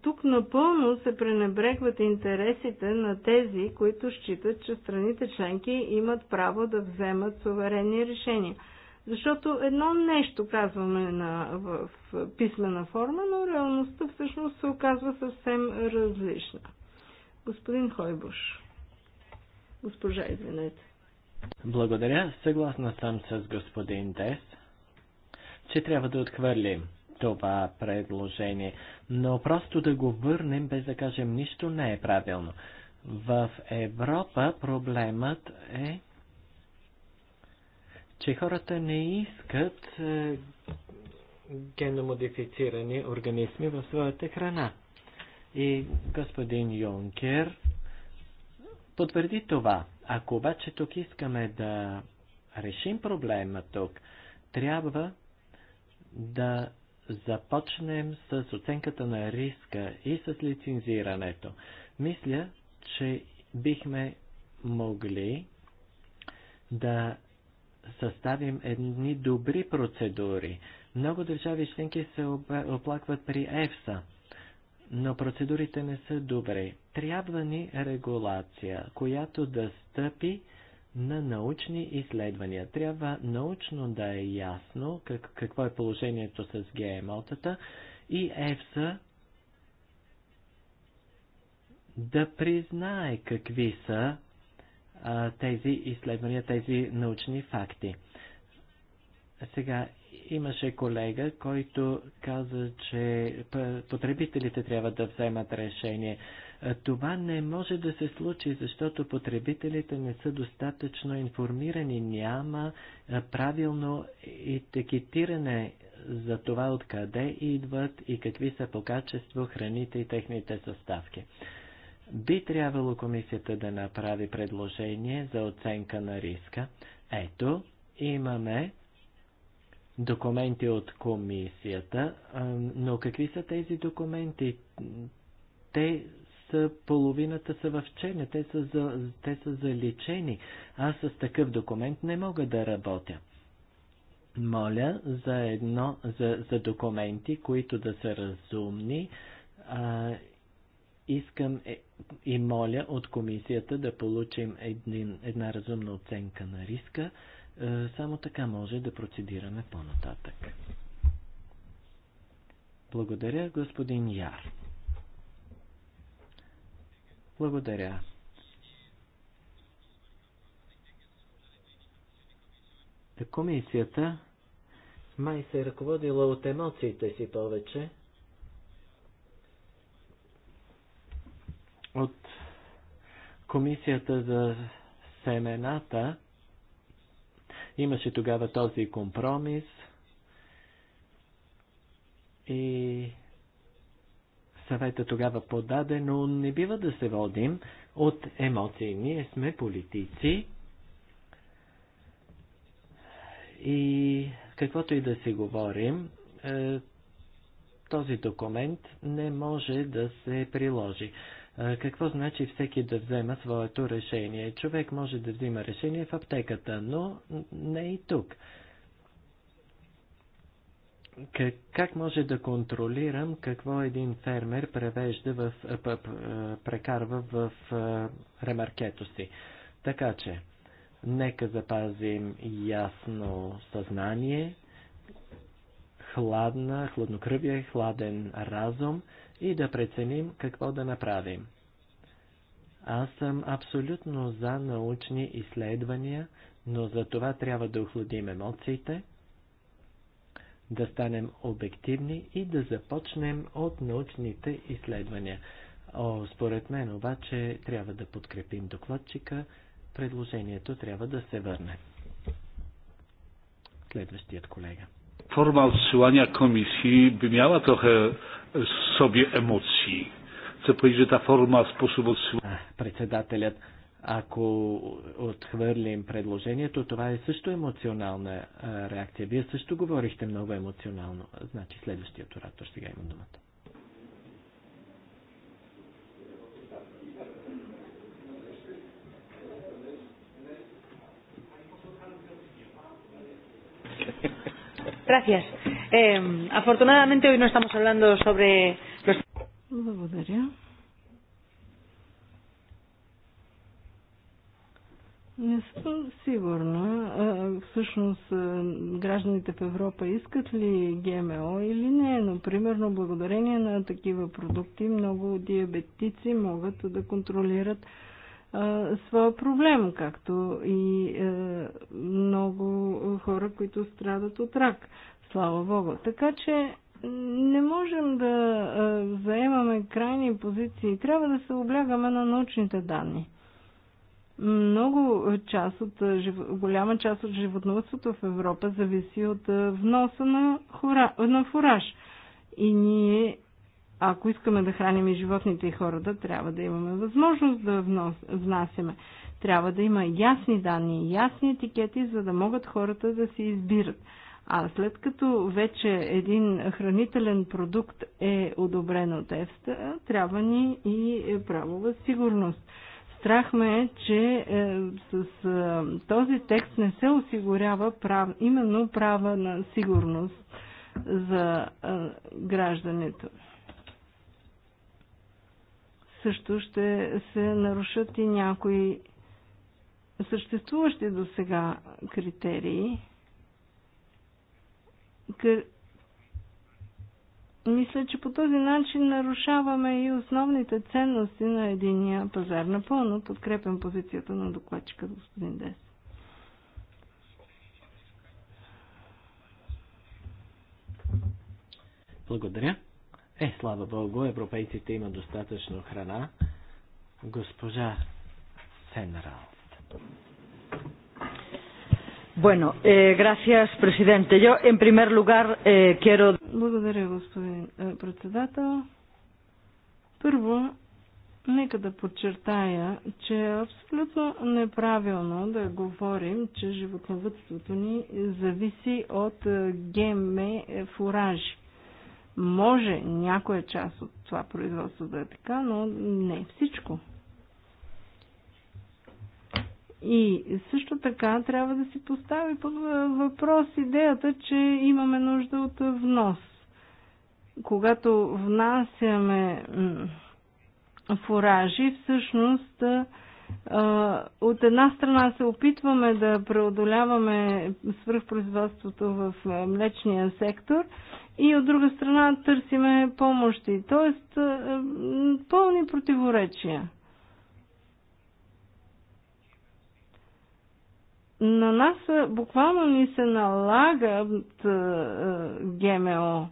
тук напълно се пренебрегват интересите на тези, които считат, че страните членки имат право да вземат суверенни решения. Защото едно нещо казваме на, в, в писмена форма, но реалността всъщност се оказва съвсем различна. Господин Хойбуш. Госпожа, извинете. Благодаря. Съгласна съм с господин Дес, че трябва да отхвърлим това предложение. Но просто да го върнем, без да кажем нищо, не е правилно. В Европа проблемът е, че хората не искат е, геномодифицирани организми в своята храна. И господин Юнкер потвърди това. Ако обаче тук искаме да решим проблема тук, трябва да започнем с оценката на риска и с лицензирането. Мисля, че бихме могли да съставим едни добри процедури. Много държави членки се оплакват при ЕФСА, но процедурите не са добри. Трябва ни регулация, която да стъпи на научни изследвания. Трябва научно да е ясно как, какво е положението с ГМО-тата и ЕФСА да признае какви са а, тези изследвания, тези научни факти. Сега имаше колега, който каза, че потребителите трябва да вземат решение. Това не може да се случи, защото потребителите не са достатъчно информирани, няма правилно етикетиране за това откъде идват и какви са по качество храните и техните съставки. Би трябвало комисията да направи предложение за оценка на риска. Ето, имаме документи от комисията, но какви са тези документи? Те са, половината са в чене, те са, за, те са заличени. Аз с такъв документ не мога да работя. Моля за, едно, за, за документи, които да са разумни. А, искам е, и моля от комисията да получим един, една разумна оценка на риска. Е, само така може да процедираме по-нататък. Благодаря, господин Яр. Благодаря. Комисията май се е ръководила от емоциите си повече, от комисията за семената имаше тогава този компромис и съвета тогава подаде, но не бива да се водим от емоции. Ние сме политици и каквото и да си говорим, е, този документ не може да се приложи. Е, какво значи всеки да взема своето решение? Човек може да взима решение в аптеката, но не и тук как, може да контролирам какво един фермер превежда в, прекарва в ремаркето си. Така че, нека запазим ясно съзнание, хладна, хладнокръвие, хладен разум и да преценим какво да направим. Аз съм абсолютно за научни изследвания, но за това трябва да охладим емоциите – да станем обективни и да започнем от научните изследвания. О, според мен обаче трябва да подкрепим докладчика, предложението трябва да се върне. Следващият колега. Форма odsyłania komisji by miała trochę w sobie emocji. Chcę powiedzieć, że ta forma, sposób odsyłania... Председателят, ако отхвърлим предложението, това е също емоционална реакция. Вие също говорихте много емоционално. Значи следващият оратор сега има думата. Gracias. Eh, afortunadamente hoy no estamos hablando sobre los... Благодаря. Не съм сигурна. Всъщност, гражданите в Европа искат ли ГМО или не, но примерно благодарение на такива продукти много диабетици могат да контролират своя проблем, както и много хора, които страдат от рак. Слава Богу. Така че не можем да заемаме крайни позиции. Трябва да се облягаме на научните данни много част от, голяма част от животновътството в Европа зависи от вноса на, хора, на фураж. И ние, ако искаме да храним и животните и хората, трябва да имаме възможност да внос, внасяме. Трябва да има ясни данни, ясни етикети, за да могат хората да се избират. А след като вече един хранителен продукт е одобрен от ЕФСТА, трябва ни и правова сигурност Страх ме е, че е, с е, този текст не се осигурява прав, именно права на сигурност за е, гражданите. Също ще се нарушат и някои съществуващи до сега критерии мисля, че по този начин нарушаваме и основните ценности на единия пазар. Напълно подкрепям позицията на докладчика господин Дес. Благодаря. Е, слава Богу, европейците имат достатъчно храна. Госпожа Сенралд. Eh, eh, Благодаря, господин е, председател. Първо, нека да подчертая, че е абсолютно неправилно да говорим, че животновътството ни зависи от геме фуражи. Може някоя част от това производство да е така, но не всичко. И също така трябва да си постави под въпрос идеята, че имаме нужда от внос. Когато внасяме фуражи, всъщност от една страна се опитваме да преодоляваме свръхпроизводството в млечния сектор и от друга страна търсиме помощи. Тоест, пълни противоречия. на нас буквално ни се налагат ГМО.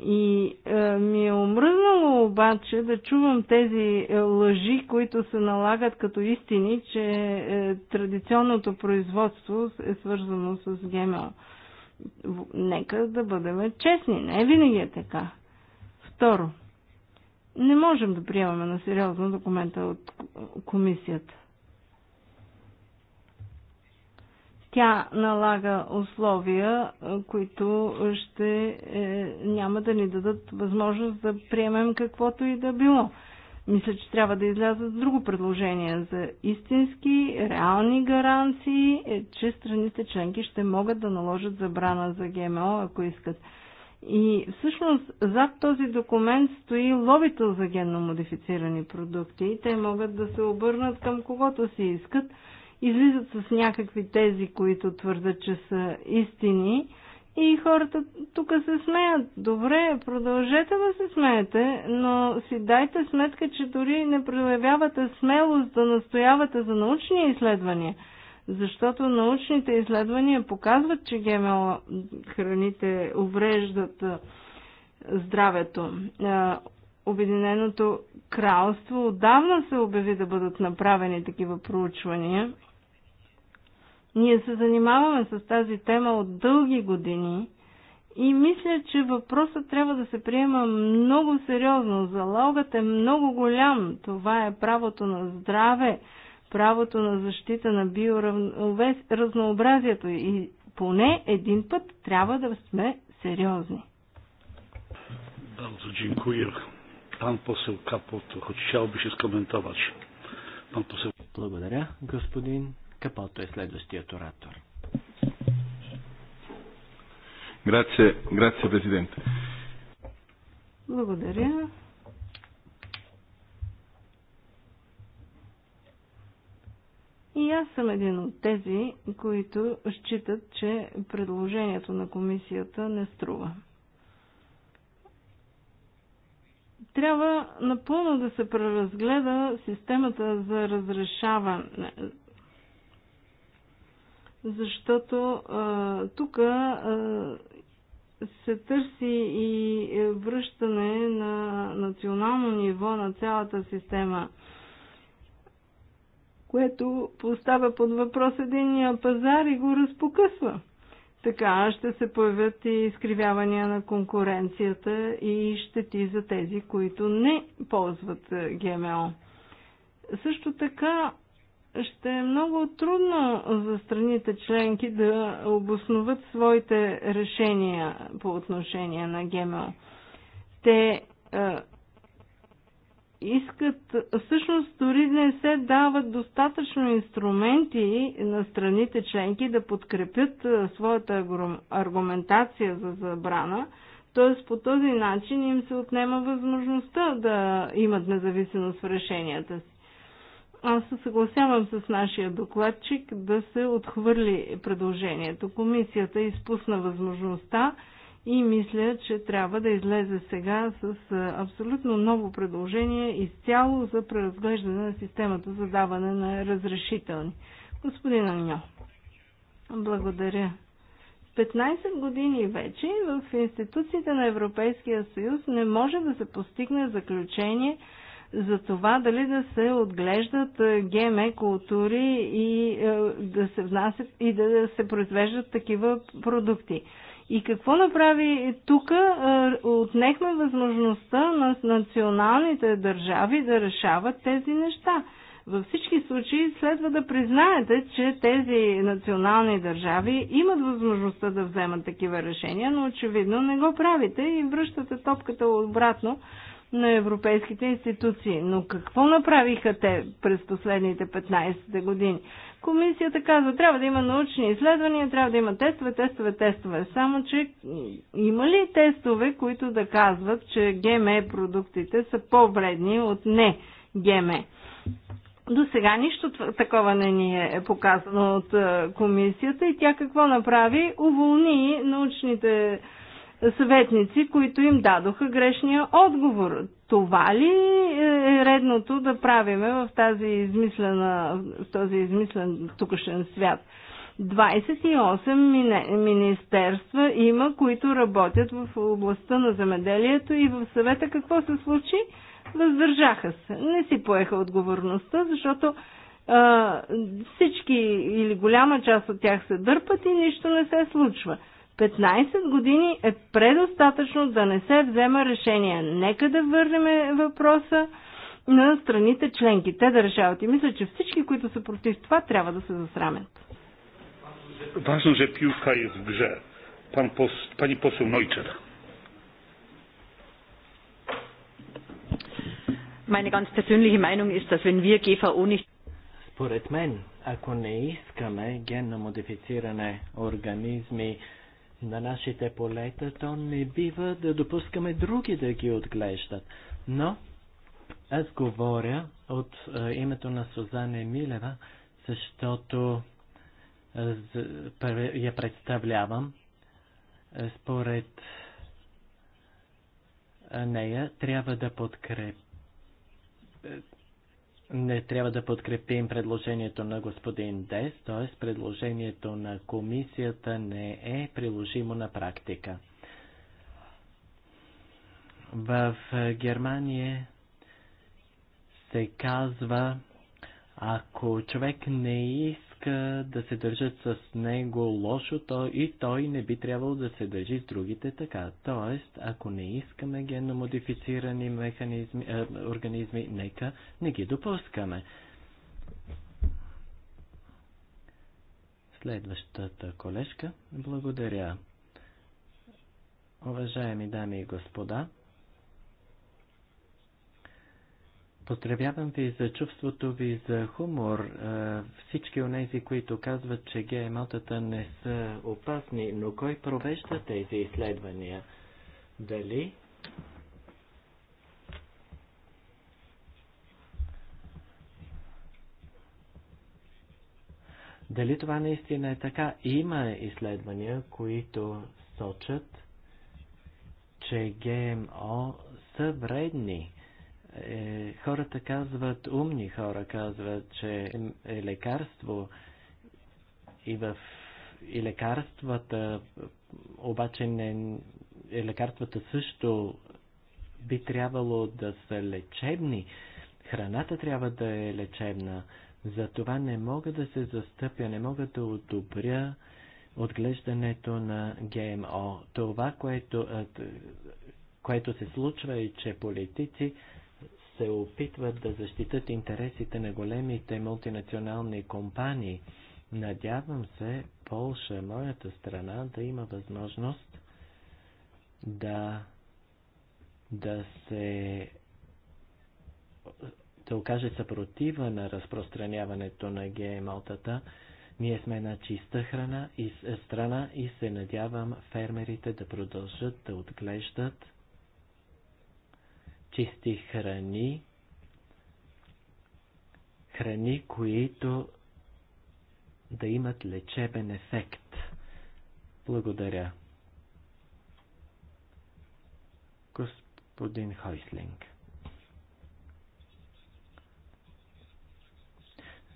И е, ми е омръзнало обаче да чувам тези лъжи, които се налагат като истини, че е, традиционното производство е свързано с ГМО. Нека да бъдем честни, не е винаги е така. Второ, не можем да приемаме на сериозно документа от комисията. Тя налага условия, които ще е, няма да ни дадат възможност да приемем каквото и да било. Мисля, че трябва да излязат с друго предложение за истински, реални гаранции, е, че страните членки ще могат да наложат забрана за ГМО, ако искат. И всъщност зад този документ стои лобито за генно модифицирани продукти и те могат да се обърнат към когото си искат излизат с някакви тези, които твърдат, че са истини. И хората тук се смеят. Добре, продължете да се смеете, но си дайте сметка, че дори не проявявате смелост да настоявате за научни изследвания. Защото научните изследвания показват, че ГМО храните увреждат здравето. Обединеното кралство отдавна се обяви да бъдат направени такива проучвания – ние се занимаваме с тази тема от дълги години и мисля, че въпросът трябва да се приема много сериозно. Залогът е много голям. Това е правото на здраве, правото на защита на биоразнообразието и поне един път трябва да сме сериозни. Bardzo dziękuję. Pan poseł Kapot chciałby skomentować. Pan poseł... Благодаря, господин Капото е следващият оратор. Грация, грация, президент. Благодаря. И аз съм един от тези, които считат, че предложението на комисията не струва. Трябва напълно да се преразгледа системата за разрешаване, защото тук се търси и връщане на национално ниво на цялата система, което поставя под въпрос единния пазар и го разпокъсва. Така ще се появят и изкривявания на конкуренцията и щети за тези, които не ползват ГМО. Също така ще е много трудно за страните членки да обосноват своите решения по отношение на ГМО. Те е, искат, всъщност дори не се дават достатъчно инструменти на страните членки да подкрепят е, своята аргументация за забрана, т.е. по този начин им се отнема възможността да имат независимост в решенията си аз се съгласявам с нашия докладчик да се отхвърли предложението. Комисията изпусна възможността и мисля, че трябва да излезе сега с абсолютно ново предложение изцяло за преразглеждане на системата за даване на разрешителни. Господин Аньо, благодаря. 15 години вече в институциите на Европейския съюз не може да се постигне заключение – за това дали да се отглеждат е, ГМ култури и е, да се внасят и да се произвеждат такива продукти. И какво направи тук? Е, отнехме възможността на националните държави да решават тези неща. Във всички случаи следва да признаете, че тези национални държави имат възможността да вземат такива решения, но очевидно не го правите и връщате топката обратно на европейските институции. Но какво направиха те през последните 15 те години? Комисията казва, трябва да има научни изследвания, трябва да има тестове, тестове, тестове. Само, че има ли тестове, които да казват, че ГМЕ продуктите са по-вредни от не ГМЕ? До сега нищо такова не ни е показано от е, комисията и тя какво направи? Уволни научните съветници, които им дадоха грешния отговор. Това ли е редното да правиме в, тази измислена, в този измислен тукашен свят? 28 министерства има, които работят в областта на земеделието и в съвета какво се случи? Въздържаха се. Не си поеха отговорността, защото а, всички или голяма част от тях се дърпат и нищо не се случва. 15 години е предостатъчно да не се взема решение. Нека да върнем въпроса на страните членки. Те да решават. И мисля, че всички, които са против това, трябва да се засрамят. Важно, че пилка е в гже. Пан пос, пани посел Нойчер. Meine ganz persönliche Meinung ist, dass wenn wir GVO nicht според мен, ако не искаме генно модифициране организми на нашите полета, то не бива да допускаме други да ги отглеждат. Но аз говоря от е, името на Сузана Милева, защото е, я представлявам. Според нея трябва да подкреп не трябва да подкрепим предложението на господин Дес, т.е. предложението на комисията не е приложимо на практика. В Германия се казва, ако човек не иска иска да се държат с него лошо, то и той не би трябвало да се държи с другите така. Тоест, ако не искаме генно модифицирани е, организми, нека не ги допускаме. Следващата колежка. Благодаря. Уважаеми дами и господа, Поздравявам ви за чувството ви за хумор. Е, всички тези, които казват, че ГМО-тата не са опасни, но кой провежда тези изследвания? Дали? Дали това наистина е така? Има изследвания, които сочат, че ГМО са вредни. Е, хората казват, умни хора казват, че е лекарство и, в, и лекарствата, обаче не, е, лекарствата също би трябвало да са лечебни. Храната трябва да е лечебна. За това не мога да се застъпя, не мога да одобря отглеждането на ГМО. Това, което, което се случва и е, че политици се опитват да защитат интересите на големите мултинационални компании. Надявам се, Полша, моята страна, да има възможност да, да се да окаже съпротива на разпространяването на ГМО-тата. Ние сме на чиста храна и страна и се надявам фермерите да продължат да отглеждат чисти храни, храни, които да имат лечебен ефект. Благодаря. Господин Хойслинг.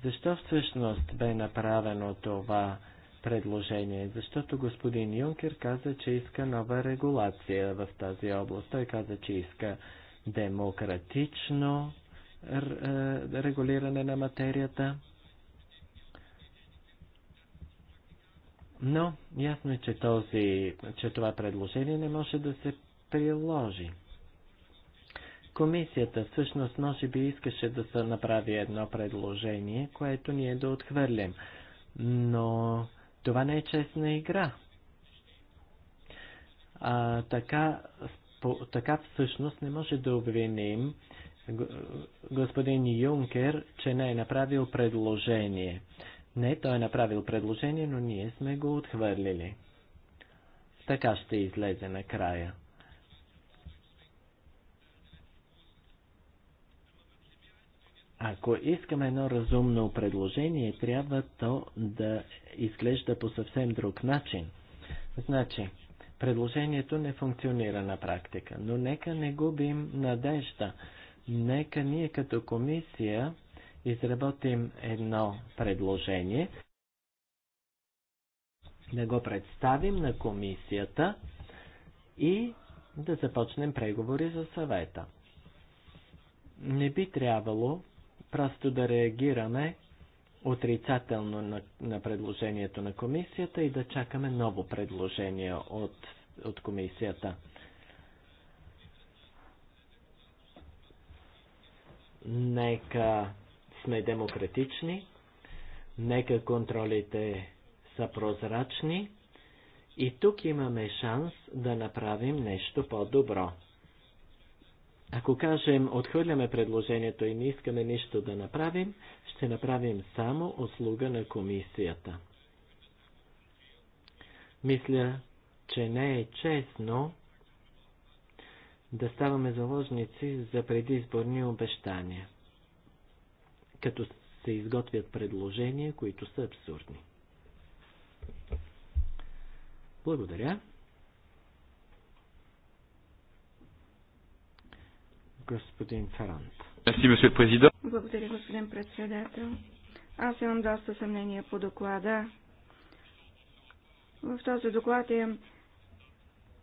Защо всъщност бе направено това предложение? Защото господин Юнкер каза, че иска нова регулация в тази област. Той каза, че иска демократично е, регулиране на материята. Но ясно е, че, този, че това предложение не може да се приложи. Комисията всъщност може би искаше да се направи едно предложение, което ние да отхвърлим. Но това не е честна игра. А, така по, така всъщност не може да обвиним господин Юнкер, че не е направил предложение. Не, той е направил предложение, но ние сме го отхвърлили. Така ще излезе накрая. Ако искаме едно разумно предложение, трябва то да изглежда по съвсем друг начин. Значи, предложението не функционира на практика. Но нека не губим надежда. Нека ние като комисия изработим едно предложение, да го представим на комисията и да започнем преговори за съвета. Не би трябвало просто да реагираме отрицателно на, на предложението на комисията и да чакаме ново предложение от, от комисията. Нека сме демократични, нека контролите са прозрачни и тук имаме шанс да направим нещо по-добро. Ако кажем, отхвърляме предложението и не искаме нищо да направим, ще направим само услуга на комисията. Мисля, че не е честно да ставаме заложници за предизборни обещания, като се изготвят предложения, които са абсурдни. Благодаря. господин Ферант. Благодаря, господин председател. Аз имам доста съмнение по доклада. В този доклад е,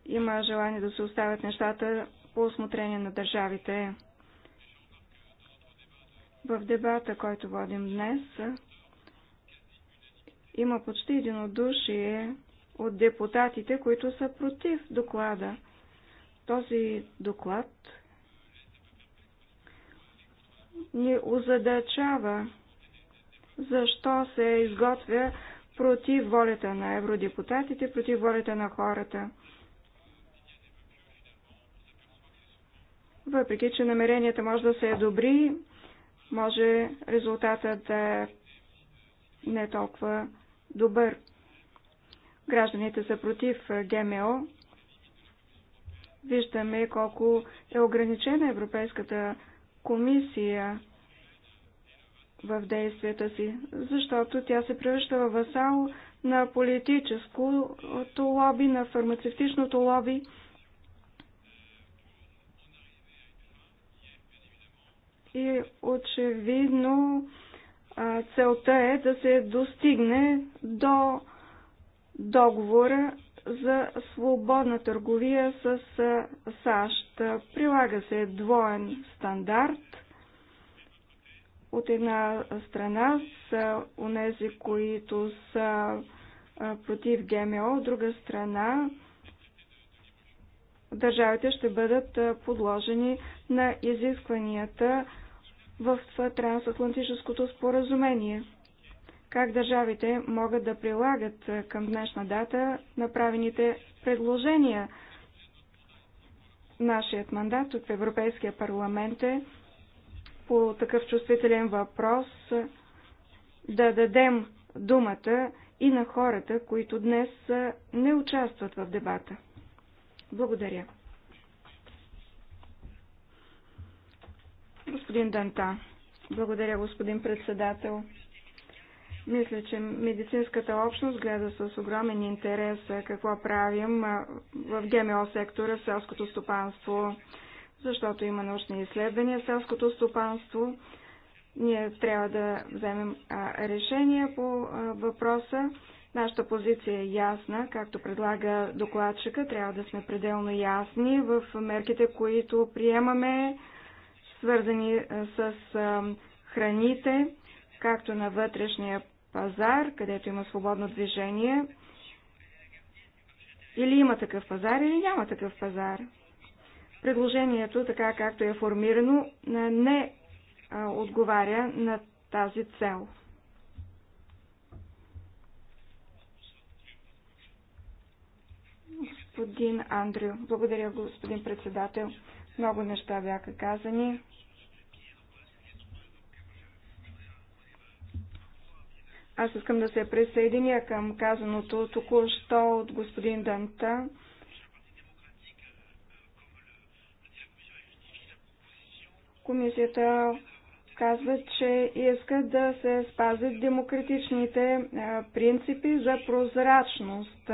има желание да се оставят нещата по осмотрение на държавите. В дебата, който водим днес, има почти единодушие от депутатите, които са против доклада. Този доклад ни озадачава защо се изготвя против волята на евродепутатите, против волята на хората. Въпреки, че намеренията може да се е добри, може резултатът да е не толкова добър. Гражданите са против ГМО. Виждаме колко е ограничена европейската комисия в действията си, защото тя се превръща в васал на политическото лоби, на фармацевтичното лоби. И очевидно целта е да се достигне до договора за свободна търговия с САЩ. Прилага се двоен стандарт. От една страна са онези, които са против ГМО, от друга страна държавите ще бъдат подложени на изискванията в трансатлантическото споразумение как държавите могат да прилагат е, към днешна дата направените предложения. Нашият мандат от Европейския парламент е по такъв чувствителен въпрос е, да дадем думата и на хората, които днес е, не участват в дебата. Благодаря. Господин Данта. Благодаря, господин председател. Мисля, че медицинската общност гледа с огромен интерес какво правим в ГМО сектора в селското стопанство, защото има научни изследвания в селското стопанство. Ние трябва да вземем решение по въпроса. Нашата позиция е ясна, както предлага докладчика. Трябва да сме пределно ясни в мерките, които приемаме, свързани с храните, както на вътрешния пазар, където има свободно движение. Или има такъв пазар, или няма такъв пазар. Предложението, така както е формирано, не отговаря на тази цел. Господин Андрю, благодаря господин председател. Много неща бяха казани. Аз искам да се присъединя към казаното току-що от господин Данта. Комисията казва, че иска да се спазят демократичните принципи за прозрачност.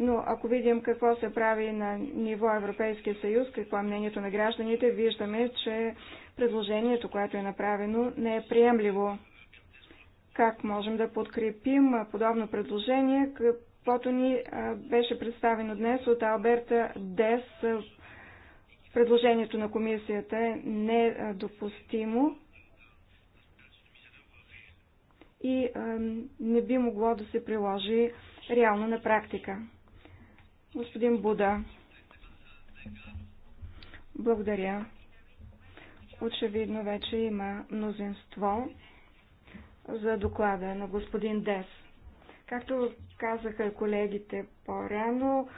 Но ако видим какво се прави на ниво Европейския съюз, какво е мнението на гражданите, виждаме, че предложението, което е направено, не е приемливо. Как можем да подкрепим подобно предложение, каквото ни беше представено днес от Алберта Дес? Предложението на комисията е недопустимо и не би могло да се приложи реално на практика. Господин Буда. Благодаря. Очевидно вече има мнозинство за доклада на господин Дес. Както казаха колегите по-рано,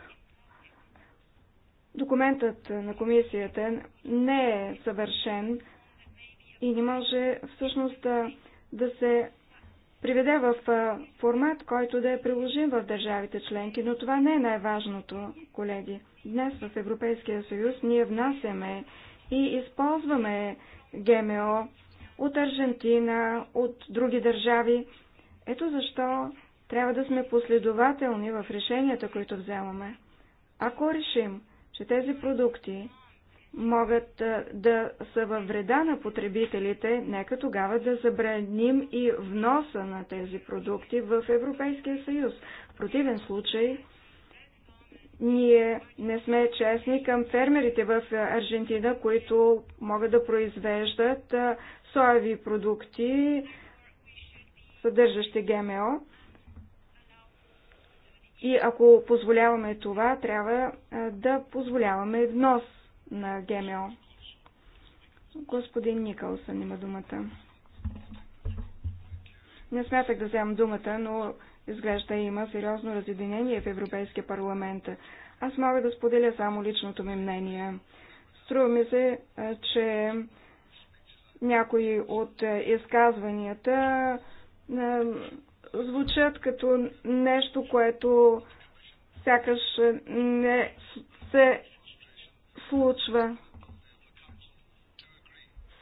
документът на комисията не е съвършен и не може всъщност да, да се приведе в формат, който да е приложим в държавите членки, но това не е най-важното, колеги. Днес в Европейския съюз ние внасяме и използваме ГМО от Аржентина, от други държави. Ето защо трябва да сме последователни в решенията, които вземаме. Ако решим, че тези продукти могат да са във вреда на потребителите, нека тогава да забраним и вноса на тези продукти в Европейския съюз. В противен случай ние не сме честни към фермерите в Аржентина, които могат да произвеждат соеви продукти, съдържащи ГМО. И ако позволяваме това, трябва да позволяваме внос на ГМО. Господин Никълсън има думата. Не смятах да вземам думата, но Изглежда има сериозно разединение в Европейския парламент. Аз мога да споделя само личното ми мнение. Струва ми се, че някои от изказванията звучат като нещо, което сякаш не се случва.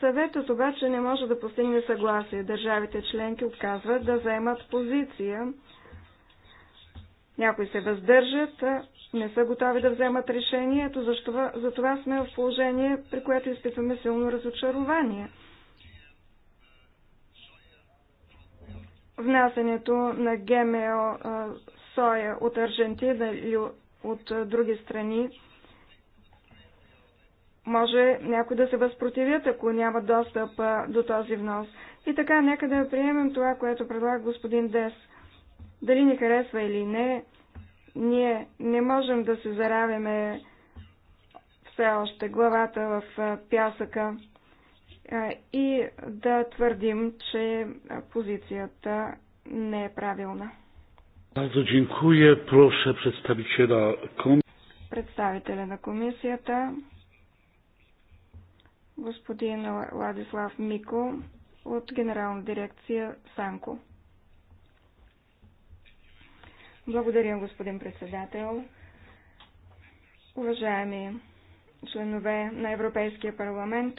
Съветът обаче не може да постигне съгласие. Държавите членки отказват да заемат позиция някои се въздържат, не са готови да вземат решение, ето защо, за това сме в положение, при което изпитваме силно разочарование. Внасянето на ГМО соя от Аржентина или от други страни може някой да се възпротивят, ако няма достъп до този внос. И така, нека да приемем това, което предлага господин Дес – дали ни харесва или не, ние не можем да се заравяме все още главата в пясъка и да твърдим, че позицията не е правилна. Представителя на комисията, господин Владислав Мико от Генерална дирекция Санко. Благодаря, господин председател. Уважаеми членове на Европейския парламент,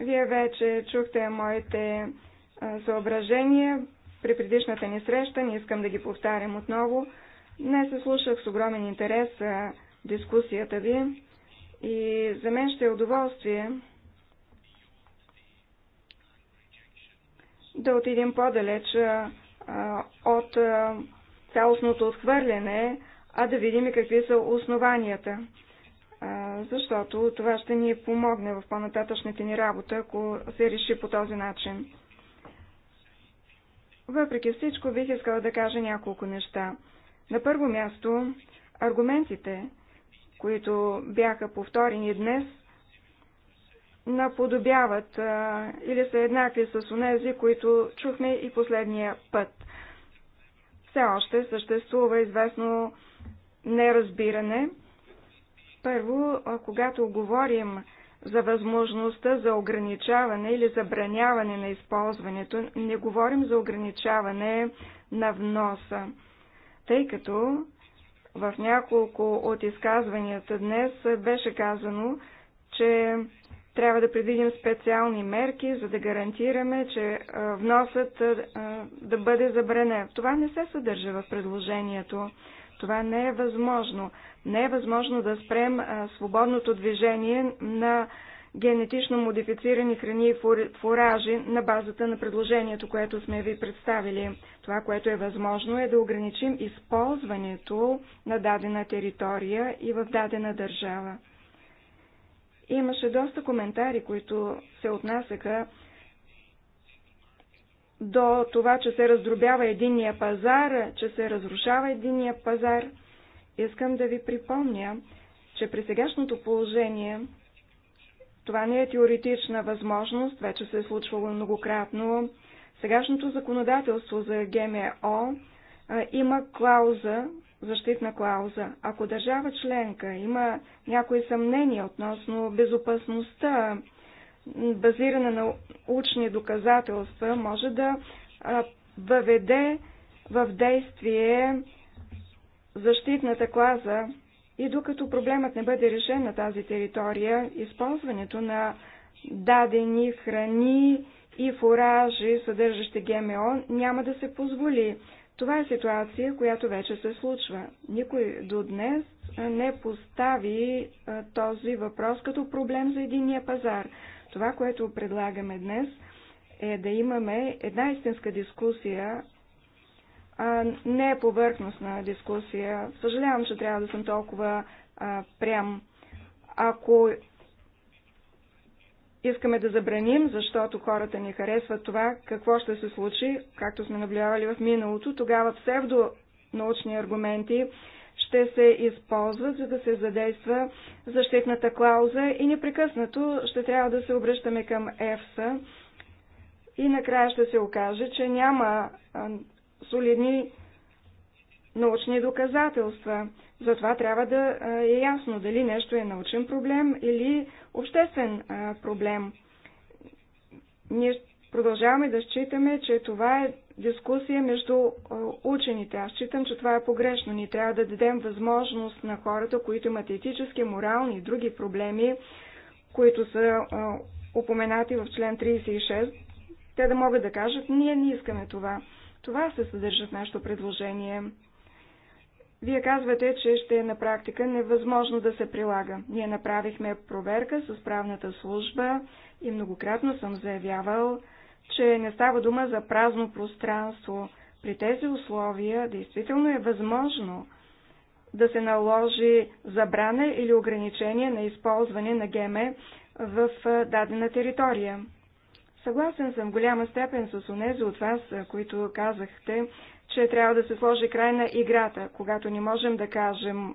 вие вече чухте моите съображения при предишната ни среща, не искам да ги повтарям отново. Днес се слушах с огромен интерес дискусията ви и за мен ще е удоволствие да отидем по-далеч от цялостното отхвърляне, а да видим какви са основанията. Защото това ще ни помогне в по-нататъчната ни работа, ако се реши по този начин. Въпреки всичко, бих искала да кажа няколко неща. На първо място, аргументите, които бяха повторени днес, наподобяват а, или са еднакви с онези, които чухме и последния път все още съществува известно неразбиране. Първо, когато говорим за възможността за ограничаване или забраняване на използването, не говорим за ограничаване на вноса, тъй като в няколко от изказванията днес беше казано, че трябва да предвидим специални мерки, за да гарантираме, че вносът да бъде забранен. Това не се съдържа в предложението. Това не е възможно. Не е възможно да спрем свободното движение на генетично модифицирани храни и фуражи на базата на предложението, което сме ви представили. Това, което е възможно е да ограничим използването на дадена територия и в дадена държава. Имаше доста коментари, които се отнасяха до това, че се раздробява единния пазар, че се разрушава единния пазар. Искам да ви припомня, че при сегашното положение това не е теоретична възможност, вече се е случвало многократно. Сегашното законодателство за ГМО а, има клауза, защитна клауза. Ако държава членка има някои съмнения относно безопасността, базирана на учни доказателства, може да въведе в действие защитната клаза и докато проблемът не бъде решен на тази територия, използването на дадени храни и фуражи, съдържащи ГМО, няма да се позволи. Това е ситуация, която вече се случва. Никой до днес не постави този въпрос като проблем за единния пазар. Това, което предлагаме днес, е да имаме една истинска дискусия, а не е повърхностна дискусия. Съжалявам, че трябва да съм толкова а, прям. Ако искаме да забраним, защото хората ни харесват това, какво ще се случи, както сме наблюдавали в миналото, тогава псевдонаучни аргументи ще се използват, за да се задейства защитната клауза и непрекъснато ще трябва да се обръщаме към ЕФСА и накрая ще се окаже, че няма солидни научни доказателства. Затова трябва да е ясно дали нещо е научен проблем или обществен проблем. Ние продължаваме да считаме, че това е дискусия между учените. Аз считам, че това е погрешно. Ние трябва да дадем възможност на хората, които имат етически, морални и други проблеми, които са упоменати в член 36, те да могат да кажат, ние не искаме това. Това се съдържа в нашето предложение. Вие казвате, че ще е на практика невъзможно да се прилага. Ние направихме проверка с правната служба и многократно съм заявявал, че не става дума за празно пространство. При тези условия действително е възможно да се наложи забрана или ограничение на използване на геме в дадена територия. Съгласен съм в голяма степен с онези от вас, които казахте, че трябва да се сложи край на играта, когато не можем да кажем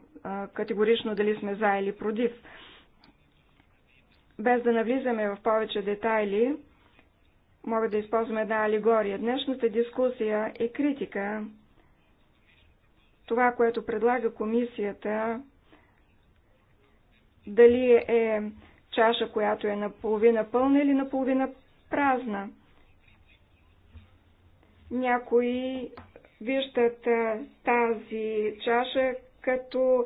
категорично дали сме за или против. Без да навлизаме в повече детайли, мога да използвам една алегория. Днешната дискусия е критика. Това, което предлага комисията, дали е чаша, която е наполовина пълна или наполовина празна. Някои виждат тази чаша като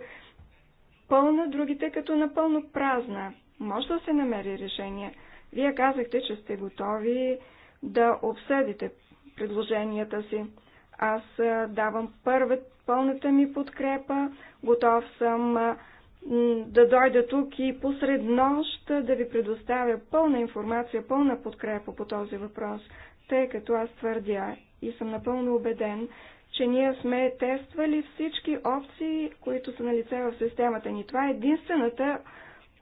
пълна, другите като напълно празна. Може да се намери решение. Вие казахте, че сте готови да обсъдите предложенията си. Аз давам първа пълната ми подкрепа. Готов съм да дойда тук и посред нощ да ви предоставя пълна информация, пълна подкрепа по този въпрос, тъй като аз твърдя и съм напълно убеден, че ние сме тествали всички опции, които са на лице в системата ни. Това е единствената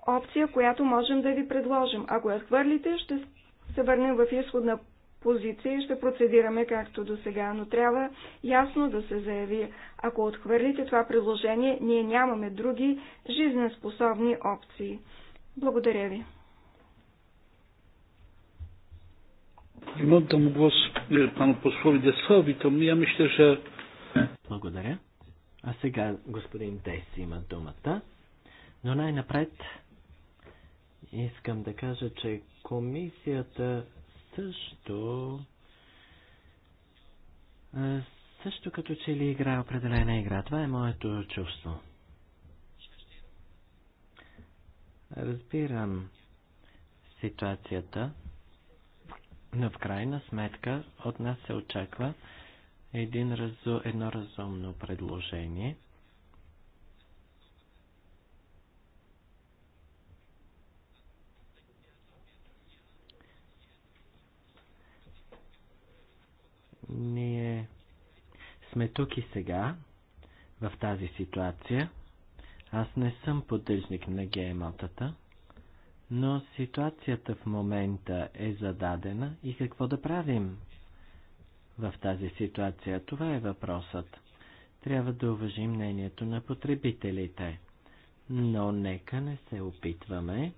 опция, която можем да ви предложим. Ако я хвърлите, ще се върнем в изходна позиция и ще процедираме както до сега, но трябва ясно да се заяви. Ако отхвърлите това предложение, ние нямаме други жизнеспособни опции. Благодаря ви. Oddam głos panu posłowi Desowi, to ja myślę, że... Благодаря. А сега господин Дейс, има думата. Но най-напред искам да кажа, че комисията също също като че ли игра определена игра. Това е моето чувство. Разбирам ситуацията. Но в крайна сметка от нас се очаква един разу, едно разумно предложение. Ние сме тук и сега, в тази ситуация. Аз не съм поддържник на гейматата. Но ситуацията в момента е зададена и какво да правим в тази ситуация? Това е въпросът. Трябва да уважим мнението на потребителите. Но нека не се опитваме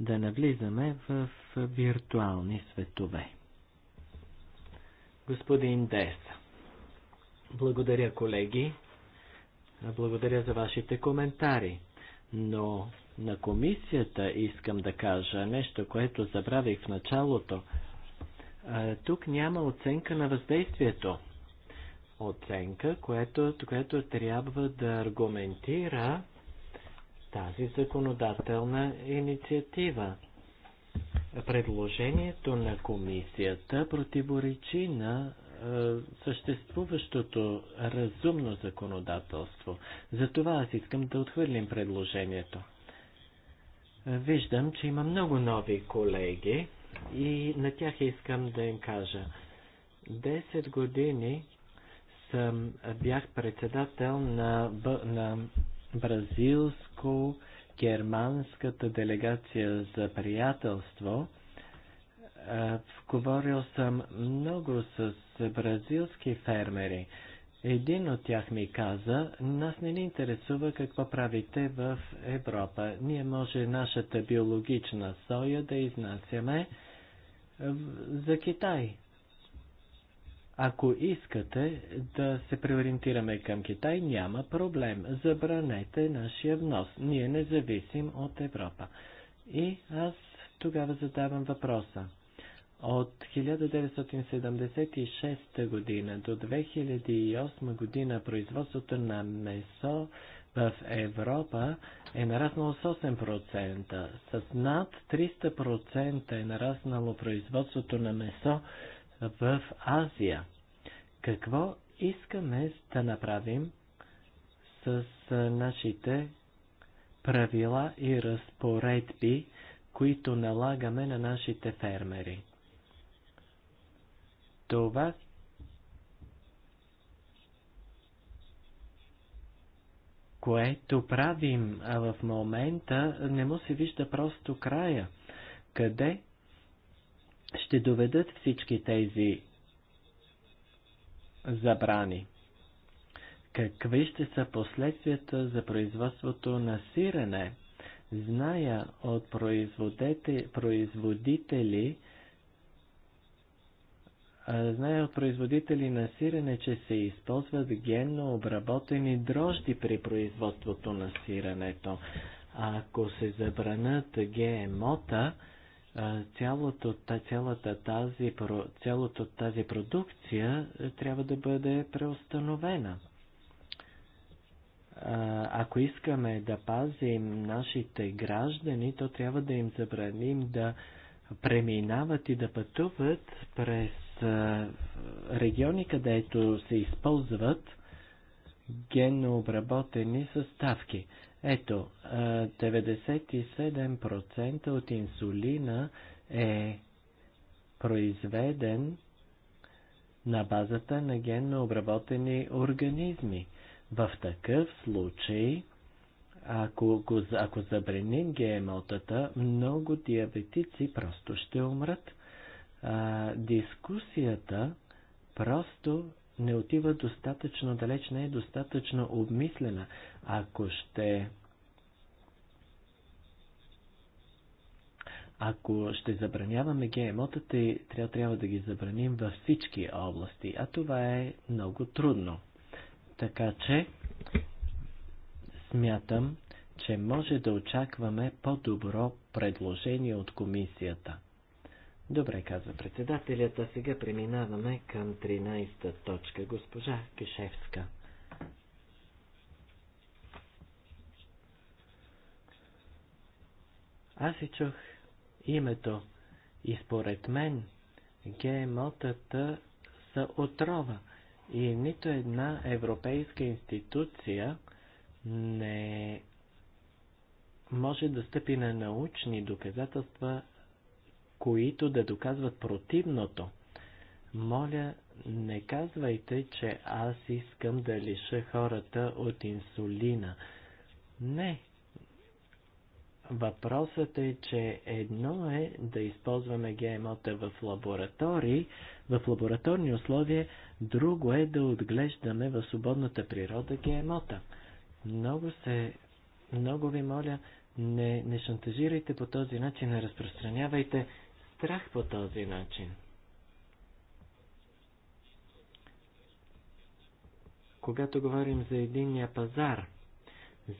да навлизаме в виртуални светове. Господин Дес, благодаря колеги, благодаря за вашите коментари, но на комисията искам да кажа нещо, което забравих в началото. Тук няма оценка на въздействието. Оценка, което, което трябва да аргументира тази законодателна инициатива. Предложението на комисията противоречи на съществуващото разумно законодателство. Затова аз искам да отхвърлим предложението. Виждам, че има много нови колеги и на тях искам да им кажа. Десет години съм, бях председател на, на бразилско-германската делегация за приятелство. Е, говорил съм много с бразилски фермери. Един от тях ми каза, нас не ни интересува какво правите в Европа. Ние може нашата биологична соя да изнасяме за Китай. Ако искате да се приориентираме към Китай, няма проблем. Забранете нашия внос. Ние не зависим от Европа. И аз тогава задавам въпроса. От 1976 година до 2008 година производството на месо в Европа е нараснало с 8%. С над 300% е нараснало производството на месо в Азия. Какво искаме да направим с нашите правила и разпоредби, които налагаме на нашите фермери? Това което правим, а в момента не му се вижда просто края. Къде ще доведат всички тези забрани? Какви ще са последствията за производството на сирене? Зная от производители, Знае от производители на сирене, че се използват генно обработени дрожди при производството на сирането. А ако се забранят ГМО-та, цялото, цялата тази, цялото тази продукция е, трябва да бъде преустановена. Ако искаме да пазим нашите граждани, то трябва да им забраним да преминават и да пътуват през региони, където се използват генно обработени съставки. Ето, 97% от инсулина е произведен на базата на генно обработени организми. В такъв случай, ако, ако забреним ГМО-тата, много диабетици просто ще умрат а, дискусията просто не отива достатъчно далеч, не е достатъчно обмислена. Ако ще Ако ще забраняваме ГМО-тата, трябва, трябва да ги забраним във всички области, а това е много трудно. Така че, смятам, че може да очакваме по-добро предложение от комисията. Добре, казва председателят, а сега преминаваме към 13-та точка. Госпожа Кешевска. Аз си чух името и според мен ГМО-тата са отрова и нито една европейска институция не може да стъпи на научни доказателства които да доказват противното. Моля, не казвайте, че аз искам да лиша хората от инсулина. Не. Въпросът е, че едно е да използваме ГМО-та в лаборатории, в лабораторни условия, друго е да отглеждаме в свободната природа ГМО-та. Много се, много ви моля, не, не шантажирайте по този начин, не разпространявайте страх по този начин. Когато говорим за единния пазар,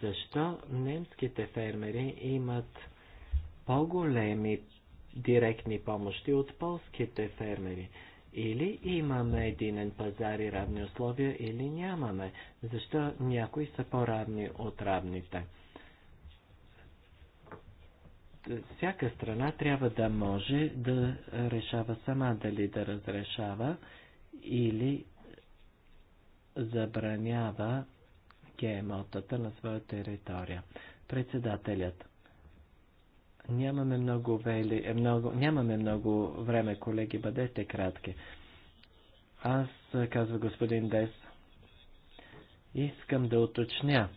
защо немските фермери имат по-големи директни помощи от полските фермери? Или имаме единен пазар и равни условия, или нямаме. Защо някои са по-равни от равните? всяка страна трябва да може да решава сама дали да разрешава или забранява ГМО-тата на своя територия. Председателят. Нямаме много, вели, е, много, нямаме много време, колеги, бъдете кратки. Аз, казва господин Дес, искам да уточня.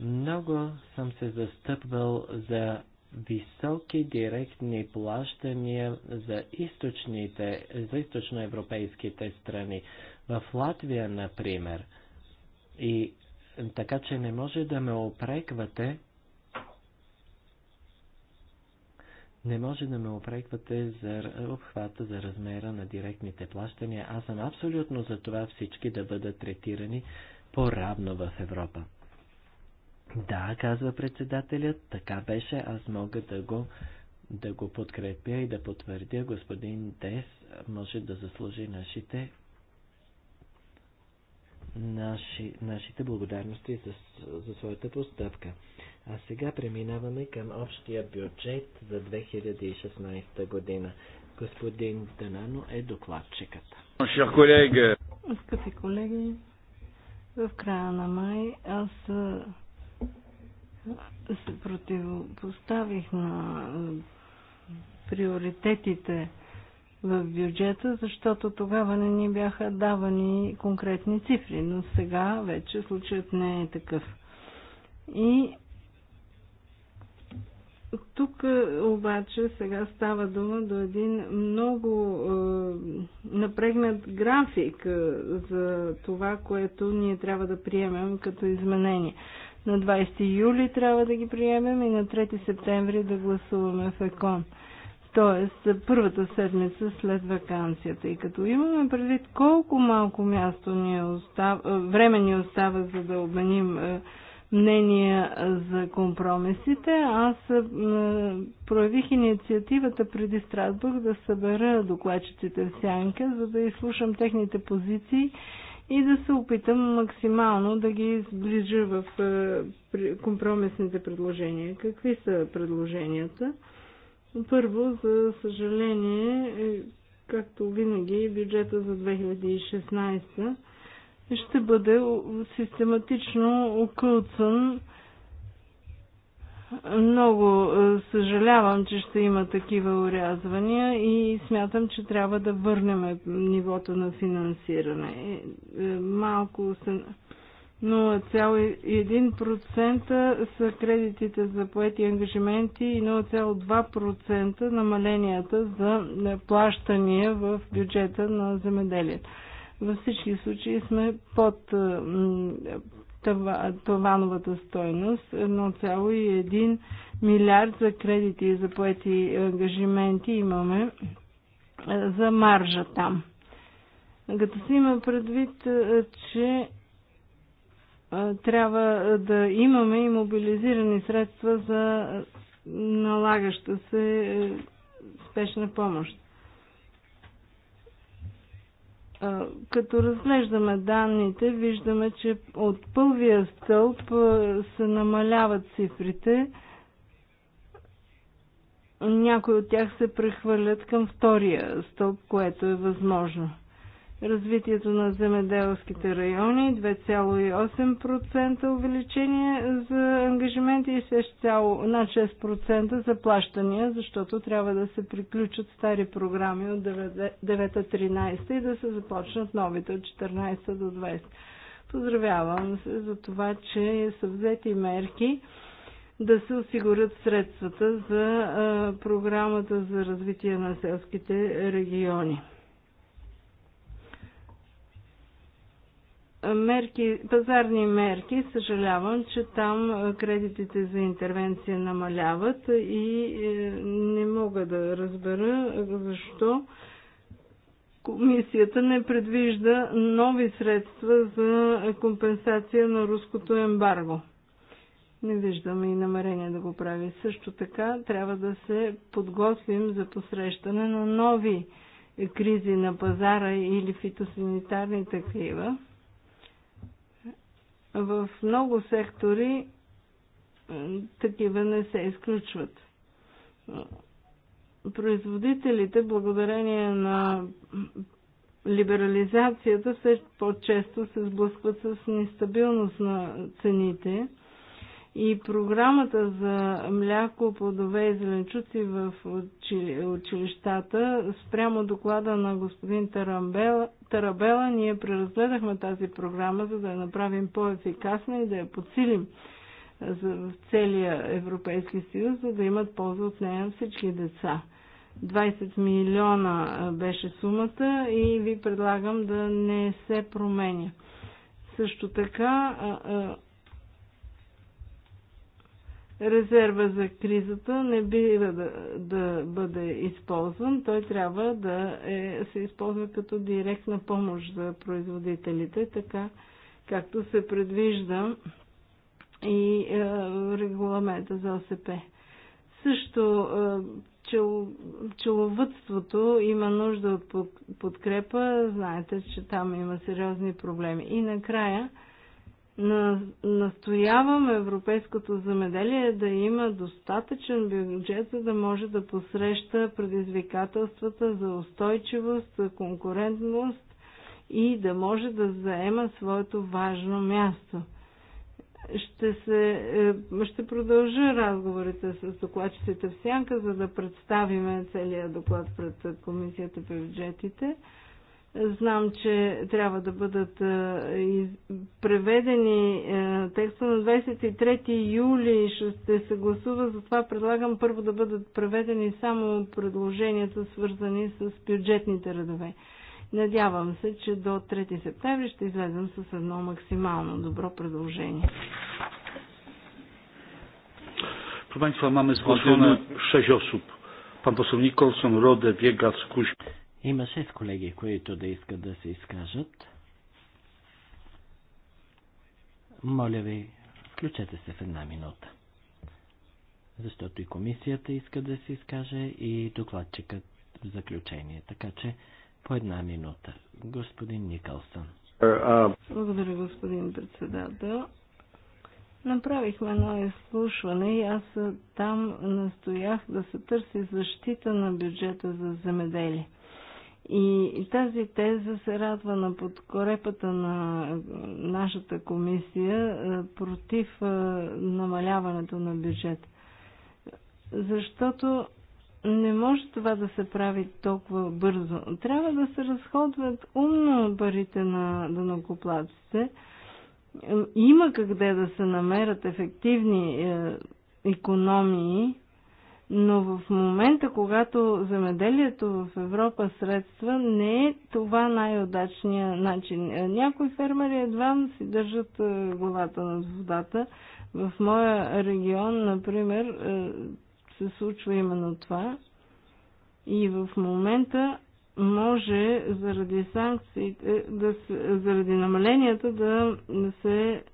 Много съм се застъпвал за високи директни плащания за, източните, за източноевропейските страни. В Латвия, например. И така, че не може да ме опреквате, не може да ме опреквате за обхвата, за размера на директните плащания. Аз съм абсолютно за това всички да бъдат третирани по-равно в Европа. Да, казва председателят, така беше, аз мога да го, да го подкрепя и да потвърдя, господин Дес може да заслужи нашите, наши, нашите благодарности за, за своята постъпка. А сега преминаваме към общия бюджет за 2016 година. Господин Данано е докладчиката. Скъпи колеги, в края на май аз се противопоставих на приоритетите в бюджета, защото тогава не ни бяха давани конкретни цифри, но сега вече случаят не е такъв. И тук обаче сега става дума до един много е, напрегнат график е, за това, което ние трябва да приемем като изменение. На 20 юли трябва да ги приемем и на 3 септември да гласуваме в ЕКОН. Тоест, първата седмица след вакансията. И като имаме предвид колко малко място ни е остава, е, време ни остава, за да обменим е, мнения за компромисите, аз проявих инициативата преди Страсбург да събера докладчиците в сянка, за да изслушам техните позиции и да се опитам максимално да ги сближа в е, компромисните предложения. Какви са предложенията? Първо, за съжаление, е, както винаги, бюджета за 2016 ще бъде систематично окълцан много е, съжалявам, че ще има такива урязвания и смятам, че трябва да върнем нивото на финансиране. Е, е, малко 0,1% са кредитите за поети ангажименти и 0,2% намаленията за плащания в бюджета на земеделието. Във всички случаи сме под тавановата стойност 1,1 милиард за кредити и за поети ангажименти имаме за маржа там. Като си има предвид, че трябва да имаме и мобилизирани средства за налагаща се спешна помощ. Като разглеждаме данните, виждаме, че от първия стълб се намаляват цифрите. Някои от тях се прехвърлят към втория стълб, което е възможно развитието на земеделските райони 2,8% увеличение за ангажименти и 6, над 6% за плащания, защото трябва да се приключат стари програми от 9-13 и да се започнат новите от 14 до 20. Поздравявам се за това, че са взети мерки да се осигурят средствата за програмата за развитие на селските региони. мерки, пазарни мерки, съжалявам, че там кредитите за интервенция намаляват и е, не мога да разбера защо комисията не предвижда нови средства за компенсация на руското ембарго. Не виждаме и намерение да го прави. Също така трябва да се подготвим за посрещане на нови кризи на пазара или фитосанитарни такива в много сектори такива не се изключват. Производителите, благодарение на либерализацията, все по-често се сблъскват с нестабилност на цените – и програмата за мляко, плодове и зеленчуци в училищата, спрямо доклада на господин Тарабела, Тарабела, ние преразгледахме тази програма, за да я направим по-ефикасна и да я подсилим в целия Европейски съюз, за да имат полза от нея всички деца. 20 милиона беше сумата и ви предлагам да не се променя. Също така резерва за кризата не бива да, да бъде използван. Той трябва да е, се използва като директна помощ за производителите, така както се предвижда и е, регламента за ОСП. Също е, чел, пчеловътството има нужда от подкрепа. Знаете, че там има сериозни проблеми. И накрая, настоявам европейското замеделие да има достатъчен бюджет, за да може да посреща предизвикателствата за устойчивост, за конкурентност и да може да заема своето важно място. Ще, се, е, ще продължа разговорите с докладчиците в сянка, за да представим целият доклад пред Комисията по бюджетите. Знам, че трябва да бъдат е, преведени е, текста на 23 юли ще се гласува, затова предлагам първо да бъдат преведени само предложенията, свързани с бюджетните редове. Надявам се, че до 3 септември ще излезем с едно максимално добро предложение. Proszę Państwa, mamy zgłoszone 6 особ. Пан poseł Николсон, Роде, Wiegas, Kuźmik. Има шест колеги, които да искат да се изкажат. Моля ви, включете се в една минута. Защото и комисията иска да се изкаже и докладчикът в заключение. Така че по една минута. Господин Никълсън. Благодаря, господин председател. Направихме едно изслушване и аз там настоях да се търси защита на бюджета за земеделие. И тази теза се радва на подкорепата на нашата комисия е, против е, намаляването на бюджет. Защото не може това да се прави толкова бързо. Трябва да се разходват умно парите на данокоплаците. Има къде да се намерят ефективни економии но в момента, когато земеделието в Европа средства, не е това най удачния начин. Е, някои фермери едва си държат е, главата над водата. В моя регион, например, е, се случва именно това. И в момента може заради санкциите, да се, заради намаленията да се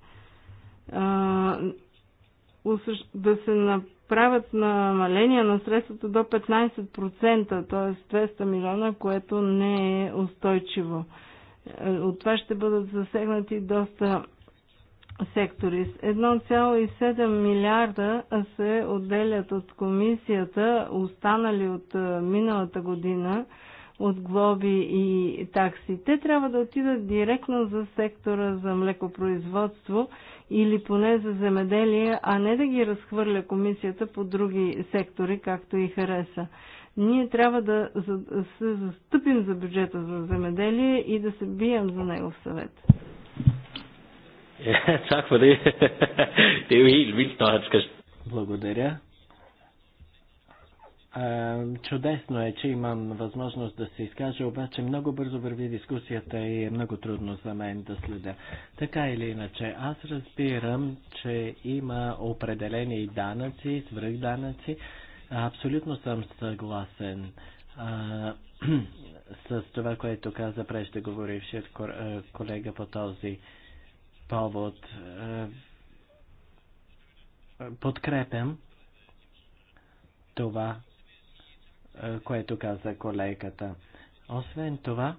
а, да се правят намаления на средствата до 15%, т.е. 200 милиона, което не е устойчиво. Е, от това ще бъдат засегнати доста сектори. 1,7 милиарда се отделят от комисията, останали от е, миналата година, от глоби и такси. Те трябва да отидат директно за сектора за млекопроизводство или поне за земеделие, а не да ги разхвърля комисията по други сектори, както и хареса. Ние трябва да се застъпим за бюджета за земеделие и да се бием за него в съвет. Благодаря. Е, чудесно е, че имам възможност да се изкажа, обаче много бързо върви дискусията и е много трудно за мен да следя. Така или иначе, аз разбирам, че има определени данъци, свръхданъци. Абсолютно съм съгласен а, е, с това, което каза преждеговорившият е, колега по този повод. Подкрепям това, е, което каза колегата. Освен това,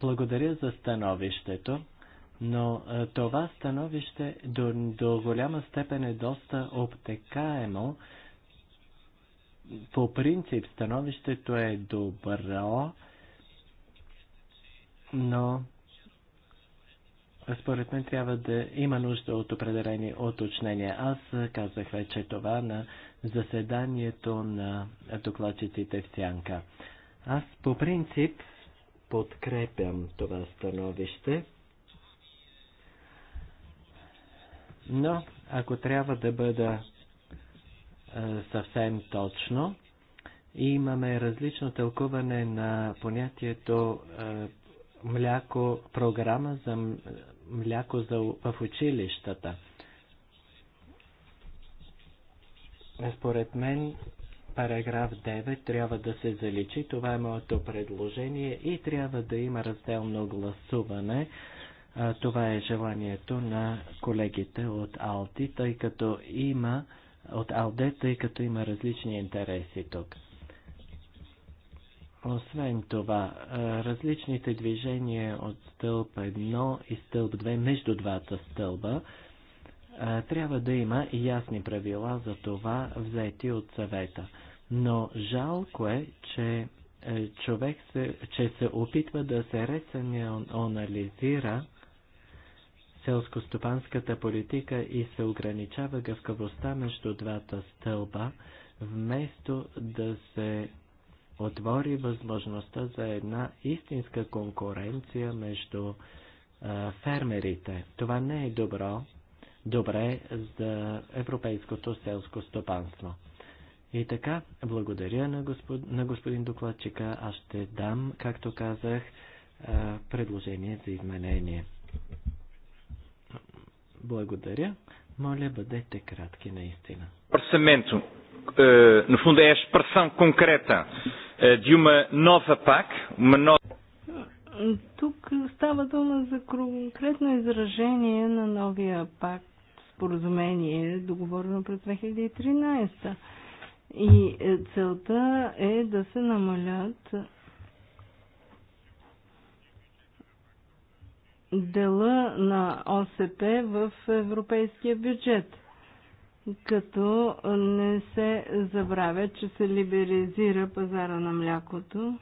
благодаря за становището, но е, това становище до, до голяма степен е доста обтекаемо. По принцип становището е добро, но според мен трябва да има нужда от определени оточнения. Аз казах вече това на заседанието на докладчиците в Сянка. Аз по принцип подкрепям това становище, но ако трябва да бъда е, съвсем точно. имаме различно тълкуване на понятието е, мляко, програма за мляко за, в училищата. Е, според мен параграф 9 трябва да се заличи. Това е моето предложение и трябва да има разделно гласуване. Това е желанието на колегите от Алти, тъй като има от Алде, тъй като има различни интереси тук. Освен това, различните движения от стълб 1 и стълб 2 между двата стълба е, трябва да има ясни правила за това взети от съвета. Но жалко е, че е, човек се, че се опитва да се рационализира селскостопанската политика и се ограничава гъвкавостта между двата стълба, вместо да се отвори възможността за една истинска конкуренция между а, е, фермерите. Това не е добро добре за европейското селско стопанство. И така, благодаря на, господ... на господин докладчика. Аз ще дам, както казах, предложение за изменение. Благодаря. Моля, бъдете кратки наистина. Orçamento, е, на фунда е a конкрета, е, дюма нова пак, Тук става дума за конкретно изражение на новия пак споразумение, договорено през 2013. И е, целта е да се намалят дела на ОСП в европейския бюджет, като не се забравя, че се либеризира пазара на млякото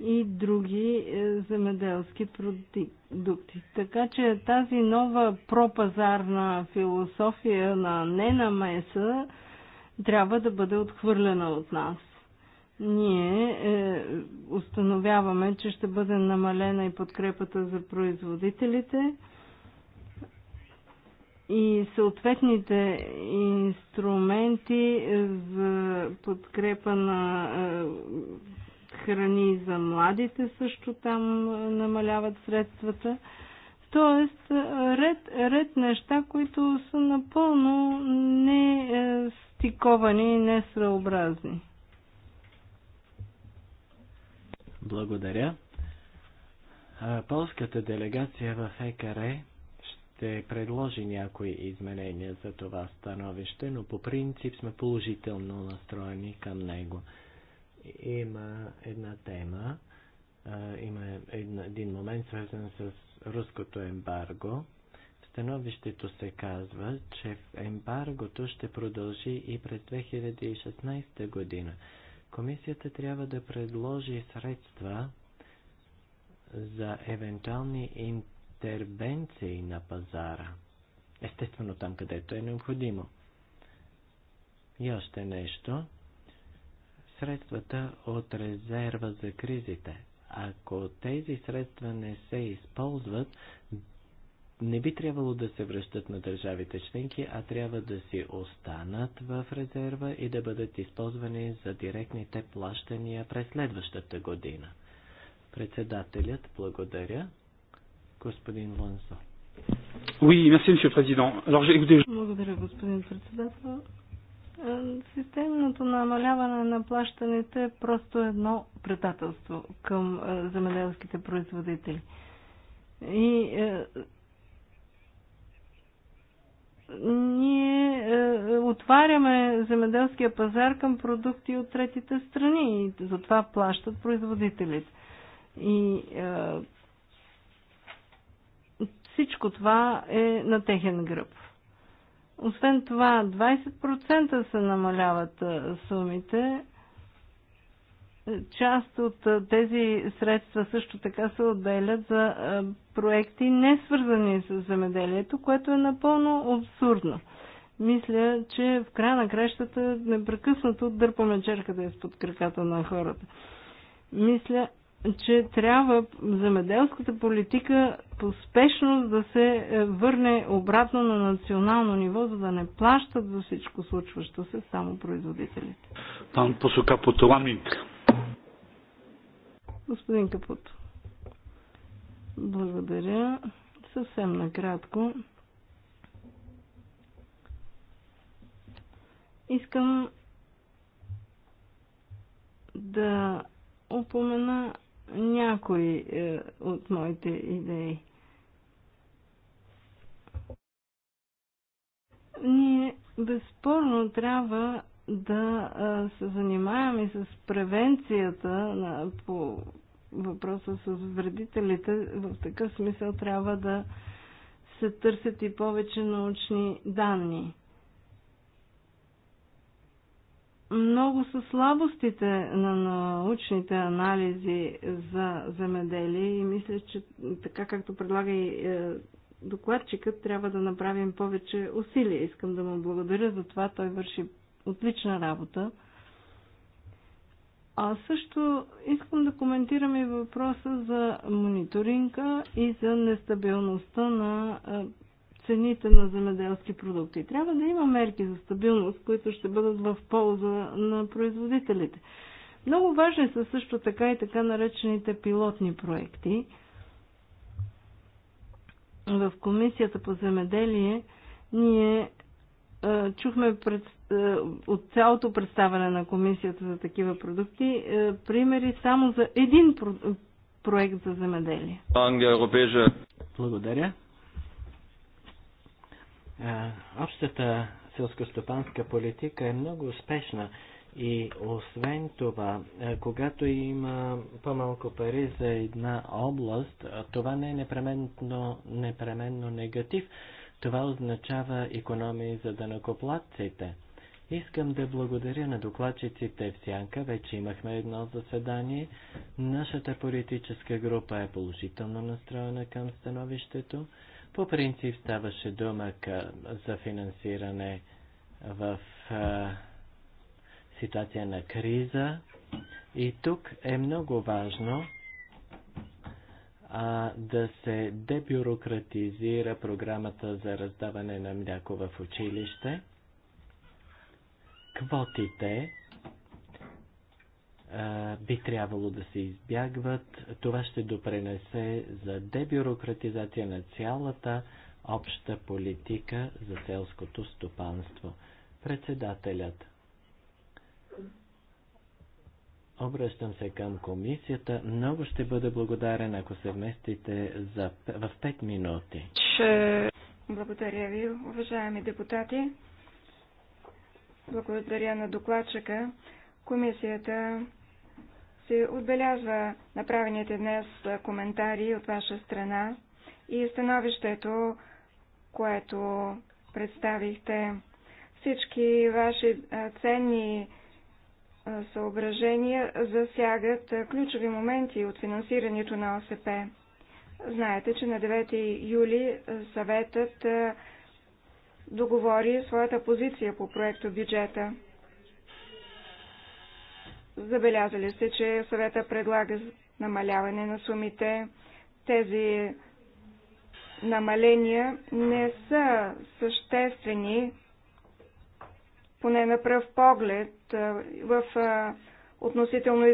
и други е, земеделски продукти. Така че тази нова пропазарна философия на ненамеса трябва да бъде отхвърлена от нас. Ние е, установяваме, че ще бъде намалена и подкрепата за производителите и съответните инструменти е, за подкрепа на е, храни за младите също там намаляват средствата. Тоест, ред, ред неща, които са напълно не стиковани и несъобразни. Благодаря. Полската делегация в ЕКР ще предложи някои изменения за това становище, но по принцип сме положително настроени към него има една тема, има един момент свързан с руското ембарго. В становището се казва, че ембаргото ще продължи и през 2016 година. Комисията трябва да предложи средства за евентуални интервенции на пазара. Естествено там, където е необходимо. И още нещо средствата от резерва за кризите. Ако тези средства не се използват, не би трябвало да се връщат на държавите членки, а трябва да си останат в резерва и да бъдат използвани за директните плащания през следващата година. Председателят благодаря. Господин Лонсо. Oui, merci, monsieur le président. Alors, j'ai Благодаря, господин председател. Системното намаляване на плащаните е просто едно предателство към е, земеделските производители. И е, ние е, отваряме земеделския пазар към продукти от третите страни и затова плащат производителите. И е, всичко това е на техен гръб. Освен това, 20% се намаляват сумите. Част от тези средства също така се отделят за проекти, не свързани с земеделието, което е напълно абсурдно. Мисля, че в края на кращата непрекъснато дърпаме черката изпод краката на хората. Мисля, че трябва земеделската политика поспешно да се е, върне обратно на национално ниво, за да не плащат за всичко случващо се само производителите. Пан посока потоламник. Господин Капут. Благодаря. Съвсем накратко. Искам да упомена някои е, от моите идеи. Ние безспорно трябва да е, се занимаваме и с превенцията на, по въпроса с вредителите. В такъв смисъл трябва да се търсят и повече научни данни много са слабостите на научните анализи за земеделие и мисля, че така както предлага и е, докладчикът, трябва да направим повече усилия. Искам да му благодаря за това. Той върши отлична работа. А също искам да коментирам и въпроса за мониторинга и за нестабилността на е, цените на земеделски продукти. Трябва да има мерки за стабилност, които ще бъдат в полза на производителите. Много важни са също така и така наречените пилотни проекти. В Комисията по земеделие ние е, чухме пред, е, от цялото представяне на Комисията за такива продукти е, примери само за един про, проект за земеделие. Благодаря. Общата селскостопанска политика е много успешна и освен това, когато има по-малко пари за една област, това не е непременно, непременно негатив. Това означава економии за дънакоплатците. Искам да благодаря на докладчиците в Сянка. Вече имахме едно заседание. Нашата политическа група е положително настроена към становището. По принцип ставаше дума за финансиране в ситуация на криза. И тук е много важно а, да се дебюрократизира програмата за раздаване на мляко в училище. Квотите би трябвало да се избягват. Това ще допренесе за дебюрократизация на цялата обща политика за селското стопанство. Председателят. Обръщам се към комисията. Много ще бъда благодарен, ако се вместите за, в 5 минути. Че... Благодаря ви, уважаеми депутати. Благодаря на докладчика. Комисията се отбелязва направените днес коментари от ваша страна и становището, което представихте. Всички ваши ценни съображения засягат ключови моменти от финансирането на ОСП. Знаете, че на 9 юли съветът договори своята позиция по проекто бюджета. Забелязали сте, че съвета предлага намаляване на сумите. Тези намаления не са съществени, поне на пръв поглед, в относително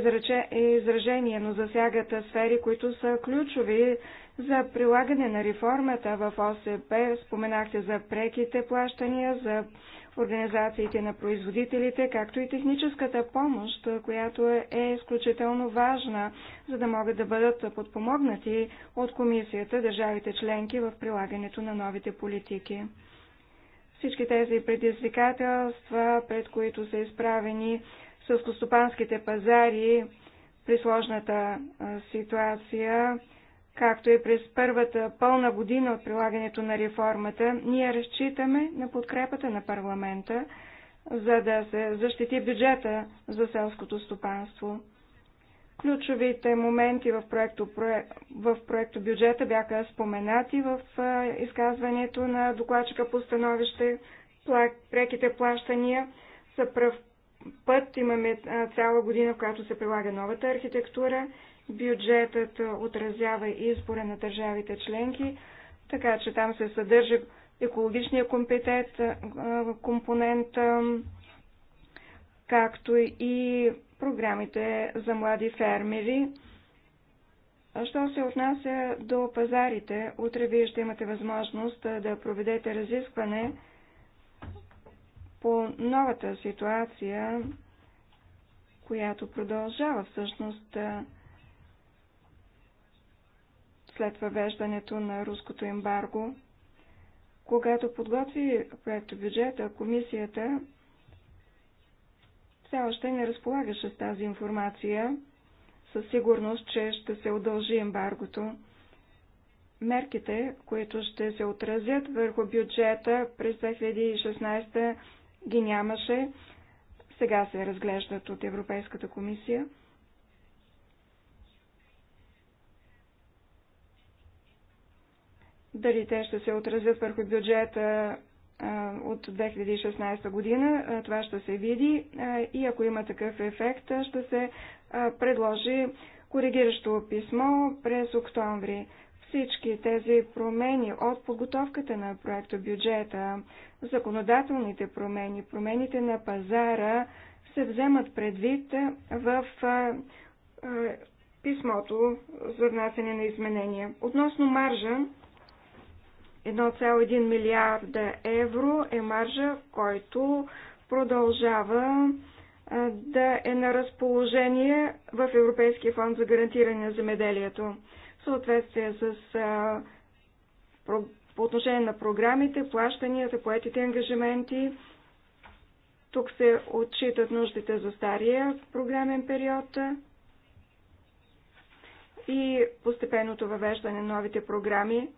изражение, но засягат сфери, които са ключови за прилагане на реформата в ОСП. Споменахте за преките плащания, за организациите на производителите, както и техническата помощ, която е изключително важна, за да могат да бъдат подпомогнати от комисията държавите членки в прилагането на новите политики. Всички тези предизвикателства, пред които са изправени сълскостопанските пазари при сложната ситуация, както и през първата пълна година от прилагането на реформата, ние разчитаме на подкрепата на парламента, за да се защити бюджета за селското стопанство. Ключовите моменти в проекто, в проекто бюджета бяха споменати в изказването на докладчика по становище. Преките плащания са пръв път. Имаме цяла година, в която се прилага новата архитектура Бюджетът отразява и избора на държавите членки, така че там се съдържа екологичния компетент, компонент, както и програмите за млади фермери. Що се отнася до пазарите, утре вие ще имате възможност да проведете разискване по новата ситуация, която продължава всъщност след въвеждането на руското ембарго. Когато подготви проекто бюджета, комисията все още не разполагаше с тази информация, със сигурност, че ще се удължи ембаргото. Мерките, които ще се отразят върху бюджета през 2016 ги нямаше, сега се разглеждат от Европейската комисия. Дали те ще се отразят върху бюджета от 2016 година, това ще се види и ако има такъв ефект, ще се предложи коригиращо писмо през октомври. Всички тези промени от подготовката на проекта бюджета, законодателните промени, промените на пазара се вземат предвид в писмото за внасяне на изменения. Относно маржа, 1,1 милиарда евро е маржа, който продължава да е на разположение в Европейския фонд за гарантиране на земеделието. В съответствие с по отношение на програмите, плащанията, поетите ангажименти, тук се отчитат нуждите за стария програмен период и постепенното въвеждане на новите програми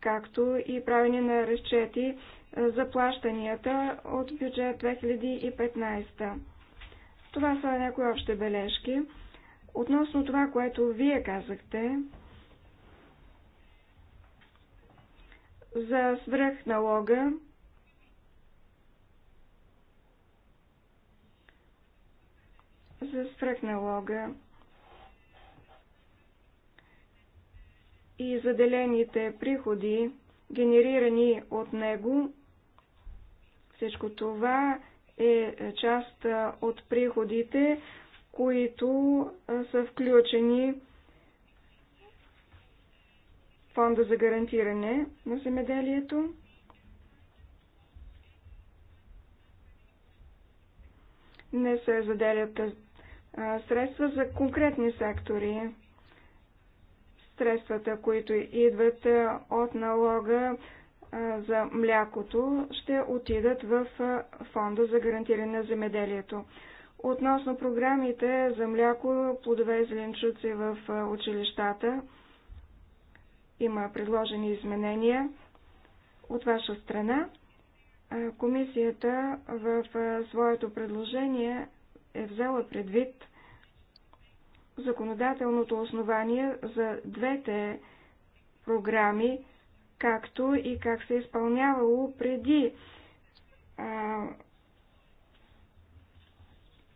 както и правене на разчети за плащанията от бюджет 2015. Това са някои общи бележки. Относно това, което вие казахте за свръхналога, за свръхналога, и заделените приходи, генерирани от него, всичко това е част от приходите, които са включени в фонда за гарантиране на земеделието. Не се заделят средства за конкретни сектори средствата, които идват е, от налога е, за млякото, ще отидат в е, фонда за гарантиране на земеделието. Относно програмите за мляко, плодове и зеленчуци в училищата, има предложени изменения от ваша страна. Комисията в своето предложение е взела предвид законодателното основание за двете програми, както и как се е изпълнявало преди а,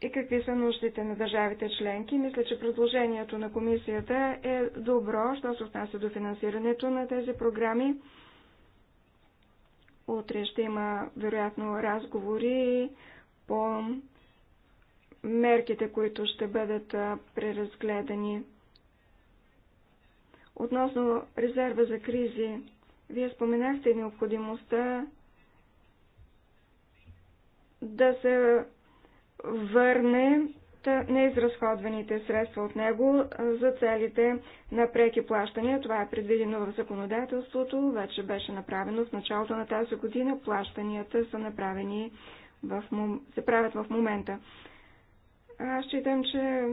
и какви са нуждите на държавите членки. Мисля, че предложението на комисията е добро, що се отнася до финансирането на тези програми. Утре ще има, вероятно, разговори по мерките, които ще бъдат преразгледани. Относно резерва за кризи, вие споменахте необходимостта да се върне неизразходваните средства от него за целите на преки плащания. Това е предвидено в законодателството, вече беше направено в началото на тази година. Плащанията са направени в мом... се правят в момента. Аз считам, че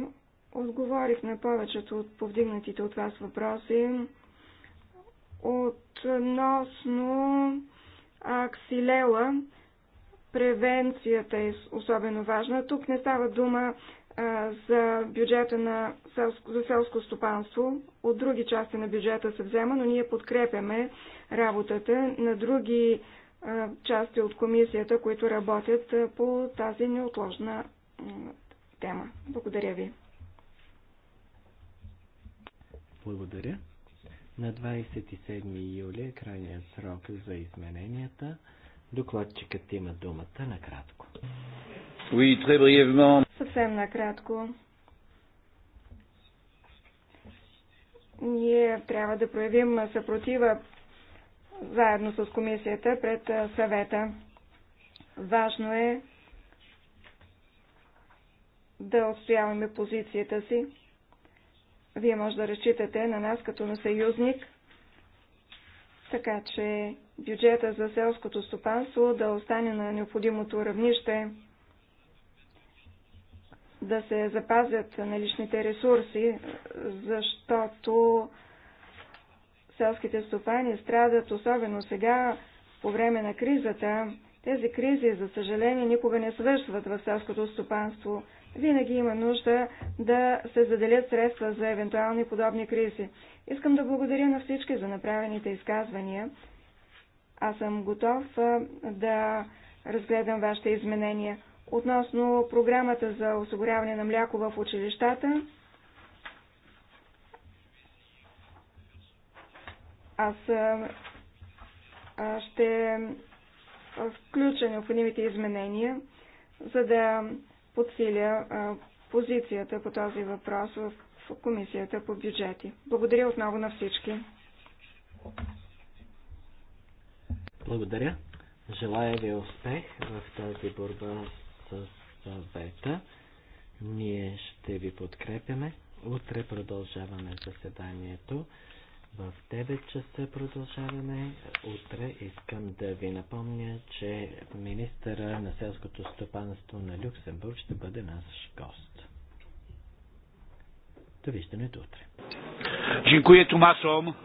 отговорих на повечето от повдигнатите от вас въпроси относно аксилела. Превенцията е особено важна. Тук не става дума за бюджета на селско, за селско стопанство. От други части на бюджета се взема, но ние подкрепяме работата на други части от комисията, които работят по тази неотложна тема. Благодаря ви. Благодаря. На 27 юли е крайният срок за измененията. Докладчикът има думата накратко. Oui, très brièvement. Съвсем накратко. Ние трябва да проявим съпротива заедно с комисията пред съвета. Важно е да отстояваме позицията си. Вие може да разчитате на нас като на съюзник, така че бюджета за селското стопанство да остане на необходимото равнище, да се запазят наличните ресурси, защото селските стопани страдат, особено сега, по време на кризата. Тези кризи, за съжаление, никога не свършват в селското стопанство – винаги има нужда да се заделят средства за евентуални подобни кризи. Искам да благодаря на всички за направените изказвания. Аз съм готов да разгледам вашите изменения. Относно програмата за осигуряване на мляко в училищата, аз ще включа необходимите изменения, за да подсиля позицията по този въпрос в Комисията по бюджети. Благодаря отново на всички. Благодаря. Желая ви успех в тази борба с съвета. Ние ще ви подкрепяме. Утре продължаваме заседанието. В 9 часа продължаваме. Утре искам да ви напомня, че министъра на селското стопанство на Люксембург ще бъде наш гост. Довиждане до утре. Дякую, Томасом.